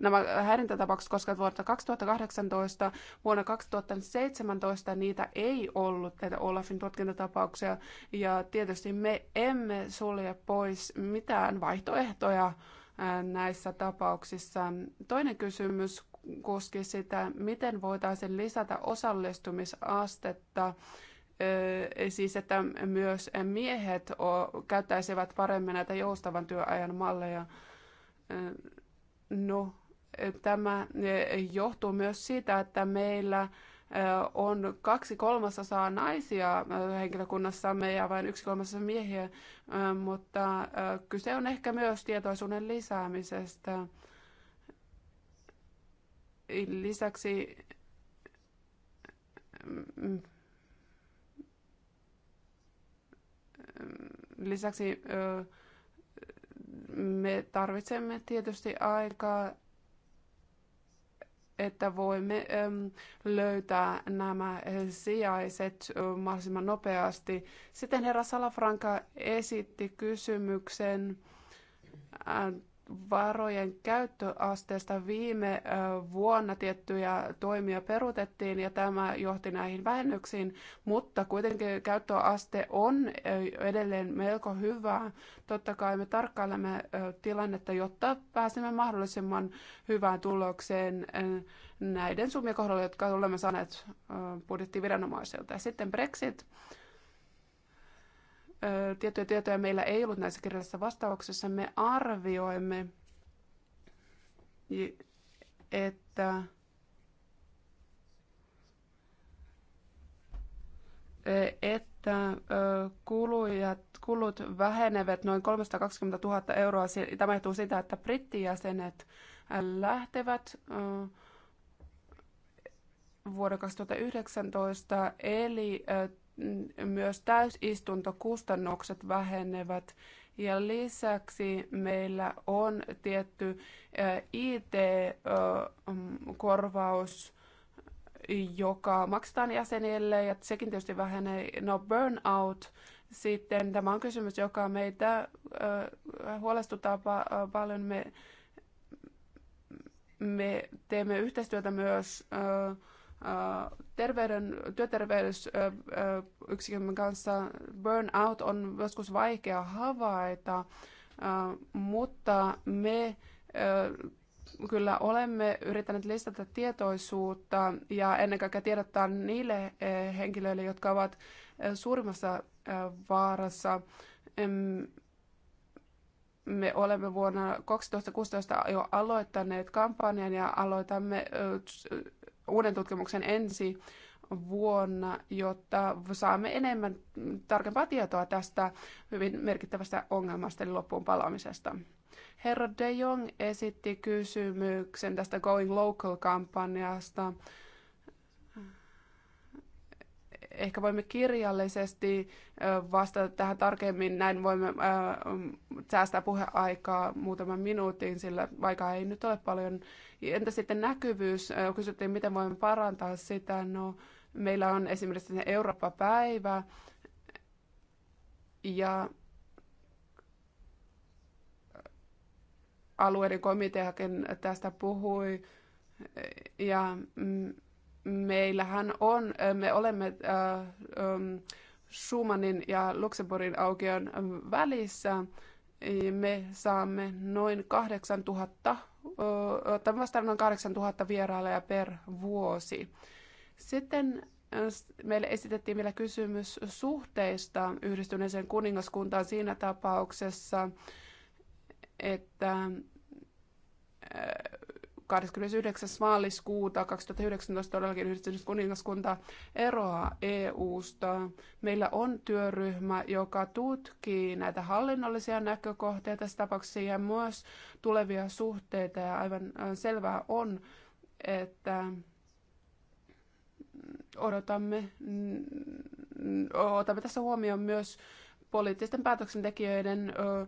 nämä häirintätapaukset koskevat vuotta 2018. Vuonna 2017 niitä ei ollut, näitä Olafin tutkintatapauksia, ja tietysti me emme sulje pois mitään vaihtoehtoja näissä tapauksissa. Toinen kysymys koski sitä, miten voitaisiin lisätä osallistumisastetta, siis että myös miehet käyttäisivät paremmin näitä joustavan työajan malleja. No, tämä e, johtuu myös siitä, että meillä on kaksi kolmasosaa naisia henkilökunnassamme ja vain yksi kolmasosa miehiä, mutta kyse on ehkä myös tietoisuuden lisäämisestä. Lisäksi lisäksi me tarvitsemme tietysti aikaa, että voimme löytää nämä sijaiset mahdollisimman nopeasti. Sitten herra Salafranka esitti kysymyksen varojen käyttöasteesta viime vuonna tiettyjä toimia peruutettiin ja tämä johti näihin vähennyksiin, mutta kuitenkin käyttöaste on edelleen melko hyvä. Totta kai me tarkkailemme tilannetta, jotta pääsemme mahdollisimman hyvään tulokseen näiden summien kohdalla, jotka olemme saaneet budjettiviranomaisilta. Sitten Brexit tiettyjä tietoja meillä ei ollut näissä kirjallisissa vastauksissa. Me arvioimme, että että kulujat, kulut vähenevät noin 320 000 euroa. Tämä johtuu siitä, että brittijäsenet lähtevät vuoden 2019, eli myös täysistuntokustannukset vähenevät. Ja lisäksi meillä on tietty IT-korvaus, mm, joka maksetaan jäsenille, ja sekin tietysti vähenee. No burnout, sitten tämä on kysymys, joka meitä huolestuttaa paljon. Me, me teemme yhteistyötä myös äh, terveyden, työterveysyksikön kanssa burnout on joskus vaikea havaita, mutta me kyllä olemme yrittäneet listata tietoisuutta ja ennen kaikkea tiedottaa niille henkilöille, jotka ovat suurimmassa vaarassa. Me olemme vuonna 2016 jo aloittaneet kampanjan ja aloitamme uuden tutkimuksen ensi vuonna, jotta saamme enemmän tarkempaa tietoa tästä hyvin merkittävästä ongelmasta eli loppuun palaamisesta. Herra De Jong esitti kysymyksen tästä Going Local-kampanjasta ehkä voimme kirjallisesti vastata tähän tarkemmin. Näin voimme säästää puheaikaa muutaman minuutin, sillä vaikka ei nyt ole paljon. Entä sitten näkyvyys? Kysyttiin, miten voimme parantaa sitä. No, meillä on esimerkiksi Eurooppa-päivä ja alueiden komiteakin tästä puhui. Ja mm, meillähän on, me olemme äh, Schumannin ja Luxemburgin aukion välissä. Me saamme noin 8000, tai vastaan noin 8000 vierailija per vuosi. Sitten meille esitettiin vielä kysymys suhteista yhdistyneeseen kuningaskuntaan siinä tapauksessa, että 29. maaliskuuta 2019 todellakin yhdistynyt kuningaskunta eroaa EU-sta. Meillä on työryhmä, joka tutkii näitä hallinnollisia näkökohtia tässä tapauksessa ja myös tulevia suhteita. Ja aivan äh, selvää on, että mm, odotamme, mm, mm, otamme tässä huomioon myös poliittisten päätöksentekijöiden ö,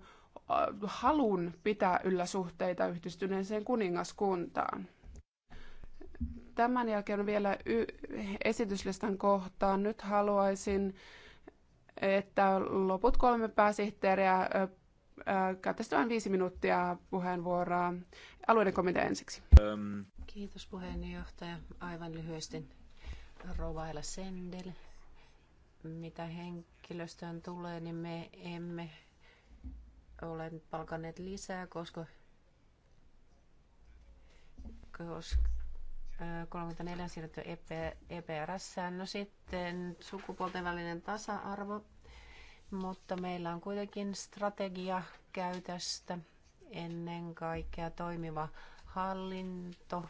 halun pitää yllä suhteita yhdistyneeseen kuningaskuntaan. Tämän jälkeen vielä esityslistan kohtaan. Nyt haluaisin, että loput kolme pääsihteeriä käyttäisivät viisi minuuttia puheenvuoroa. Alueiden komitea ensiksi. Kiitos puheenjohtaja. Aivan lyhyesti Rovaila Sendel. Mitä henkilöstöön tulee, niin me emme olen palkanneet lisää, koska, koska 34 siirrytty EP, EPRS. No sitten sukupuolten välinen tasa-arvo, mutta meillä on kuitenkin strategia käytöstä ennen kaikkea toimiva hallinto.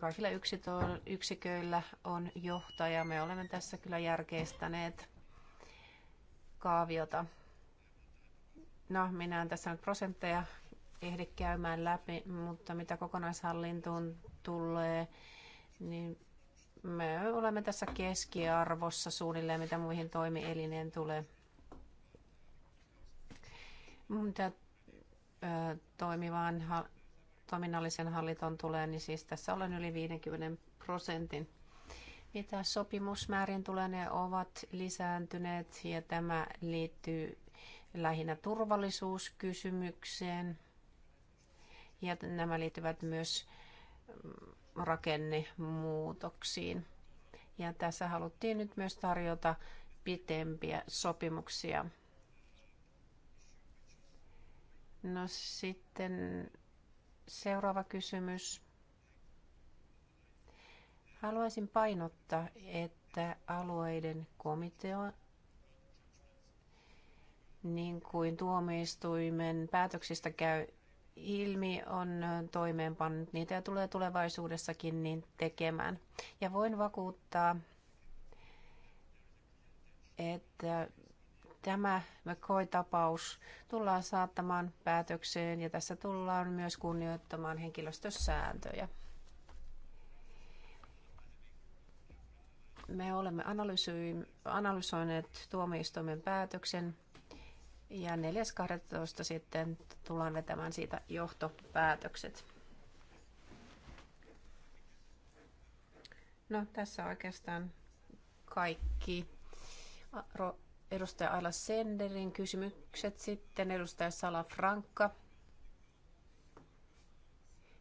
Kaikilla yksiköillä on johtaja. Me olemme tässä kyllä järkeistäneet kaaviota. No, minä en tässä nyt prosentteja ehdi käymään läpi, mutta mitä kokonaishallintoon tulee, niin me olemme tässä keskiarvossa suunnilleen, mitä muihin toimielineen tulee. Mitä toimivaan toiminnallisen hallinton tulee, niin siis tässä olen yli 50 prosentin. Mitä sopimusmäärin tulee, ne ovat lisääntyneet ja tämä liittyy lähinnä turvallisuuskysymykseen. Ja nämä liittyvät myös mm, rakennemuutoksiin. Ja tässä haluttiin nyt myös tarjota pitempiä sopimuksia. No sitten seuraava kysymys. Haluaisin painottaa, että alueiden komitea niin kuin tuomioistuimen päätöksistä käy ilmi, on toimeenpannut niitä ja tulee tulevaisuudessakin niin tekemään. Ja voin vakuuttaa, että tämä McCoy-tapaus tullaan saattamaan päätökseen ja tässä tullaan myös kunnioittamaan henkilöstösääntöjä. Me olemme analysoineet tuomioistuimen päätöksen ja 4.12. sitten tullaan vetämään siitä johtopäätökset. No tässä oikeastaan kaikki. Edustaja Aila Senderin kysymykset sitten, edustaja Sala Frankka.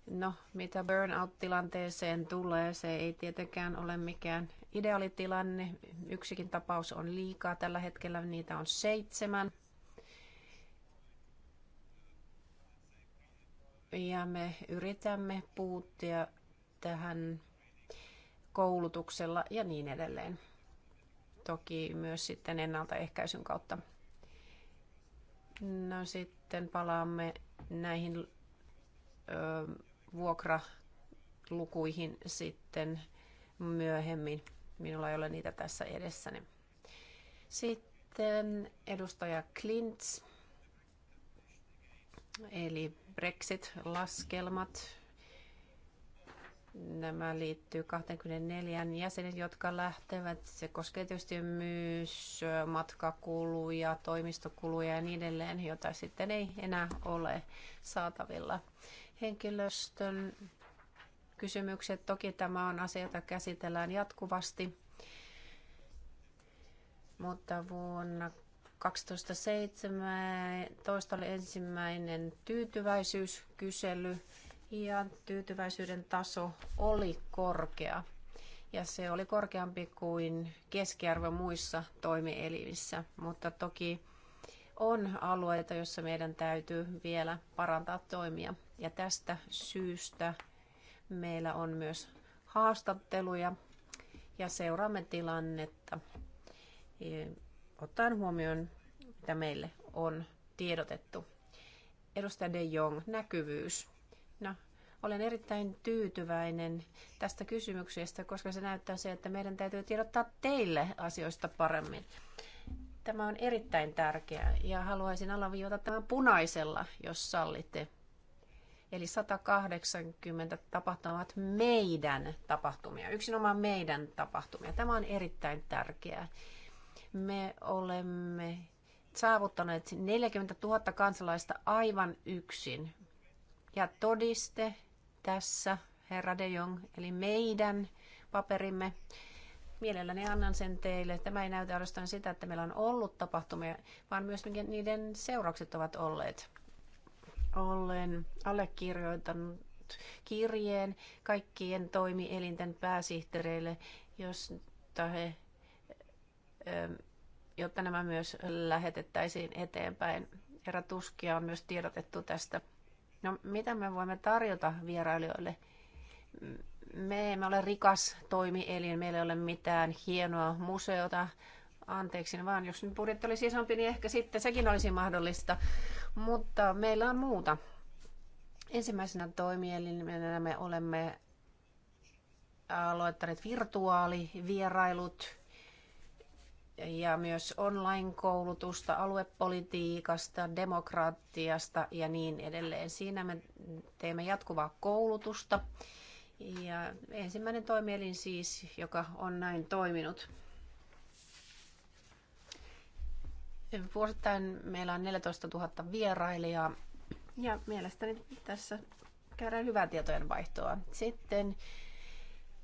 No, mitä burnout-tilanteeseen tulee, se ei tietenkään ole mikään ideaalitilanne. Yksikin tapaus on liikaa. Tällä hetkellä niitä on seitsemän. ja me yritämme puuttia tähän koulutuksella ja niin edelleen. Toki myös sitten ennaltaehkäisyn kautta. No sitten palaamme näihin ö, vuokralukuihin sitten myöhemmin. Minulla ei ole niitä tässä edessäni. Sitten edustaja Klints, eli Brexit-laskelmat. Nämä liittyy 24 jäsenet, jotka lähtevät. Se koskee tietysti myös matkakuluja, toimistokuluja ja niin edelleen, joita sitten ei enää ole saatavilla. Henkilöstön kysymykset. Toki tämä on asia, jota käsitellään jatkuvasti, mutta vuonna 2017 oli ensimmäinen tyytyväisyyskysely ja tyytyväisyyden taso oli korkea. Ja se oli korkeampi kuin keskiarvo muissa toimielimissä, mutta toki on alueita, joissa meidän täytyy vielä parantaa toimia. Ja tästä syystä meillä on myös haastatteluja ja seuraamme tilannetta ottaen huomioon, mitä meille on tiedotettu. Edustaja De Jong, näkyvyys. No, olen erittäin tyytyväinen tästä kysymyksestä, koska se näyttää se, että meidän täytyy tiedottaa teille asioista paremmin. Tämä on erittäin tärkeää ja haluaisin alaviota tämän punaisella, jos sallitte. Eli 180 tapahtumat meidän tapahtumia, yksinomaan meidän tapahtumia. Tämä on erittäin tärkeää. Me olemme saavuttaneet 40 000 kansalaista aivan yksin. Ja todiste tässä, herra de Jong, eli meidän paperimme. Mielelläni annan sen teille. Tämä ei näytä ainoastaan sitä, että meillä on ollut tapahtumia, vaan myös mikä niiden seuraukset ovat olleet. Olen allekirjoittanut kirjeen kaikkien toimielinten pääsihteereille, josta he jotta nämä myös lähetettäisiin eteenpäin. Herra Tuskia on myös tiedotettu tästä. No, mitä me voimme tarjota vierailijoille? Me emme ole rikas toimielin, meillä ei ole mitään hienoa museota. Anteeksi no vaan, jos nyt budjetti olisi isompi, niin ehkä sitten sekin olisi mahdollista. Mutta meillä on muuta. Ensimmäisenä toimielimenä me olemme aloittaneet virtuaalivierailut ja myös online-koulutusta, aluepolitiikasta, demokratiasta ja niin edelleen. Siinä me teemme jatkuvaa koulutusta ja ensimmäinen toimielin siis, joka on näin toiminut. Vuosittain meillä on 14 000 vierailijaa ja mielestäni tässä käydään hyvää tietojen vaihtoa. Sitten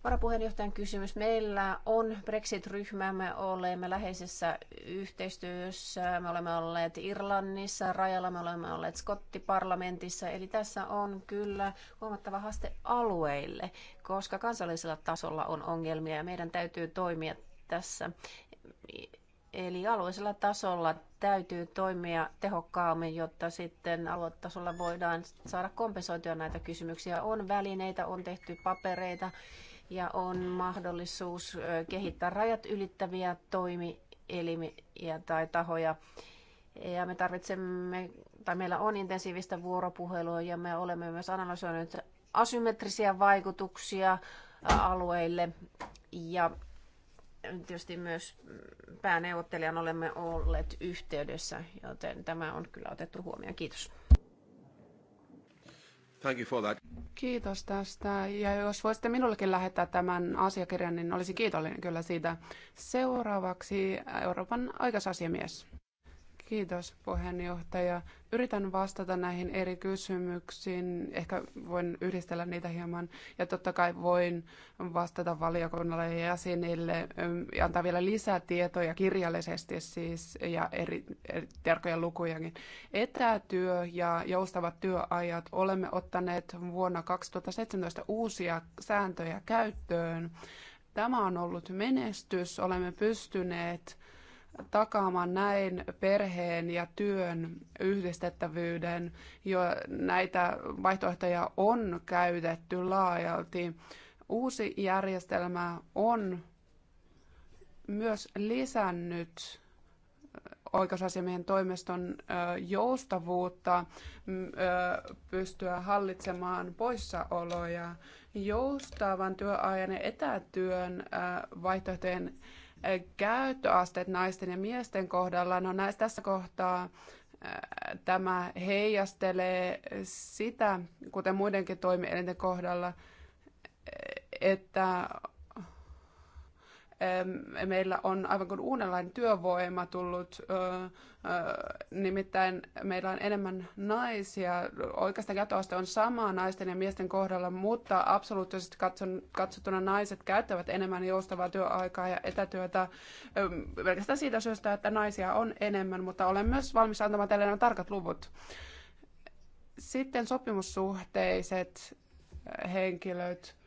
varapuheenjohtajan kysymys. Meillä on Brexit-ryhmä, me olemme läheisessä yhteistyössä, me olemme olleet Irlannissa, rajalla me olemme olleet Skottiparlamentissa, eli tässä on kyllä huomattava haaste alueille, koska kansallisella tasolla on ongelmia ja meidän täytyy toimia tässä. Eli alueellisella tasolla täytyy toimia tehokkaammin, jotta sitten aluetasolla voidaan saada kompensoitua näitä kysymyksiä. On välineitä, on tehty papereita, ja on mahdollisuus kehittää rajat ylittäviä toimielimiä tai tahoja. Ja me tarvitsemme, tai meillä on intensiivistä vuoropuhelua ja me olemme myös analysoineet asymmetrisiä vaikutuksia alueille ja tietysti myös pääneuvottelijan olemme olleet yhteydessä, joten tämä on kyllä otettu huomioon. Kiitos. Thank you for that. Kiitos tästä. Ja jos voisitte minullekin lähettää tämän asiakirjan, niin olisin kiitollinen kyllä siitä. Seuraavaksi Euroopan aikasasiamies. Kiitos puheenjohtaja. Yritän vastata näihin eri kysymyksiin. Ehkä voin yhdistellä niitä hieman. Ja totta kai voin vastata valiokunnalle ja jäsenille ähm, ja antaa vielä lisätietoja kirjallisesti siis ja eri, eri lukujakin. Etätyö ja joustavat työajat. Olemme ottaneet vuonna 2017 uusia sääntöjä käyttöön. Tämä on ollut menestys. Olemme pystyneet takaamaan näin perheen ja työn yhdistettävyyden. Jo näitä vaihtoehtoja on käytetty laajalti. Uusi järjestelmä on myös lisännyt oikeusasiamiehen toimiston joustavuutta pystyä hallitsemaan poissaoloja. Joustavan työajan ja etätyön vaihtoehtojen käyttöasteet naisten ja miesten kohdalla. No näissä, tässä kohtaa tämä heijastelee sitä, kuten muidenkin toimielinten kohdalla, e, että meillä on aivan kuin uudenlainen työvoima tullut, nimittäin meillä on enemmän naisia. Oikeastaan jatoaste on sama naisten ja miesten kohdalla, mutta absoluuttisesti katsottuna naiset käyttävät enemmän joustavaa työaikaa ja etätyötä pelkästään siitä syystä, että naisia on enemmän, mutta olen myös valmis antamaan teille nämä tarkat luvut. Sitten sopimussuhteiset eh, henkilöt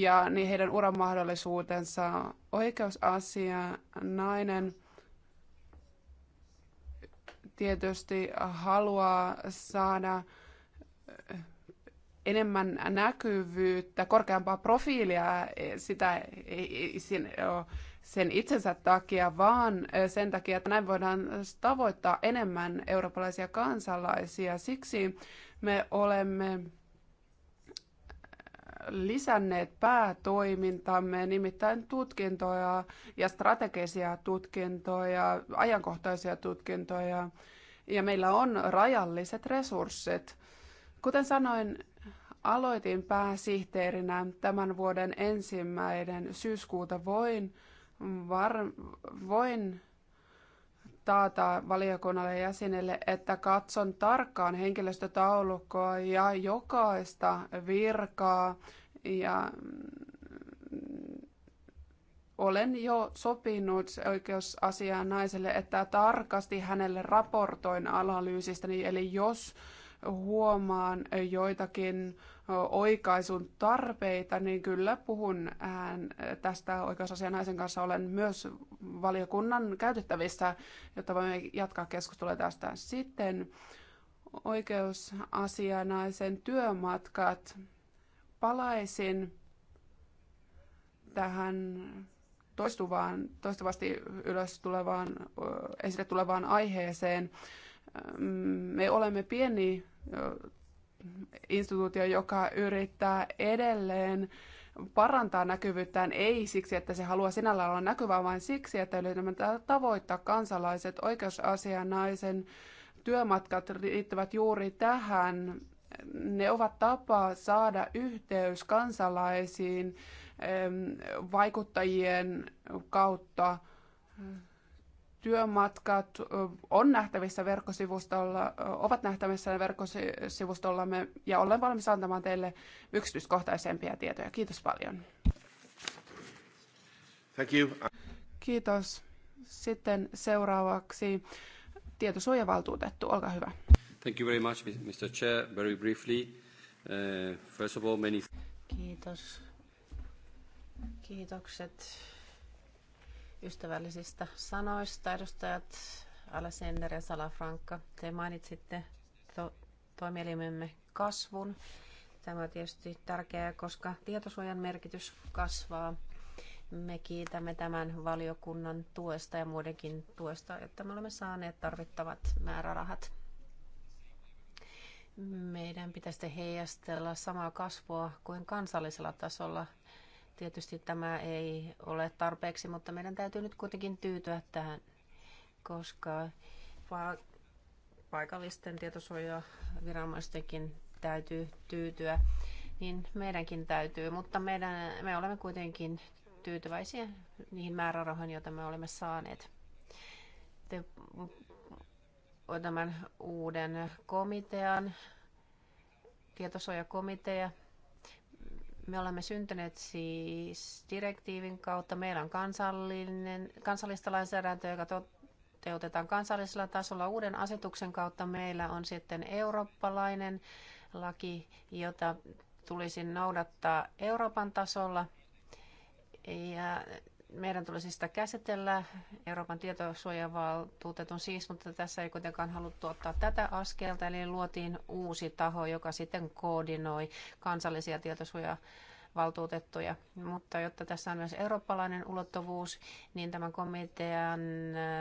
ja niin heidän uramahdollisuutensa. Oikeusasia nainen tietysti haluaa saada eh, enemmän näkyvyyttä, korkeampaa profiilia eh, sitä eh, sen itsensä takia, vaan sen takia, että näin voidaan tavoittaa enemmän eurooppalaisia kansalaisia. Siksi me olemme lisänneet päätoimintamme, nimittäin tutkintoja ja strategisia tutkintoja, ajankohtaisia tutkintoja, ja meillä on rajalliset resurssit. Kuten sanoin, aloitin pääsihteerinä tämän vuoden ensimmäinen syyskuuta. Voin, var, voin taata valiokunnalle jäsenelle, jäsenille, että katson tarkkaan henkilöstötaulukkoa ja jokaista virkaa ja mm, olen jo sopinut oikeusasiaan naiselle, että tarkasti hänelle raportoin analyysistäni, eli jos huomaan joitakin oikaisun tarpeita, niin kyllä puhun ään, tästä oikeusasianaisen kanssa. Olen myös valiokunnan käytettävissä, jotta voimme jatkaa keskustelua tästä. Sitten oikeusasianaisen työmatkat. Palaisin tähän toistuvaan, toistuvasti ylös tulevaan, esille tulevaan aiheeseen. Me olemme pieni instituutio, joka yrittää edelleen parantaa näkyvyyttään ei siksi, että se haluaa sinällään olla näkyvää, vaan siksi, että yritämme tavoittaa kansalaiset. Oikeusasianaisen työmatkat liittyvät juuri tähän. Ne ovat tapa saada yhteys kansalaisiin vaikuttajien kautta työmatkat on nähtävissä verkkosivustolla, ovat nähtävissä verkkosivustollamme ja olen valmis antamaan teille yksityiskohtaisempia tietoja. Kiitos paljon. Thank you. Kiitos. Sitten seuraavaksi tietosuojavaltuutettu, olkaa hyvä. Thank you very much, Mr. Chair. Very briefly, uh, first of all, many... Kiitos. Kiitokset ystävällisistä sanoista. Edustajat Alessander ja Salafranca, te mainitsitte to- toimielimemme kasvun. Tämä on tietysti tärkeää, koska tietosuojan merkitys kasvaa. Me kiitämme tämän valiokunnan tuesta ja muidenkin tuesta, että me olemme saaneet tarvittavat määrärahat. Meidän pitäisi heijastella samaa kasvua kuin kansallisella tasolla Tietysti tämä ei ole tarpeeksi, mutta meidän täytyy nyt kuitenkin tyytyä tähän, koska paikallisten tietosuojaviranomaistenkin täytyy tyytyä, niin meidänkin täytyy, mutta meidän, me olemme kuitenkin tyytyväisiä niihin määrärahoihin, joita me olemme saaneet. Te, tämän uuden komitean, tietosuojakomitea, me olemme syntyneet siis direktiivin kautta. Meillä on kansallinen, kansallista lainsäädäntöä, joka toteutetaan kansallisella tasolla. Uuden asetuksen kautta meillä on sitten eurooppalainen laki, jota tulisi noudattaa Euroopan tasolla. Ja meidän tulisi sitä käsitellä Euroopan tietosuojavaltuutetun siis, mutta tässä ei kuitenkaan haluttu ottaa tätä askelta, eli luotiin uusi taho, joka sitten koordinoi kansallisia tietosuojavaltuutettuja. Mutta jotta tässä on myös eurooppalainen ulottuvuus, niin tämän komitean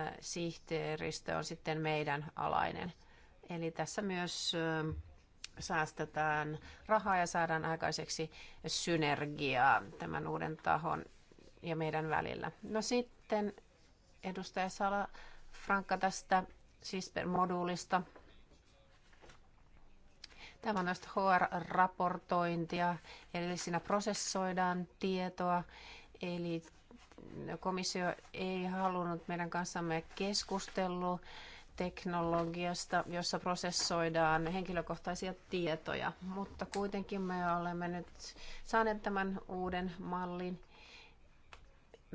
äh, sihteeristö on sitten meidän alainen. Eli tässä myös äh, säästetään rahaa ja saadaan aikaiseksi synergiaa tämän uuden tahon ja meidän välillä. No sitten edustaja Sala Frankka tästä CISPER-moduulista. Tämä on tästä HR-raportointia, eli siinä prosessoidaan tietoa, eli komissio ei halunnut meidän kanssamme keskustella teknologiasta, jossa prosessoidaan henkilökohtaisia tietoja, mutta kuitenkin me olemme nyt saaneet tämän uuden mallin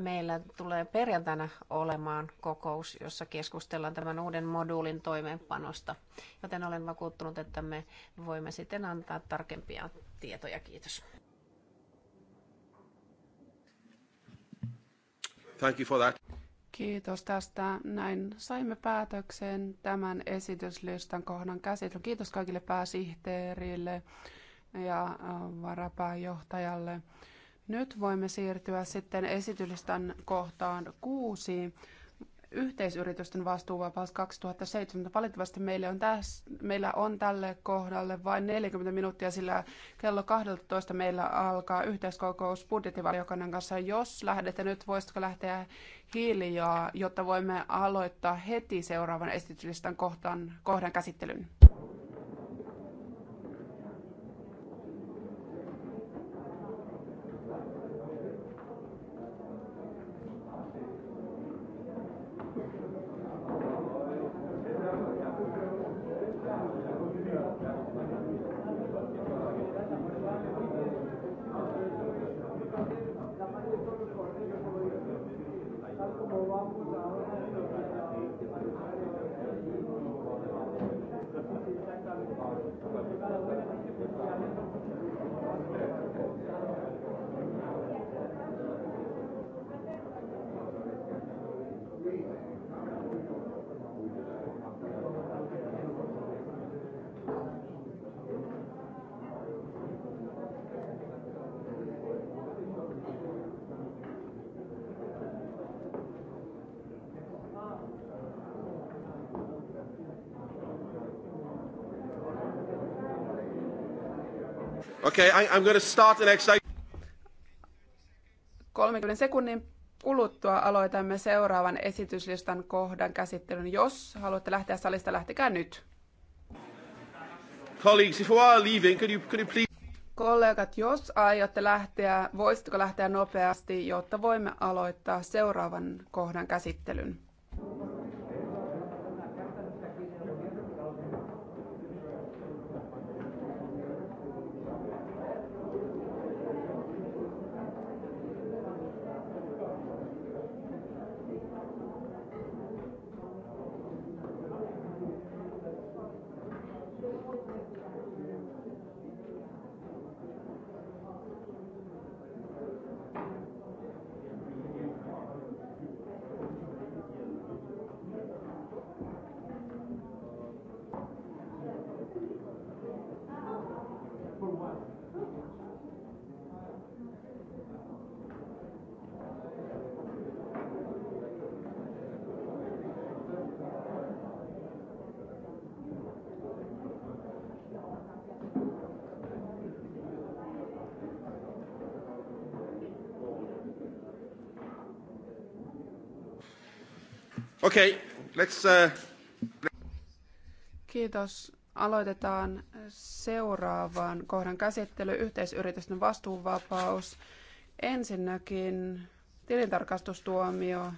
meillä tulee perjantaina olemaan kokous, jossa keskustellaan tämän uuden moduulin toimeenpanosta. Joten olen vakuuttunut, että me voimme sitten antaa tarkempia tietoja. Kiitos. Thank you for that. Kiitos tästä. Näin saimme päätökseen tämän esityslistan kohdan käsittelyn. Kiitos kaikille pääsihteerille ja äh, varapääjohtajalle. Nyt voimme siirtyä sitten esityslistan kohtaan kuusi. Yhteisyritysten vastuuvapaus 2007. Valitettavasti meillä on, täs, meillä on tälle kohdalle vain 40 minuuttia, sillä kello 12 meillä alkaa yhteiskokous budjettivaliokunnan kanssa. Jos lähdette nyt, voisitko lähteä hiljaa, jotta voimme aloittaa heti seuraavan esityslistan kohtaan, kohdan käsittelyn? Okay, I, I'm going to start the next... 30 sekunnin kuluttua aloitamme seuraavan esityslistan kohdan käsittelyn. Jos haluatte lähteä salista, lähtekää nyt. Colleagues, if you are leaving, could you, could you please... Kollegat, jos aiotte lähteä, voisitko lähteä nopeasti, jotta voimme aloittaa seuraavan kohdan käsittelyn? Okay, let's, uh, Kiitos. Aloitetaan seuraavan kohdan käsittely, yhteisyritysten vastuuvapaus. Ensinnäkin tilintarkastustuomio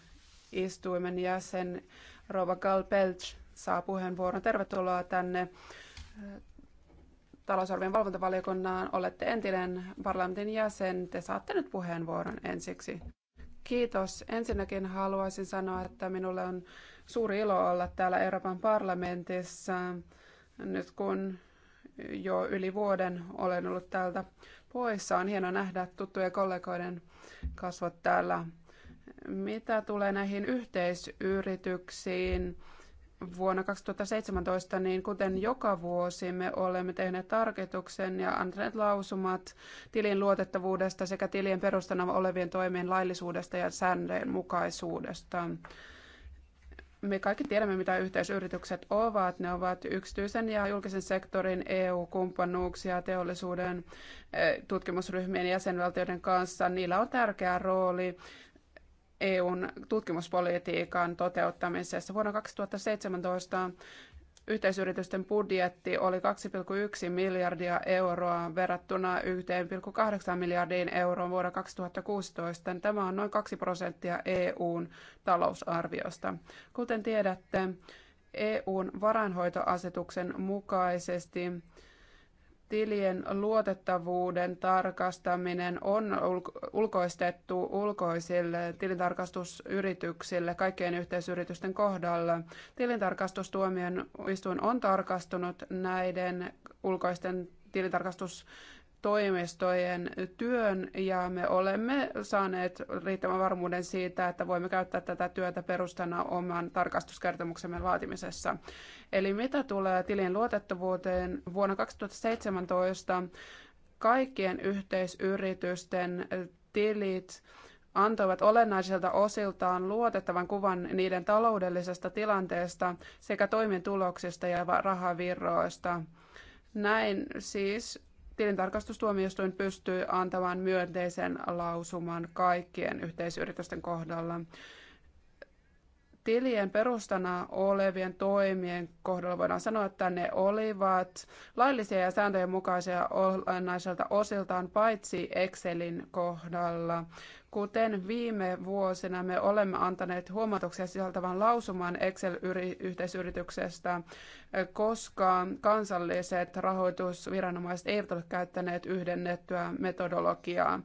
istuimen jäsen Rova Galpelch saa puheenvuoron. Tervetuloa tänne äh, talousarvion valvontavaliokunnan Olette entinen parlamentin jäsen. Te saatte nyt puheenvuoron ensiksi. Kiitos. Ensinnäkin haluaisin sanoa, että minulle on suuri ilo olla täällä Euroopan parlamentissa, nyt kun jo yli vuoden olen ollut täältä poissa. On hieno nähdä tuttujen kollegoiden kasvot täällä. Mitä tulee näihin yhteisyrityksiin, vuonna 2017, niin kuten joka vuosi me olemme tehneet tarkoituksen ja antaneet lausumat tilin luotettavuudesta sekä tilien perustana olevien toimien laillisuudesta ja sääntöjen mukaisuudesta. Me kaikki tiedämme, mitä yhteisyritykset ovat. Ne ovat yksityisen ja julkisen sektorin EU-kumppanuuksia teollisuuden eh, tutkimusryhmien jäsenvaltioiden kanssa. Niillä on tärkeä rooli EUn tutkimuspolitiikan toteuttamisessa. Vuonna 2017 yhteisyritysten budjetti oli 2,1 miljardia euroa verrattuna 1,8 miljardiin euroon vuonna 2016. Tämä on noin 2 prosenttia EUn talousarviosta. Kuten tiedätte, EUn varainhoitoasetuksen mukaisesti tilien luotettavuuden tarkastaminen on ulkoistettu ulkoisille tilintarkastusyrityksille kaikkien yhteisyritysten kohdalla. Tilintarkastustuomioistuin on tarkastanut näiden ulkoisten tilintarkastus toimistojen työn ja me olemme saaneet riittävän varmuuden siitä, että voimme käyttää tätä työtä perustana oman tarkastuskertomuksemme laatimisessa. Eli mitä tulee tilin luotettavuuteen vuonna 2017 kaikkien yhteisyritysten tilit antoivat olennaisilta osiltaan luotettavan kuvan niiden taloudellisesta tilanteesta sekä toimintuloksista ja rahavirroista. Näin siis tilintarkastustuomioistuin pystyy antamaan myönteisen lausuman kaikkien yhteisyritysten kohdalla tilien perustana olevien toimien kohdalla voidaan sanoa, että ne olivat laillisia ja sääntöjen mukaisia olennaiselta osiltaan paitsi Excelin kohdalla. Kuten viime vuosina me olemme antaneet huomautuksia sisältävän lausuman Excel-yhteisyrityksestä, koska kansalliset rahoitusviranomaiset eivät ole käyttäneet yhdennettyä metodologiaa.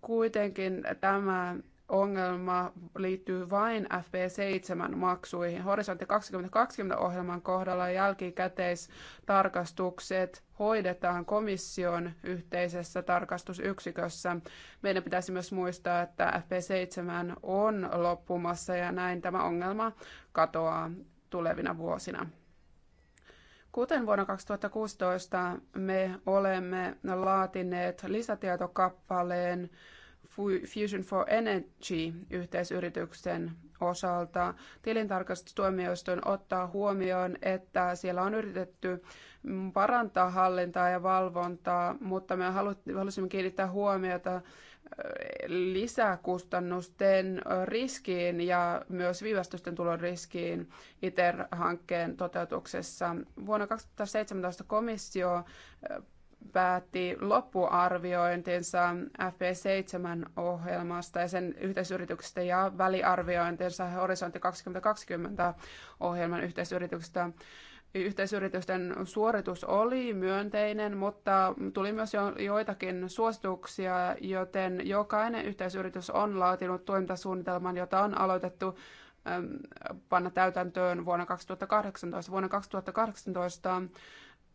Kuitenkin tämä ongelma liittyy vain FP7-maksuihin. Horisontti 2020-ohjelman kohdalla jälkikäteistarkastukset hoidetaan komission yhteisessä tarkastusyksikössä. Meidän pitäisi myös muistaa, että FP7 on loppumassa ja näin tämä ongelma katoaa tulevina vuosina. Kuten vuonna 2016 me olemme laatineet lisätietokappaleen, Fusion for Energy-yhteisyrityksen osalta tilintarkastustuomioistuin ottaa huomioon, että siellä on yritetty parantaa hallintaa ja valvontaa, mutta me halusimme kiinnittää huomiota lisäkustannusten riskiin ja myös viivästysten tulon riskiin ITER-hankkeen toteutuksessa. Vuonna 2017 komissio päätti loppuarviointinsa FP7-ohjelmasta ja sen yhteisyrityksestä ja väliarviointinsa Horisontti 2020-ohjelman yhteisyrityksestä. Yhteisyritysten suoritus oli myönteinen, mutta tuli myös jo, joitakin suosituksia, joten jokainen yhteisyritys on laatinut toimintasuunnitelman, jota on aloitettu panna täytäntöön vuonna 2018. Vuonna 2018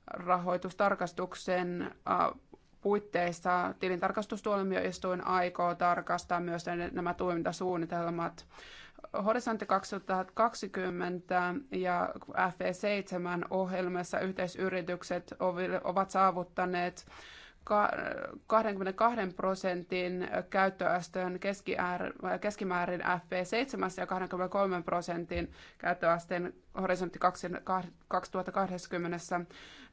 rahoitustarkastuksen äh, puitteissa tilintarkastustuomioistuin aikoo tarkastaa myös nämä toimintasuunnitelmat. Horisontti 2020 ja FE7 ohjelmassa yhteisyritykset ovat saavuttaneet 22 prosentin käyttöasteen keskimäärin FP7 ja 23 prosentin käyttöasteen horisontti 2020.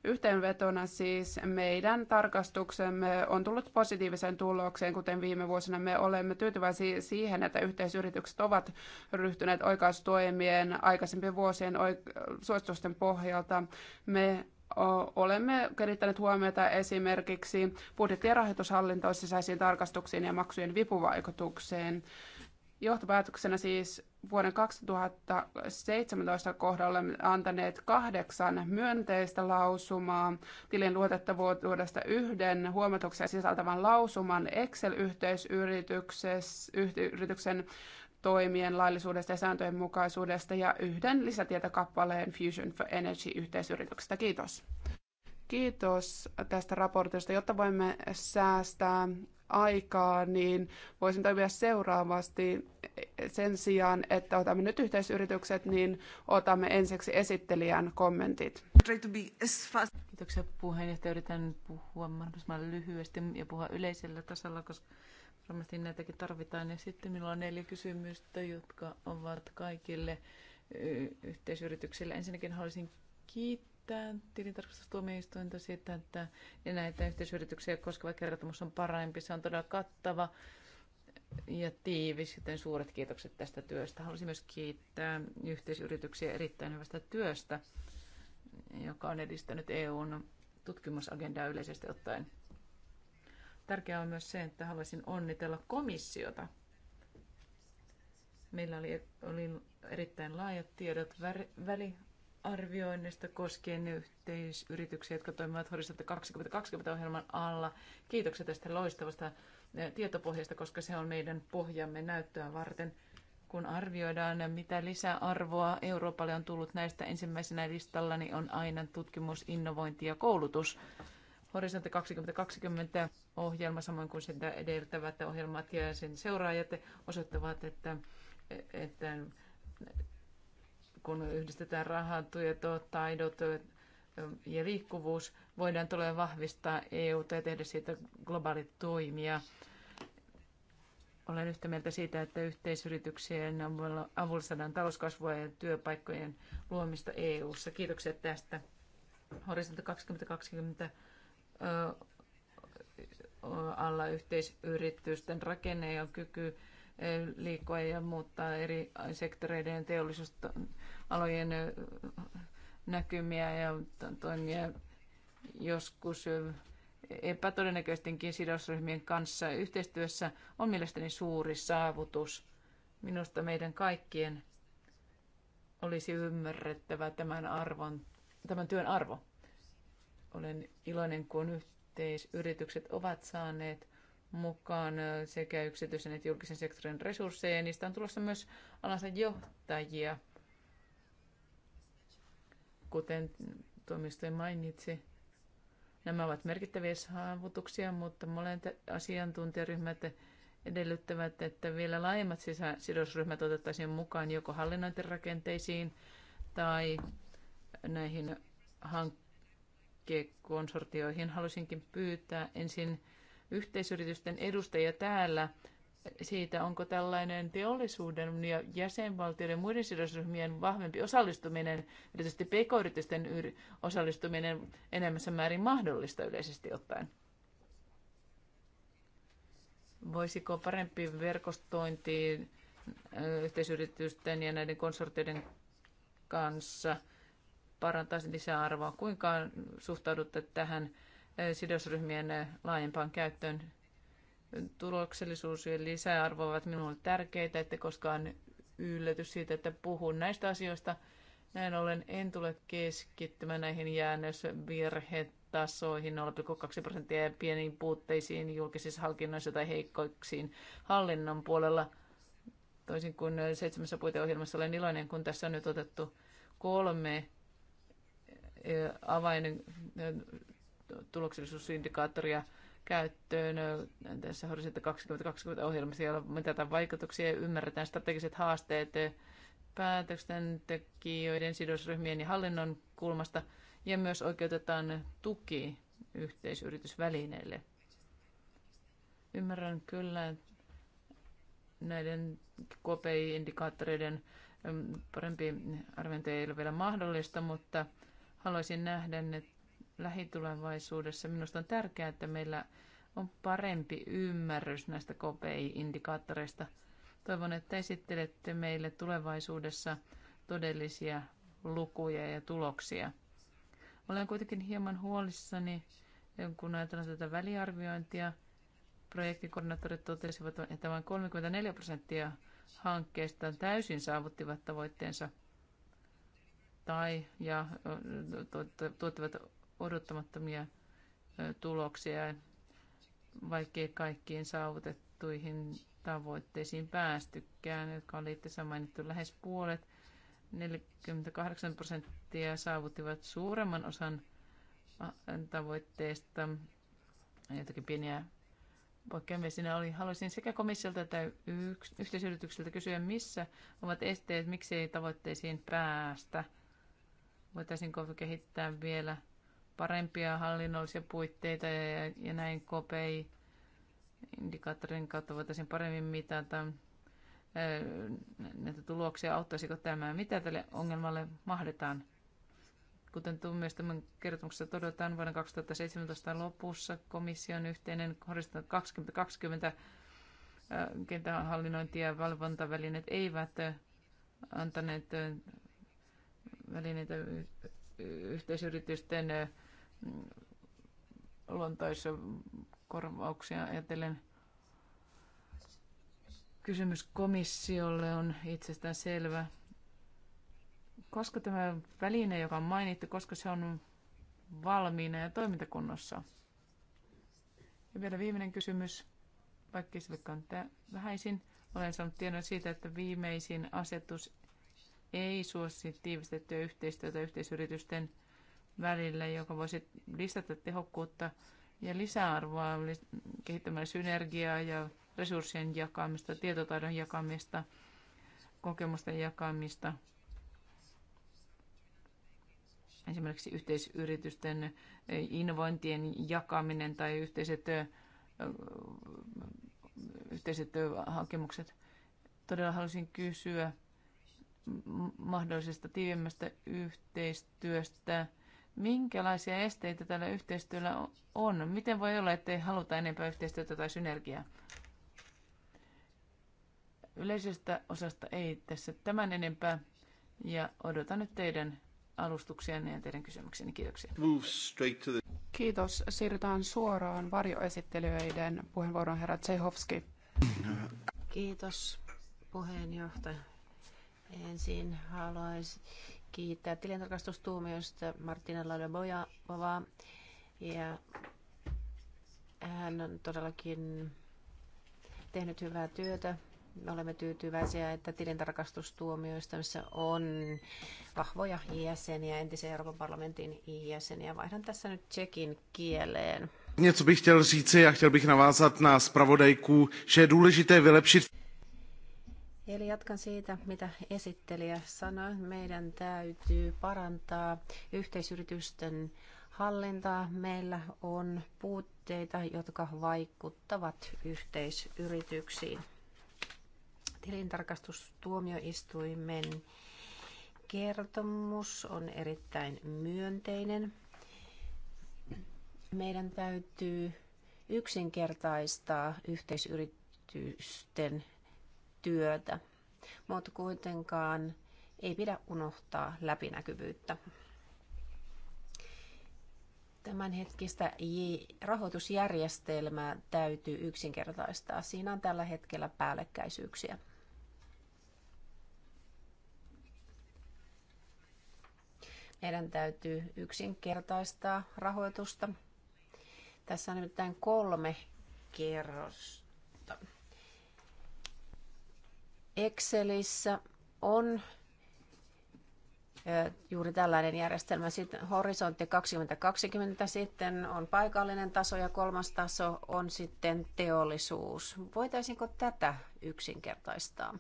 Yhteenvetona siis meidän tarkastuksemme on tullut positiiviseen tulokseen, kuten viime vuosina me olemme tyytyväisiä siihen, että yhteisyritykset ovat ryhtyneet oikaistoimien aikaisempien vuosien suositusten pohjalta. Me olemme kerittäneet huomiota esimerkiksi budjetti- ja rahoitushallintoon sisäisiin tarkastuksiin ja maksujen vipuvaikutukseen. Johtopäätöksenä siis vuoden 2017 kohdalla olemme antaneet kahdeksan myönteistä lausumaa, tilin luotettavuudesta yhden huomatuksen sisältävän lausuman Excel-yhteisyrityksen toimien laillisuudesta ja sääntöjen mukaisuudesta ja yhden lisätietokappaleen Fusion for Energy-yhteisyrityksestä. Kiitos. Kiitos tästä raportista. Jotta voimme säästää aikaa, niin voisin toimia seuraavasti. Sen sijaan, että otamme nyt yhteisyritykset, niin otamme ensiksi esittelijän kommentit. Kiitoksia puheenjohtaja. Yritän puhua mahdollisimman lyhyesti ja puhua yleisellä tasolla, koska Varmasti näitäkin tarvitaan. Ja sitten minulla on neljä kysymystä, jotka ovat kaikille yhteisyrityksille. Ensinnäkin haluaisin kiittää tilintarkastustuomioistuinta siitä, että näitä yhteisyrityksiä koskeva kertomus on parempi. Se on todella kattava ja tiivis, joten suuret kiitokset tästä työstä. Haluaisin myös kiittää yhteisyrityksiä erittäin hyvästä työstä, joka on edistänyt EUn tutkimusagendaa yleisesti ottaen. Tärkeää on myös se, että haluaisin onnitella komissiota. Meillä oli, oli erittäin laajat tiedot väliarvioinnista koskien yhteisyrityksiä, jotka toimivat Horisontti 2020-ohjelman alla. Kiitoksia tästä loistavasta eh, tietopohjasta, koska se on meidän pohjamme näyttöä varten kun arvioidaan, mitä lisäarvoa Euroopalle on tullut näistä ensimmäisenä listalla, niin on aina tutkimus, innovointi ja koulutus. Horisontti 2020 ohjelma, samoin kuin sitä edeltävät ohjelmat ja sen seuraajat osoittavat, että, että kun yhdistetään rahat, tieto, taidot ja liikkuvuus, voidaan tulee vahvistaa eu ja tehdä siitä globaalit toimia. Olen yhtä mieltä siitä, että yhteisyrityksien avulla saadaan talouskasvua ja työpaikkojen luomista EU:ssa. kiitokset tästä. Horisontti 2020 alla yhteisyritysten rakenne ja kyky liikkua ja muuttaa eri sektoreiden teollisuusalojen näkymiä ja toimia joskus epätodennäköistenkin sidosryhmien kanssa yhteistyössä on mielestäni suuri saavutus. Minusta meidän kaikkien olisi ymmärrettävä tämän, arvon, tämän työn arvo. Olen iloinen, kun yhteisyritykset ovat saaneet mukaan sekä yksityisen että julkisen sektorin resursseja, ja niistä on tulossa myös alansa johtajia. Kuten toimistojen mainitsi, nämä ovat merkittäviä saavutuksia, mutta molemmat asiantuntijaryhmät edellyttävät, että vielä laajemmat sidosryhmät otettaisiin mukaan joko hallinnointirakenteisiin tai näihin hank- Konsortioihin Haluaisinkin pyytää ensin yhteisyritysten edustajia täällä siitä, onko tällainen teollisuuden ja jäsenvaltioiden muiden sidosryhmien vahvempi osallistuminen, erityisesti pk-yritysten osallistuminen enemmässä määrin mahdollista yleisesti ottaen. Voisiko parempi verkostointi yhteisyritysten ja näiden konsortioiden kanssa – parantaisi lisäarvoa. Kuinka suhtaudutte tähän sidosryhmien laajempaan käyttöön? Tuloksellisuus ja lisäarvo ovat minulle tärkeitä, että koskaan yllätys siitä, että puhun näistä asioista. Näin ollen en tule keskittymään näihin jäännösvirhetasoihin 0,2 prosenttia ja pieniin puutteisiin julkisissa hankinnoissa tai heikkoiksiin hallinnon puolella. Toisin kuin seitsemässä puiteohjelmassa olen iloinen, kun tässä on nyt otettu kolme avainen tuloksellisuusindikaattoria käyttöön tässä Horisontti 2020 ohjelmassa, jolla mitataan vaikutuksia ja ymmärretään strategiset haasteet päätöksentekijöiden, sidosryhmien ja hallinnon kulmasta ja myös oikeutetaan tuki yhteisyritysvälineille. Ymmärrän kyllä näiden KPI-indikaattoreiden parempi arviointi ei ole vielä mahdollista, mutta – haluaisin nähdä ne lähitulevaisuudessa. Minusta on tärkeää, että meillä on parempi ymmärrys näistä KPI-indikaattoreista. Toivon, että esittelette meille tulevaisuudessa todellisia lukuja ja tuloksia. Olen kuitenkin hieman huolissani, kun ajatellaan tätä väliarviointia. Projektikoordinaattorit totesivat, että vain 34 prosenttia hankkeista täysin saavuttivat tavoitteensa – tai ja tuottavat odottamattomia tuloksia, vaikkei kaikkiin saavutettuihin tavoitteisiin päästykään, jotka on liitteessä mainittu lähes puolet. 48 prosenttia saavuttivat suuremman osan tavoitteista. Jotakin pieniä poikkeamia siinä oli. Haluaisin sekä komissiolta että yhteisyrityksiltä kysyä, missä ovat esteet, miksi ei tavoitteisiin päästä – Voitaisinko kehittää vielä parempia hallinnollisia puitteita ja, ja näin kopei indikaattorin kautta voitaisiin paremmin mitata näitä tuloksia, auttaisiko tämä, mitä tälle ongelmalle mahdetaan. Kuten tämän kertomuksessa todetaan, vuoden 2017 lopussa komission yhteinen 2020 kentähallinnointi ja valvontavälineet eivät antaneet välineitä yhteisyritysten korvauksia ajatellen. Kysymys komissiolle on itsestään selvä. Koska tämä väline, joka on mainittu, koska se on valmiina ja toimintakunnossa? Ja vielä viimeinen kysymys, vaikka se vähäisin. Olen saanut tiedon siitä, että viimeisin asetus ei suosi tiivistettyä yhteistyötä yhteisyritysten välillä, joka voisi lisätä tehokkuutta ja lisäarvoa kehittämällä synergiaa ja resurssien jakamista, tietotaidon jakamista, kokemusten jakamista. Esimerkiksi yhteisyritysten eh, innovointien jakaminen tai yhteiset, eh, yhteiset eh, hakemukset. Todella halusin kysyä mahdollisesta tiivimmästä yhteistyöstä. Minkälaisia esteitä tällä yhteistyöllä on? Miten voi olla, ettei haluta enempää yhteistyötä tai synergiaa? Yleisestä osasta ei tässä tämän enempää. Ja odotan nyt teidän alustuksianne ja teidän kysymyksenne. Kiitoksia. Kiitos. Siirrytään suoraan varjoesittelijöiden puheenvuoron herra Tsehovski. Kiitos puheenjohtaja. Ensin haluaisin kiittää tilintarkastustuomioista Martina Laudabojavaa. Ja hän on todellakin tehnyt hyvää työtä. Me olemme tyytyväisiä, että missä on vahvoja jäseniä, entisen Euroopan parlamentin jäseniä. Vaihdan tässä nyt tsekin kieleen. Něco bych chtěl říci a chtěl bych navázat na spravodajku, že je důležité vylepšit... Eli jatkan siitä, mitä esittelijä sanoi. Meidän täytyy parantaa yhteisyritysten hallintaa. Meillä on puutteita, jotka vaikuttavat yhteisyrityksiin. Tilintarkastustuomioistuimen kertomus on erittäin myönteinen. Meidän täytyy yksinkertaistaa yhteisyritysten työtä, mutta kuitenkaan ei pidä unohtaa läpinäkyvyyttä. Tämänhetkistä rahoitusjärjestelmää täytyy yksinkertaistaa. Siinä on tällä hetkellä päällekkäisyyksiä. Meidän täytyy yksinkertaistaa rahoitusta. Tässä on nimittäin kolme kerros, Excelissä on juuri tällainen järjestelmä. Sitten horisontti 2020 sitten on paikallinen taso ja kolmas taso on sitten teollisuus. Voitaisinko tätä yksinkertaistaa?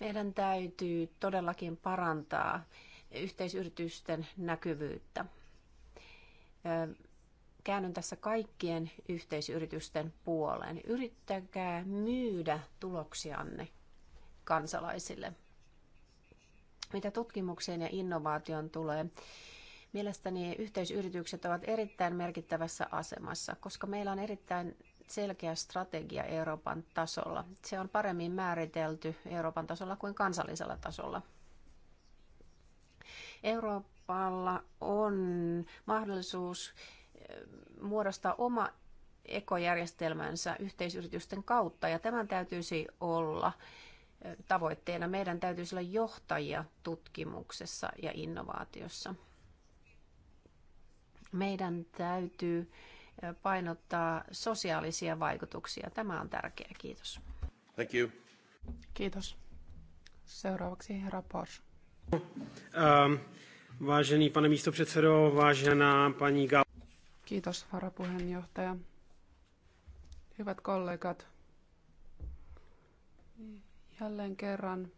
Meidän täytyy todellakin parantaa yhteisyritysten näkyvyyttä käännyn tässä kaikkien yhteisyritysten puoleen. Yrittäkää myydä tuloksianne kansalaisille. Mitä tutkimukseen ja innovaation tulee, mielestäni yhteisyritykset ovat erittäin merkittävässä asemassa, koska meillä on erittäin selkeä strategia Euroopan tasolla. Se on paremmin määritelty Euroopan tasolla kuin kansallisella tasolla. Euroopalla on mahdollisuus muodostaa oma ekojärjestelmänsä yhteisyritysten kautta, ja tämän täytyisi olla tavoitteena. Meidän täytyisi olla johtajia tutkimuksessa ja innovaatiossa. Meidän täytyy painottaa sosiaalisia vaikutuksia. Tämä on tärkeää. Kiitos. Thank you. Kiitos. Seuraavaksi herra Pors. Um, vážený pane místopředsedo, vážená paní Gal... Kiitos varapuheenjohtaja. Hyvät kollegat, jälleen kerran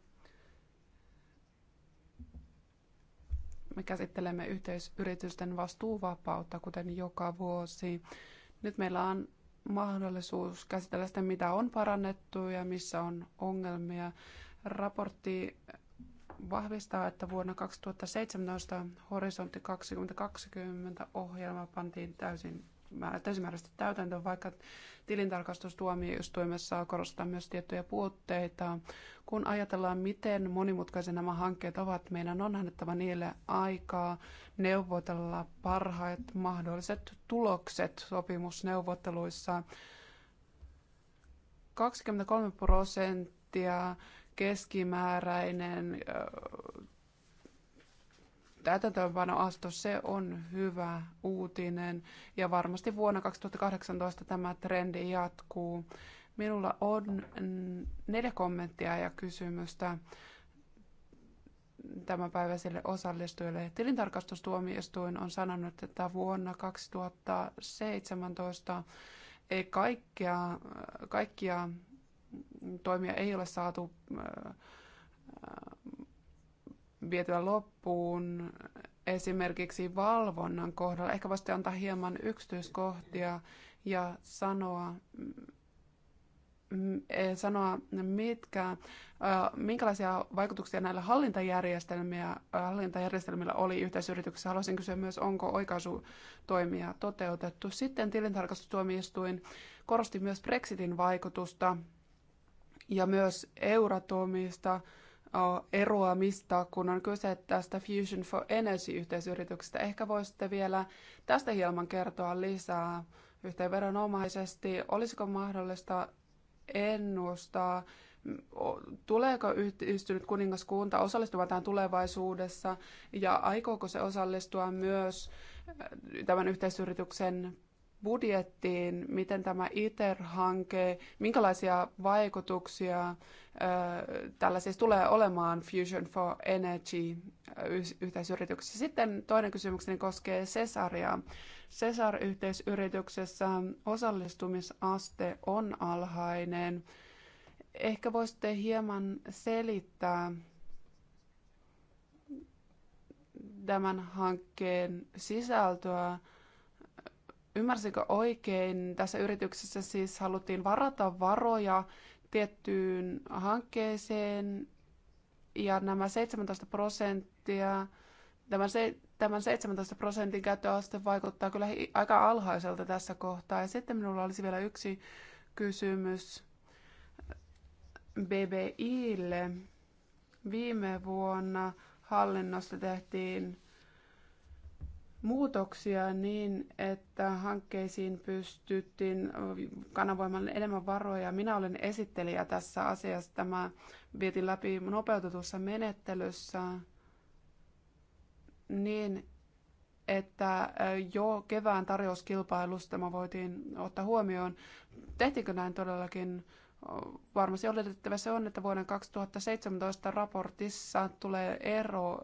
me käsittelemme yhteisyritysten vastuuvapautta, kuten joka vuosi. Nyt meillä on mahdollisuus käsitellä sitä, mitä on parannettu ja missä on ongelmia. Raportti vahvistaa, että vuonna 2017 Horisontti 2020 ohjelma pantiin täysin täysimääräisesti täytäntöön, vaikka tilintarkastustuomioistuimessa korostaa myös tiettyjä puutteita. Kun ajatellaan, miten monimutkaisia nämä hankkeet ovat, meidän on annettava niille aikaa neuvotella parhaat mahdolliset tulokset sopimusneuvotteluissa. 23 prosenttia prosenttia keskimääräinen täytäntöönpanoasto, se on hyvä uutinen ja varmasti vuonna 2018 tämä trendi jatkuu. Minulla on neljä kommenttia ja kysymystä tämänpäiväisille osallistujille. Tilintarkastustuomioistuin on sanonut, että vuonna 2017 ei kaikkia, kaikkia toimia ei ole saatu äh, äh, vietyä loppuun esimerkiksi valvonnan kohdalla. Ehkä voisitte antaa hieman yksityiskohtia ja sanoa, mm, e, sanoa mitkä, äh, minkälaisia vaikutuksia näillä hallintajärjestelmillä, hallintajärjestelmillä oli yhteisyrityksessä. Haluaisin kysyä myös, onko oikaisutoimia toteutettu. Sitten tilintarkastustuomioistuin korosti myös Brexitin vaikutusta ja myös Euratomista eroamista, kun on kyse tästä Fusion for Energy-yhteisyrityksestä. Ehkä voisitte vielä tästä hieman kertoa lisää yhteenveronomaisesti. Olisiko mahdollista ennustaa, tuleeko yhdistynyt kuningaskunta osallistumaan tähän tulevaisuudessa ja aikooko se osallistua myös tämän yhteisyrityksen budjettiin, miten tämä ITER-hanke, minkälaisia vaikutuksia tällä siis tulee olemaan Fusion for Energy yhteisyrityksessä. Sitten toinen kysymykseni koskee Cesaria. Cesar-yhteisyrityksessä osallistumisaste on alhainen. Ehkä voisitte hieman selittää tämän hankkeen sisältöä Ymmärsinkö oikein, tässä yrityksessä siis haluttiin varata varoja tiettyyn hankkeeseen ja nämä 17 prosenttia, tämän, se, tämän 17 prosentin käyttöaste vaikuttaa kyllä aika alhaiselta tässä kohtaa. Ja sitten minulla olisi vielä yksi kysymys BBIlle. Viime vuonna hallinnosta tehtiin muutoksia niin, että hankkeisiin pystyttiin kanavoimaan enemmän varoja. Minä olen esittelijä tässä asiassa. Tämä vietin läpi nopeutetussa menettelyssä niin, että jo kevään tarjouskilpailusta tämä voitiin ottaa huomioon. Tehtiinkö näin todellakin? Varmasti oletettava se on, että vuoden 2017 raportissa tulee ero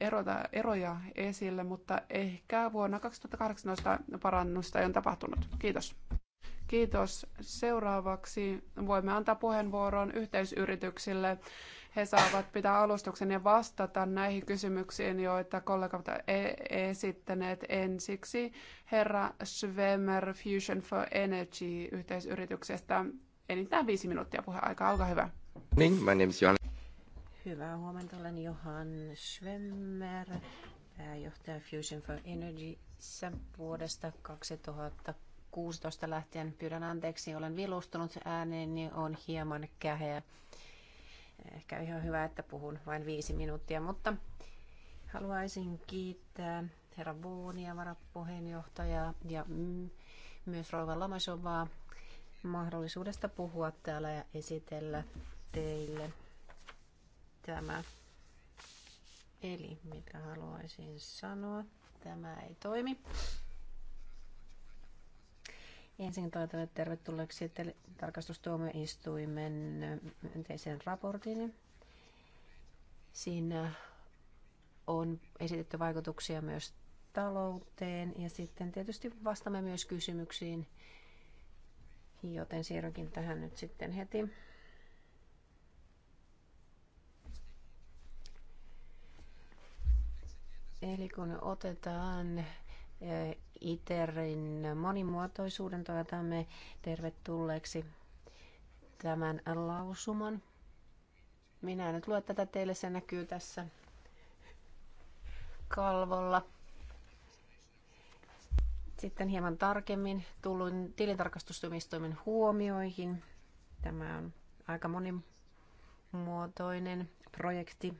erota, eroja esille, mutta ehkä vuonna 2018 parannusta ei ole tapahtunut. Kiitos. Kiitos. Seuraavaksi voimme antaa puheenvuoron yhteisyrityksille. He saavat pitää alustuksen ja vastata näihin kysymyksiin, joita kollegat ovat e-, esittäneet ensiksi. Herra Schwemmer Fusion for Energy yhteisyrityksestä. Enintään viisi minuuttia puheaikaa. Olkaa hyvä. My name is Johannes. Hyvää huomenta, olen Johan Schwemmer, pääjohtaja Fusion for Energy vuodesta 2016 lähtien. Pyydän anteeksi, olen vilustunut niin on hieman käheä. Ehkä ihan hyvä, että puhun vain viisi minuuttia, mutta haluaisin kiittää herra Boonia, varapuheenjohtajaa ja mm, myös Rouva Lamasovaa mahdollisuudesta puhua täällä ja esitellä teille tämä. Eli mitä haluaisin sanoa, tämä ei toimi. Ensin toivotan tervetulleeksi tarkastustuomioistuimen myönteisen raportin. Siinä on esitetty vaikutuksia myös talouteen ja sitten tietysti vastaamme myös kysymyksiin, joten siirrynkin tähän nyt sitten heti. Eli kun otetaan eh, ITERin monimuotoisuuden, toivotamme tervetulleeksi tämän lausuman. Minä nyt luen tätä teille, se näkyy tässä kalvolla. Sitten hieman tarkemmin tullut tilintarkastustumistoimen huomioihin. Tämä on aika monimuotoinen projekti.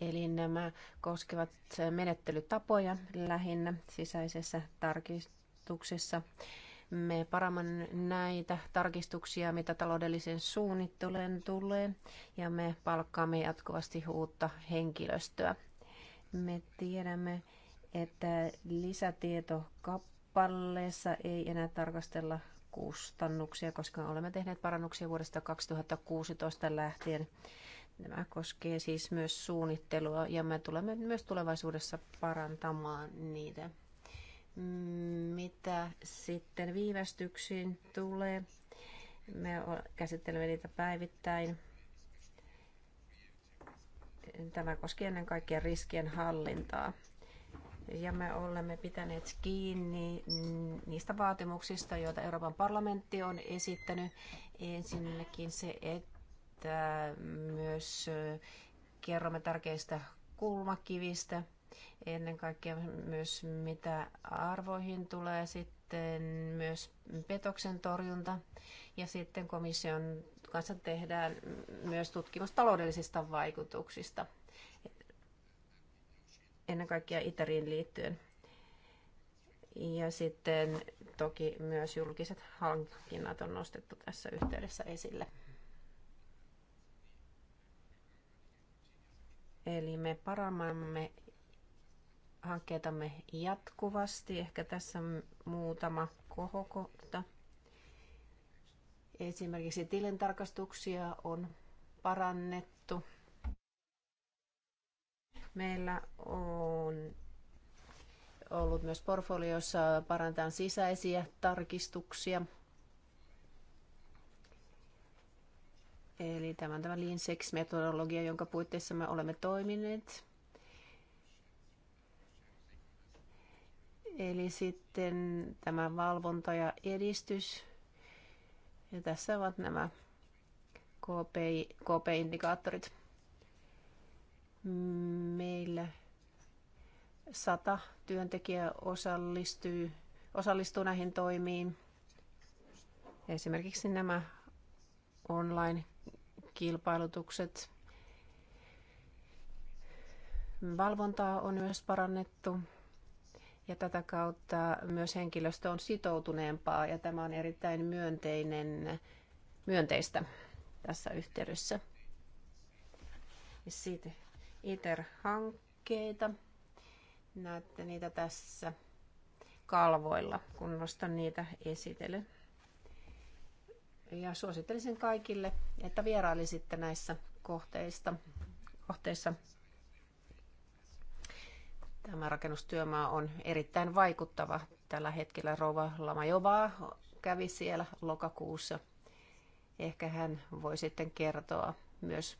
Eli nämä koskevat menettelytapoja lähinnä sisäisessä tarkistuksessa. Me paramman näitä tarkistuksia, mitä taloudellisen suunnitteluun tulee, ja me palkkaamme jatkuvasti uutta henkilöstöä. Me tiedämme, että lisätietokappaleessa ei enää tarkastella kustannuksia, koska olemme tehneet parannuksia vuodesta 2016 lähtien. Nämä koskee siis myös suunnittelua ja me tulemme myös tulevaisuudessa parantamaan niitä. Mitä sitten viivästyksiin tulee? Me käsittelemme niitä päivittäin. Tämä koskee ennen kaikkea riskien hallintaa. Ja me olemme pitäneet kiinni niistä vaatimuksista, joita Euroopan parlamentti on esittänyt. Ensinnäkin se, että että myös kerromme tärkeistä kulmakivistä, ennen kaikkea myös mitä arvoihin tulee sitten myös petoksen torjunta ja sitten komission kanssa tehdään myös tutkimus taloudellisista vaikutuksista ennen kaikkea Itäriin liittyen. Ja sitten toki myös julkiset hankinnat on nostettu tässä yhteydessä esille. Eli me parannamme hankkeitamme jatkuvasti. Ehkä tässä muutama kohokohta. Esimerkiksi tilintarkastuksia on parannettu. Meillä on ollut myös portfoliossa parantaa sisäisiä tarkistuksia – Eli tämä on tämä Lean sex metodologia jonka puitteissa me olemme toimineet. Eli sitten tämä valvonta ja edistys. Ja tässä ovat nämä KPI, KP-indikaattorit. Meillä sata työntekijää osallistuu, osallistuu näihin toimiin. Esimerkiksi nämä online kilpailutukset. Valvontaa on myös parannettu ja tätä kautta myös henkilöstö on sitoutuneempaa ja tämä on erittäin myönteinen, myönteistä tässä yhteydessä. Sitten ITER-hankkeita. Näette niitä tässä kalvoilla, kun nostan niitä esitellen. Ja suosittelisin kaikille, että vierailisitte näissä kohteista, kohteissa. Tämä rakennustyömaa on erittäin vaikuttava. Tällä hetkellä Rova Lamajovaa kävi siellä lokakuussa. Ehkä hän voi sitten kertoa myös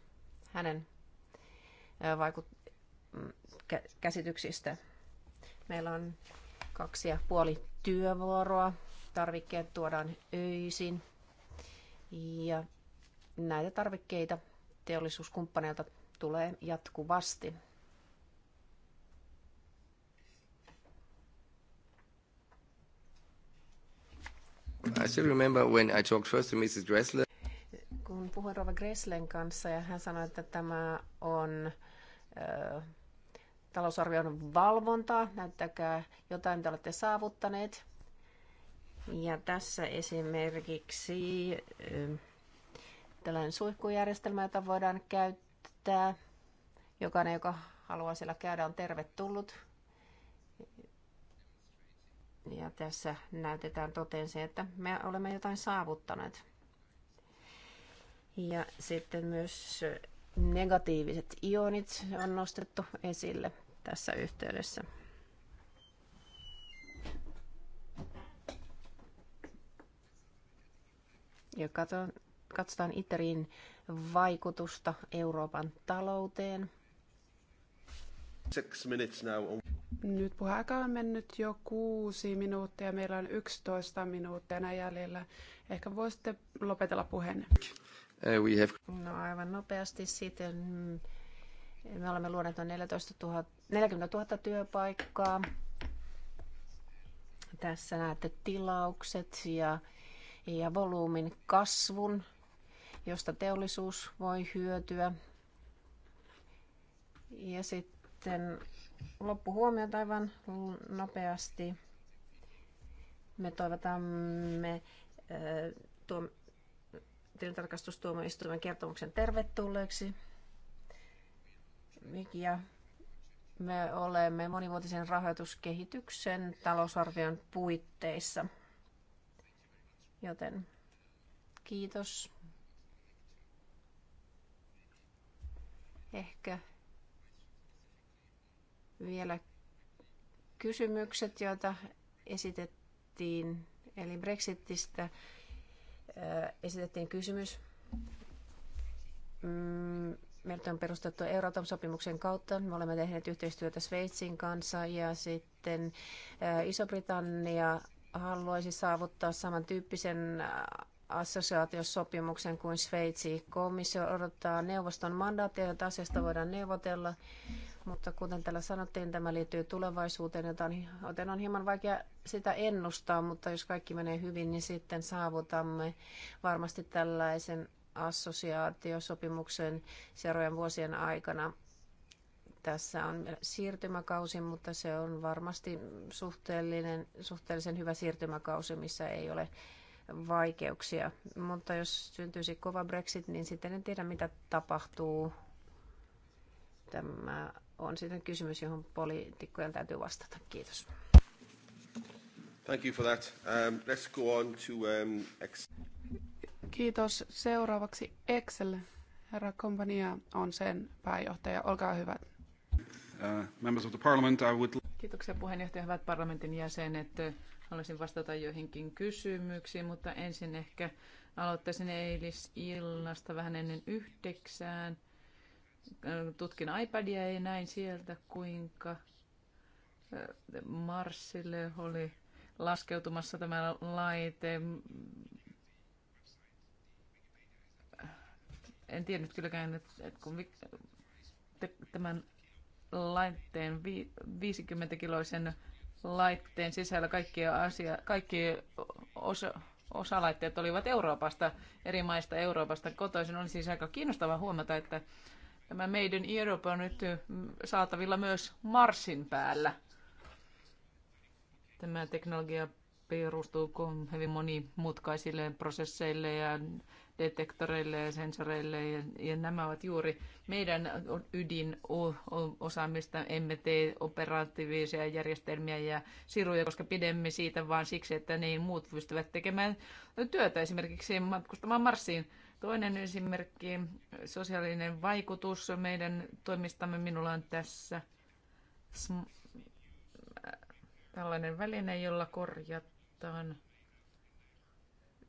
hänen vaikut- mm, käsityksistä. Meillä on kaksi ja puoli työvuoroa. Tarvikkeet tuodaan öisin ja näitä tarvikkeita teollisuuskumppaneilta tulee jatkuvasti. I still remember when I talked first to Mrs. Dressler. Kun puhuin Rova Gresslen kanssa ja hän sanoi, että tämä on ö, talousarvion valvontaa, näyttäkää jotain, mitä olette saavuttaneet. Ja tässä esimerkiksi tällainen suihkujärjestelmä, jota voidaan käyttää. Jokainen, joka haluaa siellä käydä, on tervetullut. Ja tässä näytetään toteen se, että me olemme jotain saavuttaneet. Ja sitten myös negatiiviset ionit on nostettu esille tässä yhteydessä. ja katsotaan ITERin vaikutusta Euroopan talouteen. Nyt puheaika on mennyt jo kuusi minuuttia. Meillä on 11 minuuttia jäljellä. Ehkä voisitte lopetella puheenne. Eh, no aivan nopeasti sitten. Me olemme luoneet noin 14 000, 40 000 työpaikkaa. Tässä näette tilaukset ja ja volyymin kasvun, josta teollisuus voi hyötyä. Ja sitten loppuhuomiot aivan nopeasti. Me toivotamme äh, tuon tilintarkastustuomioistuimen kertomuksen tervetulleeksi. Ja me olemme monivuotisen rahoituskehityksen talousarvion puitteissa – Joten kiitos. Ehkä vielä kysymykset, joita esitettiin, eli Brexitistä äh, esitettiin kysymys. Mm, Meiltä on perustettu Euratom-sopimuksen kautta. Me olemme tehneet yhteistyötä Sveitsin kanssa ja sitten äh, Iso-Britannia haluaisi saavuttaa samantyyppisen äh, assosiaatiosopimuksen kuin Sveitsi. Komissio odottaa neuvoston mandaattia, jota asiasta voidaan neuvotella, mutta kuten täällä sanottiin, tämä liittyy tulevaisuuteen, joten on hieman vaikea sitä ennustaa, mutta jos kaikki menee hyvin, niin sitten saavutamme varmasti tällaisen assosiaatiosopimuksen seuraavien vuosien aikana. Tässä on siirtymäkausi, mutta se on varmasti suhteellinen, suhteellisen hyvä siirtymäkausi, missä ei ole vaikeuksia. Mutta jos syntyisi kova Brexit, niin sitten en tiedä, mitä tapahtuu. Tämä on sitten kysymys, johon poliitikkojen täytyy vastata. Kiitos. Thank you for that. Um, let's go on to, um, Kiitos. Seuraavaksi Excel. Herra Kompania on sen pääjohtaja. Olkaa hyvät. Uh, members of the parliament, I would... Kiitoksia puheenjohtaja, hyvät parlamentin jäsenet. Haluaisin vastata joihinkin kysymyksiin, mutta ensin ehkä aloittaisin eilisillasta vähän ennen yhdeksään. Tutkin iPadia ja näin sieltä, kuinka äh, Marsille oli laskeutumassa tämä laite. En tiennyt kylläkään, että kun tämän laitteen, 50-kiloisen laitteen sisällä kaikki, asia, kaikki osa, osalaitteet olivat Euroopasta, eri maista Euroopasta kotoisin. Oli siis aika kiinnostava huomata, että tämä Made in Europe on nyt mm, saatavilla myös Marsin päällä. Tämä teknologia perustuu hyvin monimutkaisille prosesseille ja detektoreille ja sensoreille, ja, ja nämä ovat juuri meidän ydinosaamista. Emme tee operatiivisia järjestelmiä ja siruja, koska pidemme siitä, vaan siksi, että ne muut pystyvät tekemään työtä, esimerkiksi matkustamaan Marsiin. Toinen esimerkki, sosiaalinen vaikutus meidän toimistamme. Minulla on tässä tällainen väline, jolla korjataan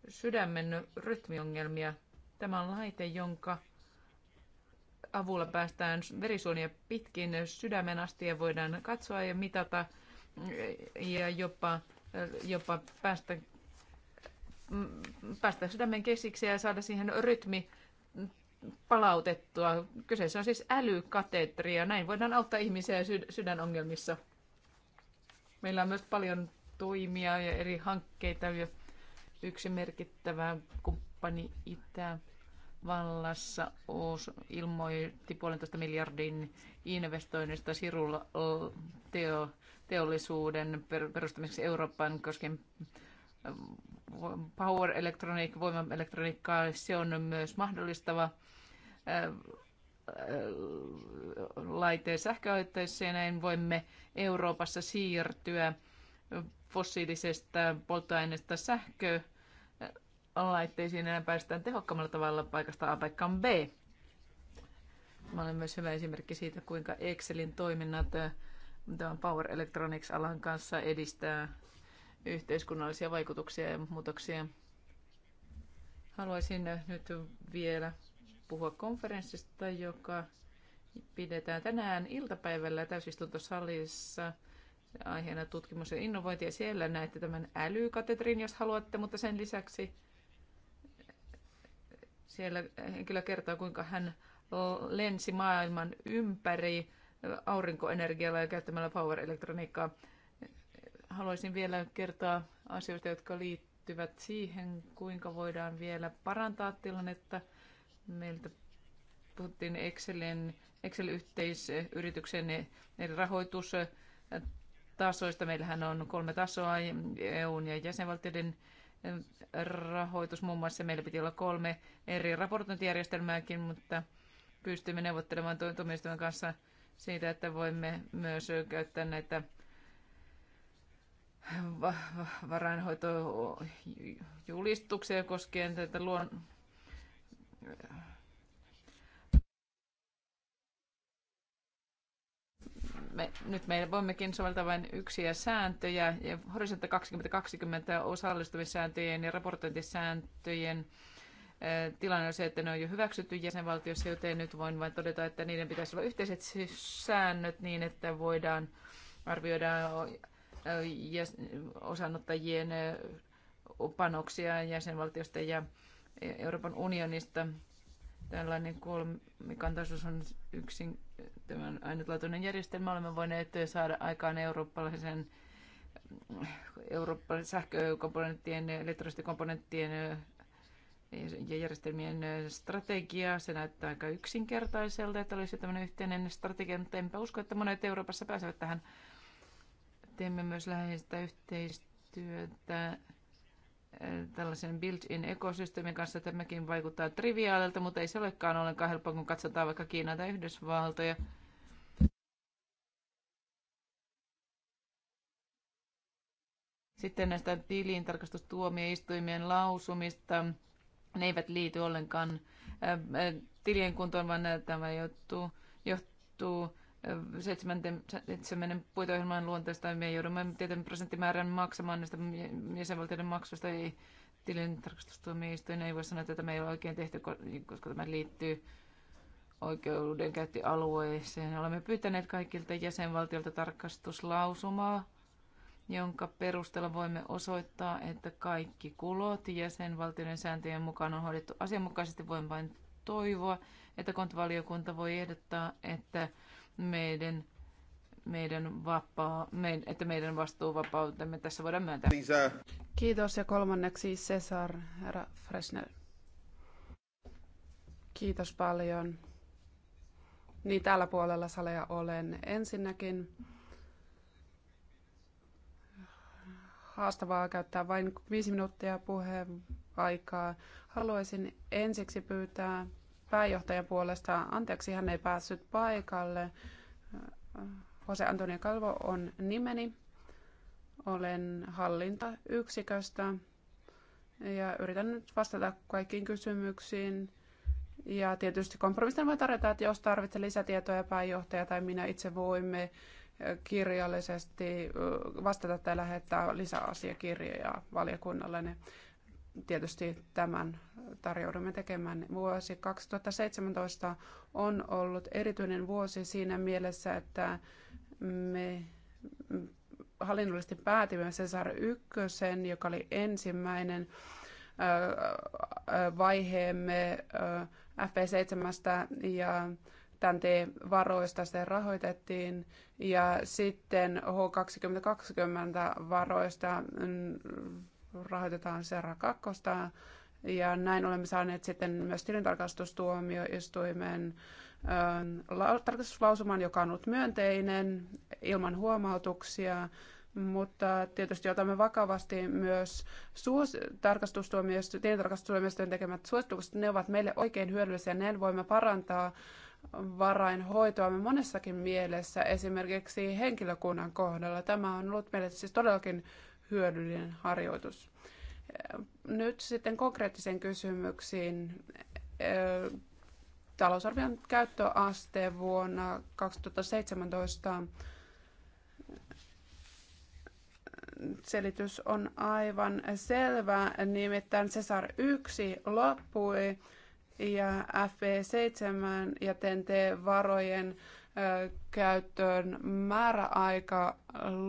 sydämen rytmiongelmia. Tämä on laite, jonka avulla päästään verisuonia pitkin sydämen asti ja voidaan katsoa ja mitata ja jopa, jopa päästä, päästä sydämen kesiksi ja saada siihen rytmi palautettua. Kyseessä on siis älykatetri ja näin voidaan auttaa ihmisiä sydänongelmissa. Meillä on myös paljon toimia ja eri hankkeita, Yksi merkittävä kumppani Itävallassa ilmoitti puolentoista miljardin investoinnista sirulla teo, teollisuuden perustamiseksi Euroopan koskien äh, power electronic, voimaelektroniikkaa. Se on myös mahdollistava äh, äh, laite sähköautoissa ja näin voimme Euroopassa siirtyä fossiilisesta polttoaineesta sähkö äh, laitteisiin niin enää päästään tehokkaammalla tavalla paikasta A paikkaan B. Mä olen myös hyvä esimerkki siitä, kuinka Excelin toiminnat äh, tämän Power Electronics-alan kanssa edistää yhteiskunnallisia vaikutuksia ja muutoksia. Haluaisin äh, nyt vielä puhua konferenssista, joka pidetään tänään iltapäivällä täysistuntosalissa – aiheena tutkimus ja innovointi, ja siellä näette tämän älykatedrin, jos haluatte, mutta sen lisäksi siellä henkilö kertoo, kuinka hän lensi maailman ympäri aurinkoenergialla ja käyttämällä power-elektroniikkaa. Haluaisin vielä kertoa asioista, jotka liittyvät siihen, kuinka voidaan vielä parantaa tilannetta. Meiltä puhuttiin Excelin, Excel-yhteisyrityksen rahoitus tasoista. Meillähän on kolme tasoa, EUn ja jäsenvaltioiden rahoitus muun muassa. Meillä piti olla kolme eri raportointijärjestelmääkin, mutta pystymme neuvottelemaan tuomioistuimen kanssa siitä, että voimme myös käyttää näitä varainhoitojulistuksia koskien tätä luon me, nyt meillä voimmekin soveltaa vain yksiä sääntöjä, ja Horisontta 2020 osallistumissääntöjen ja raportointisääntöjen tilanne on se, että ne on jo hyväksytty jäsenvaltiossa, joten nyt voin vain todeta, että niiden pitäisi olla yhteiset säännöt niin, että voidaan arvioida osanottajien panoksia jäsenvaltiosta ja Euroopan unionista tällainen kolmikantaisuus on yksin tämän ainutlaatuinen järjestelmä. Olemme voineet saada aikaan eurooppalaisen Euroopan sähkökomponenttien, elektronisten komponenttien ja järjestelmien strategia. Se näyttää aika yksinkertaiselta, että olisi tämmöinen yhteinen strategia, mutta enpä usko, että monet Euroopassa pääsevät tähän. Teemme myös läheistä yhteistyötä tällaisen built-in ekosysteemin kanssa. Tämäkin vaikuttaa triviaalilta, mutta ei se olekaan ollenkaan helppoa, kun katsotaan vaikka Kiinaa tai Yhdysvaltoja. Sitten näistä tilintarkastustuomioistuimien lausumista. Ne eivät liity ollenkaan tilien kuntoon, vaan tämä johtuu, johtuu seitsemänten, seitsemännen puiteohjelman luonteesta me joudumme tietyn prosenttimäärän maksamaan näistä jäsenvaltioiden maksuista. Ei, tilin tarkastustuomioistuin ei voi sanoa, että tämä ei ole oikein tehty, koska tämä liittyy oikeudenkäyttialueeseen. Olemme pyytäneet kaikilta jäsenvaltiolta tarkastuslausumaa, jonka perusteella voimme osoittaa, että kaikki kulot jäsenvaltioiden sääntöjen mukaan on hoidettu asianmukaisesti. Voin vain toivoa, että kontvaliokunta voi ehdottaa, että meidän, meidän vapaa, me, että meidän vastuuvapautemme tässä voidaan myöntää. Kiitos ja kolmanneksi Cesar, herra Fresnel. Kiitos paljon. Niin tällä puolella saleja olen. Ensinnäkin haastavaa käyttää vain viisi minuuttia aikaa. Haluaisin ensiksi pyytää pääjohtajan puolesta. Anteeksi, hän ei päässyt paikalle. Jose Antonio Kalvo on nimeni. Olen hallintayksiköstä ja yritän nyt vastata kaikkiin kysymyksiin. Ja tietysti kompromissin voi tarjota, että jos tarvitsee lisätietoja pääjohtaja tai minä itse voimme kirjallisesti vastata tai lähettää lisäasiakirjoja valiokunnalle tietysti tämän tarjoudumme tekemään. Vuosi 2017 on ollut erityinen vuosi siinä mielessä, että me hallinnollisesti päätimme Cesar 1, joka oli ensimmäinen vaiheemme FP7 ja tämän te varoista se rahoitettiin ja sitten H2020 varoista mm, rahoitetaan Serra 2. Ja näin olemme saaneet sitten myös tilintarkastustuomioistuimen tarkastuslausuman, joka on ollut myönteinen ilman huomautuksia, mutta tietysti otamme vakavasti myös suos- tilintarkastustuomioistuimen tekemät suositukset. Ne ovat meille oikein hyödyllisiä, ne voimme parantaa varainhoitoamme monessakin mielessä, esimerkiksi henkilökunnan kohdalla. Tämä on ollut meille siis todellakin hyödyllinen harjoitus. Nyt sitten konkreettisiin kysymyksiin. Talousarvion käyttöaste vuonna 2017 selitys on aivan selvä, nimittäin Cesar 1 loppui ja FP7 ja TNT-varojen käyttöön määräaika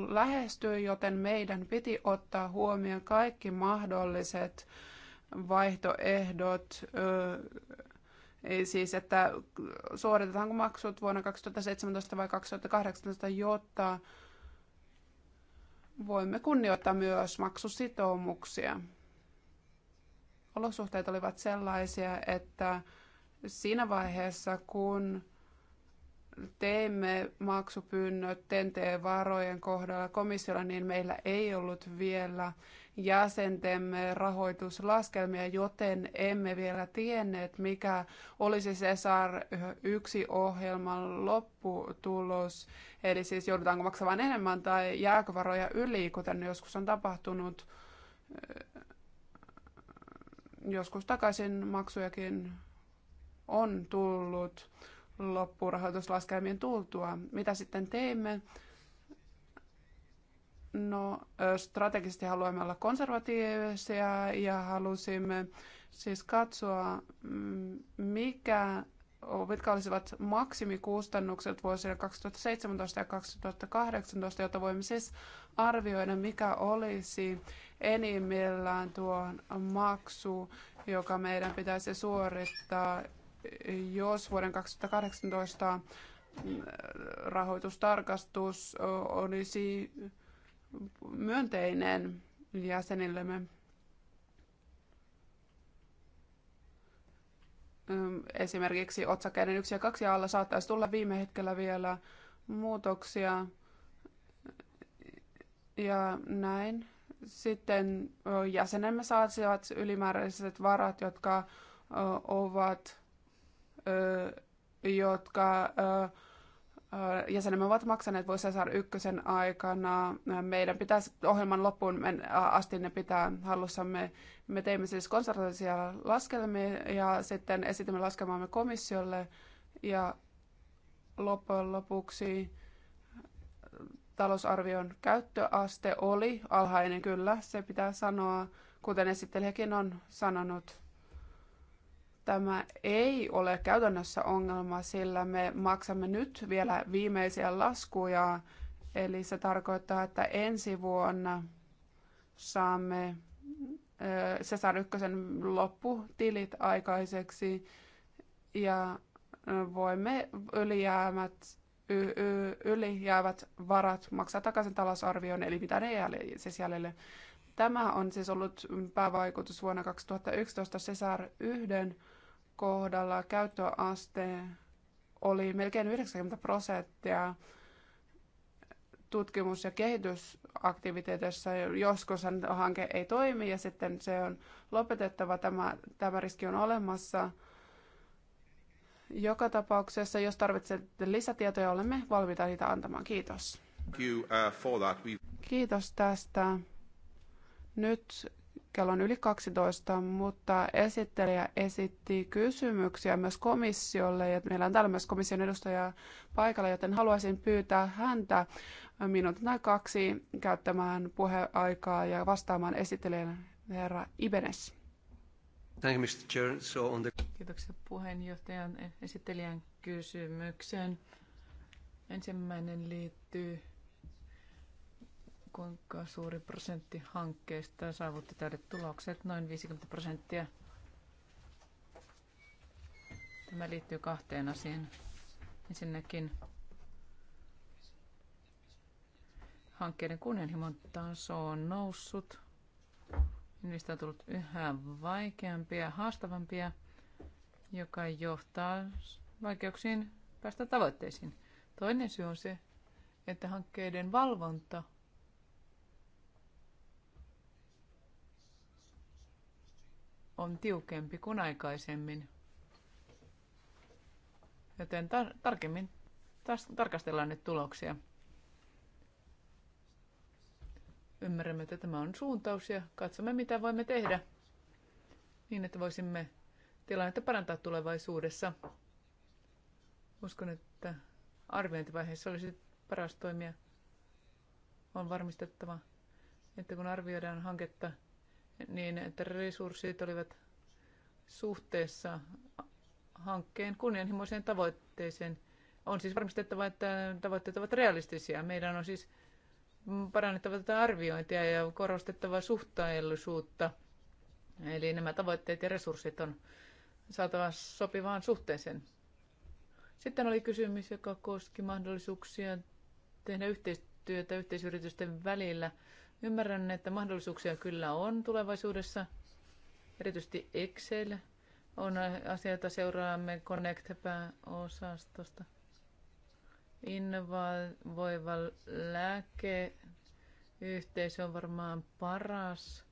lähestyy, joten meidän piti ottaa huomioon kaikki mahdolliset vaihtoehdot, siis että suoritetaanko maksut vuonna 2017 vai 2018, jotta voimme kunnioittaa myös maksusitoumuksia. Olosuhteet olivat sellaisia, että siinä vaiheessa kun teimme maksupyynnöt TNT-varojen kohdalla komissiolla, niin meillä ei ollut vielä jäsentemme rahoituslaskelmia, joten emme vielä tienneet, mikä olisi Cesar yksi ohjelman lopputulos. Eli siis joudutaanko maksamaan enemmän tai jääkö varoja yli, kuten joskus on tapahtunut. Joskus takaisin maksujakin on tullut loppurahoituslaskelmien tultua. Mitä sitten teimme? No, strategisesti haluamme olla konservatiivisia ja halusimme siis katsoa, mm, mikä, mitkä olisivat maksimikustannukset vuosille 2017 ja 2018, jotta voimme siis arvioida, mikä olisi enimmillään tuo maksu, joka meidän pitäisi suorittaa jos vuoden 2018 mm, rahoitustarkastus olisi myönteinen jäsenillemme. Esimerkiksi otsakkeiden 1 ja 2 alla saattaisi tulla viime hetkellä vielä muutoksia ja näin. Sitten jäsenemme saisivat ylimääräiset varat, jotka ovat jotka jäsenemme ovat maksaneet Vuosisar ykkösen aikana. Meidän pitäisi ohjelman loppuun asti ne pitää hallussamme. Me teimme siis konservatiivisia laskelmia ja sitten esitimme laskelmaamme komissiolle ja loppujen lopuksi talousarvion käyttöaste oli alhainen, kyllä, se pitää sanoa, kuten esittelijäkin on sanonut. Tämä ei ole käytännössä ongelma, sillä me maksamme nyt vielä viimeisiä laskuja, eli se tarkoittaa, että ensi vuonna saamme Cesar Ykkösen lopputilit aikaiseksi ja voimme ylijäämät, y, ylijäävät varat maksaa takaisin talousarvioon, eli mitä ne jäljelle, siis jäljelle. Tämä on siis ollut päävaikutus vuonna 2011 Cesar 1 kohdalla käyttöaste oli melkein 90 prosenttia tutkimus- ja kehitysaktiviteetissa. Joskus hanke ei toimi ja sitten se on lopetettava. Tämä, tämä riski on olemassa. Joka tapauksessa, jos tarvitsette lisätietoja, olemme valmiita niitä antamaan. Kiitos. Uh, Kiitos tästä. Nyt kello on yli 12, mutta esittelijä esitti kysymyksiä myös komissiolle, ja meillä on täällä myös komission edustaja paikalla, joten haluaisin pyytää häntä minuutin tai kaksi käyttämään puheaikaa ja vastaamaan esittelijän herra Ibenes. Kiitoksia puheenjohtajan esittelijän kysymykseen. Ensimmäinen liittyy kuinka suuri prosentti hankkeista saavutti täydet tulokset, noin 50 prosenttia. Tämä liittyy kahteen asiaan. Ensinnäkin hankkeiden kunnianhimon taso on noussut. Niistä on tullut yhä vaikeampia ja haastavampia, joka johtaa vaikeuksiin päästä tavoitteisiin. Toinen syy on se, että hankkeiden valvonta on tiukempi kuin aikaisemmin. Joten tar- tarkemmin tarkastellaan nyt tuloksia. Ymmärrämme, että tämä on suuntaus ja katsomme, mitä voimme tehdä niin, että voisimme tilannetta parantaa tulevaisuudessa. Uskon, että arviointivaiheessa olisi paras toimia. On varmistettava, että kun arvioidaan hanketta, niin, että resurssit olivat suhteessa hankkeen kunnianhimoiseen tavoitteeseen. On siis varmistettava, että tavoitteet ovat realistisia. Meidän on siis parannettava tätä arviointia ja korostettava suhtaillisuutta. Eli nämä tavoitteet ja resurssit on saatava sopivaan suhteeseen. Sitten oli kysymys, joka koski mahdollisuuksia tehdä yhteistyötä yhteisyritysten välillä – Ymmärrän, että mahdollisuuksia kyllä on tulevaisuudessa. Erityisesti Excel on asia, jota seuraamme connect osastosta Innovoiva lääkeyhteisö on varmaan paras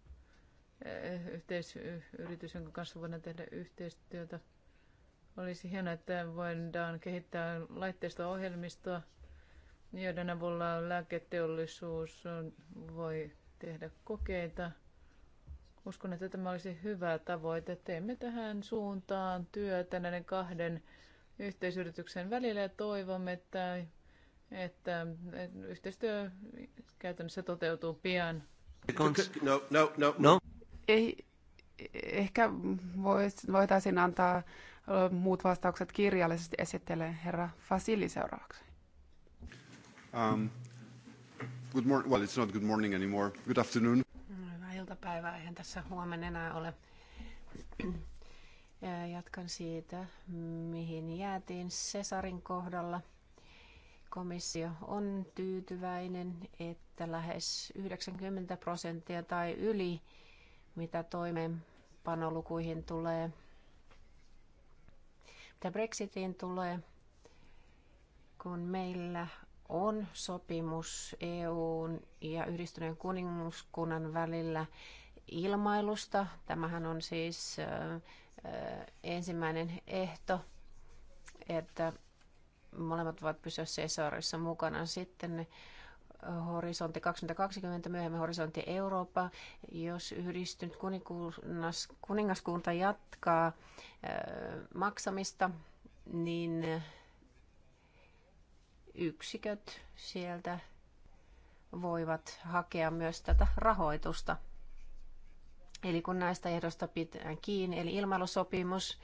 eh, yhteisyritys, jonka kanssa voidaan tehdä yhteistyötä. Olisi hienoa, että voidaan kehittää laitteistoa ohjelmistoa joiden avulla lääketeollisuus voi tehdä kokeita. Uskon, että tämä olisi hyvä tavoite. Teemme tähän suuntaan työtä näiden kahden yhteisyrityksen välillä ja toivomme, että, että yhteistyö käytännössä toteutuu pian. No, no, no, no. Ei, ehkä vois, voitaisiin antaa muut vastaukset kirjallisesti esittelee herra Fasili seuraavaksi. Um, good morning. Well, it's not good morning anymore. Good afternoon. Hyvää iltapäivää. Eihän tässä huomenna enää ole. Jatkan siitä, mihin jäätiin Cesarin kohdalla. Komissio on tyytyväinen, että lähes 90 prosenttia tai yli, mitä toimeenpanolukuihin tulee, mitä Brexitiin tulee, kun meillä on sopimus EUn ja yhdistyneen kuningaskunnan välillä ilmailusta. Tämähän on siis ensimmäinen ehto, että molemmat voivat pysyä Cesarissa mukana. Sitten horisontti 2020, myöhemmin horisontti Eurooppa. Jos yhdistynyt kuningaskunta jatkaa maksamista, niin yksiköt sieltä voivat hakea myös tätä rahoitusta. Eli kun näistä ehdosta pitää kiinni, eli ilmailusopimus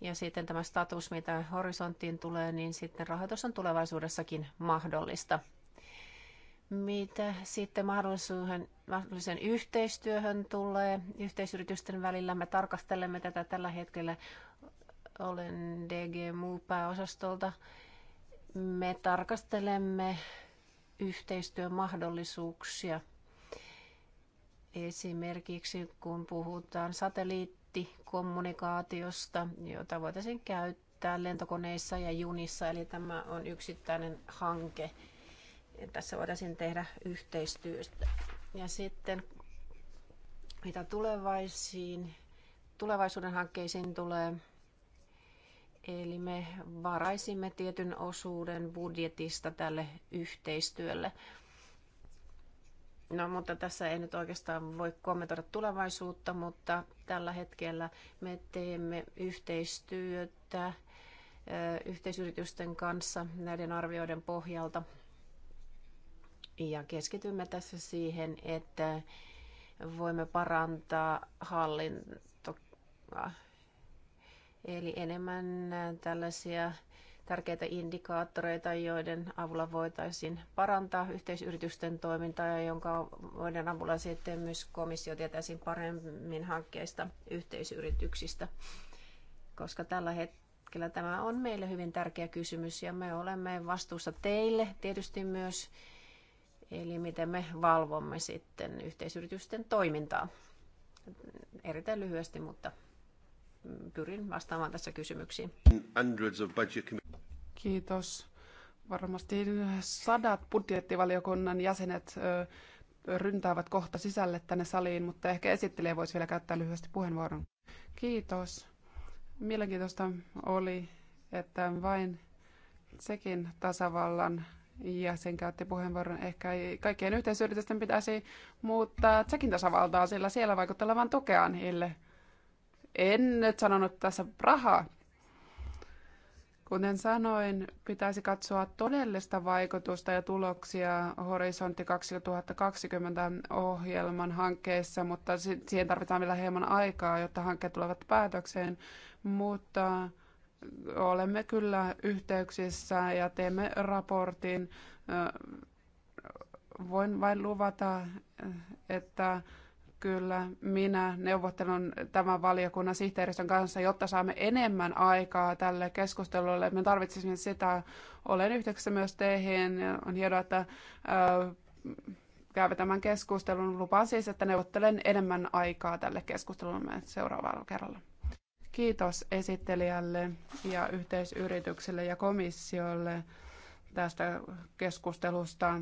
ja sitten tämä status, mitä horisonttiin tulee, niin sitten rahoitus on tulevaisuudessakin mahdollista. Mitä sitten mahdollisuuden, mahdollisen yhteistyöhön tulee yhteisyritysten välillä? Me tarkastelemme tätä tällä hetkellä. Olen DG Muu pääosastolta me tarkastelemme yhteistyömahdollisuuksia. Esimerkiksi kun puhutaan satelliittikommunikaatiosta, jota voitaisiin käyttää lentokoneissa ja junissa, eli tämä on yksittäinen hanke. Tässä voitaisiin tehdä yhteistyöstä. Ja sitten mitä tulevaisiin, tulevaisuuden hankkeisiin tulee, Eli me varaisimme tietyn osuuden budjetista tälle yhteistyölle. No, mutta tässä ei nyt oikeastaan voi kommentoida tulevaisuutta, mutta tällä hetkellä me teemme yhteistyötä yhteisyritysten kanssa näiden arvioiden pohjalta. Ja keskitymme tässä siihen, että voimme parantaa hallintoa Eli enemmän tällaisia tärkeitä indikaattoreita, joiden avulla voitaisiin parantaa yhteisyritysten toimintaa ja jonka voidaan avulla sitten myös komissio tietäisiin paremmin hankkeista yhteisyrityksistä, koska tällä hetkellä tämä on meille hyvin tärkeä kysymys ja me olemme vastuussa teille tietysti myös, eli miten me valvomme sitten yhteisyritysten toimintaa. Erittäin lyhyesti, mutta pyrin vastaamaan tässä kysymyksiin. Kiitos. Varmasti sadat budjettivaliokunnan jäsenet ryntäävät kohta sisälle tänne saliin, mutta ehkä esittelijä voisi vielä käyttää lyhyesti puheenvuoron. Kiitos. Mielenkiintoista oli, että vain sekin tasavallan jäsen käytti puheenvuoron. Ehkä kaikkien yhteisyritysten pitäisi muuttaa Tsekin tasavaltaa, sillä siellä vaikuttaa vain tukea niille. En nyt sanonut tässä rahaa. Kuten sanoin, pitäisi katsoa todellista vaikutusta ja tuloksia Horisontti 2020 ohjelman hankkeessa, mutta siihen tarvitaan vielä hieman aikaa, jotta hankkeet tulevat päätökseen. Mutta olemme kyllä yhteyksissä ja teemme raportin. Voin vain luvata, että Kyllä, minä neuvottelun tämän valiokunnan sihteeristön kanssa, jotta saamme enemmän aikaa tälle keskustelulle. Me tarvitsisimme sitä. Olen yhteyksissä myös teihin. On hienoa, että käyvät tämän keskustelun. Lupaan siis, että neuvottelen enemmän aikaa tälle keskustelulle seuraavalla kerralla. Kiitos esittelijälle ja yhteisyritykselle ja komissiolle tästä keskustelusta.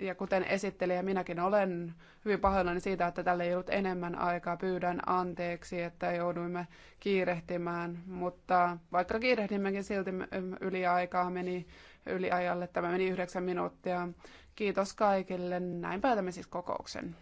Ja kuten esittelijä, minäkin olen hyvin pahoillani siitä, että tälle ei ollut enemmän aikaa. Pyydän anteeksi, että jouduimme kiirehtimään, mutta vaikka kiirehdimmekin silti yli aikaa meni yli ajalle. Tämä meni yhdeksän minuuttia. Kiitos kaikille. Näin päätämme siis kokouksen.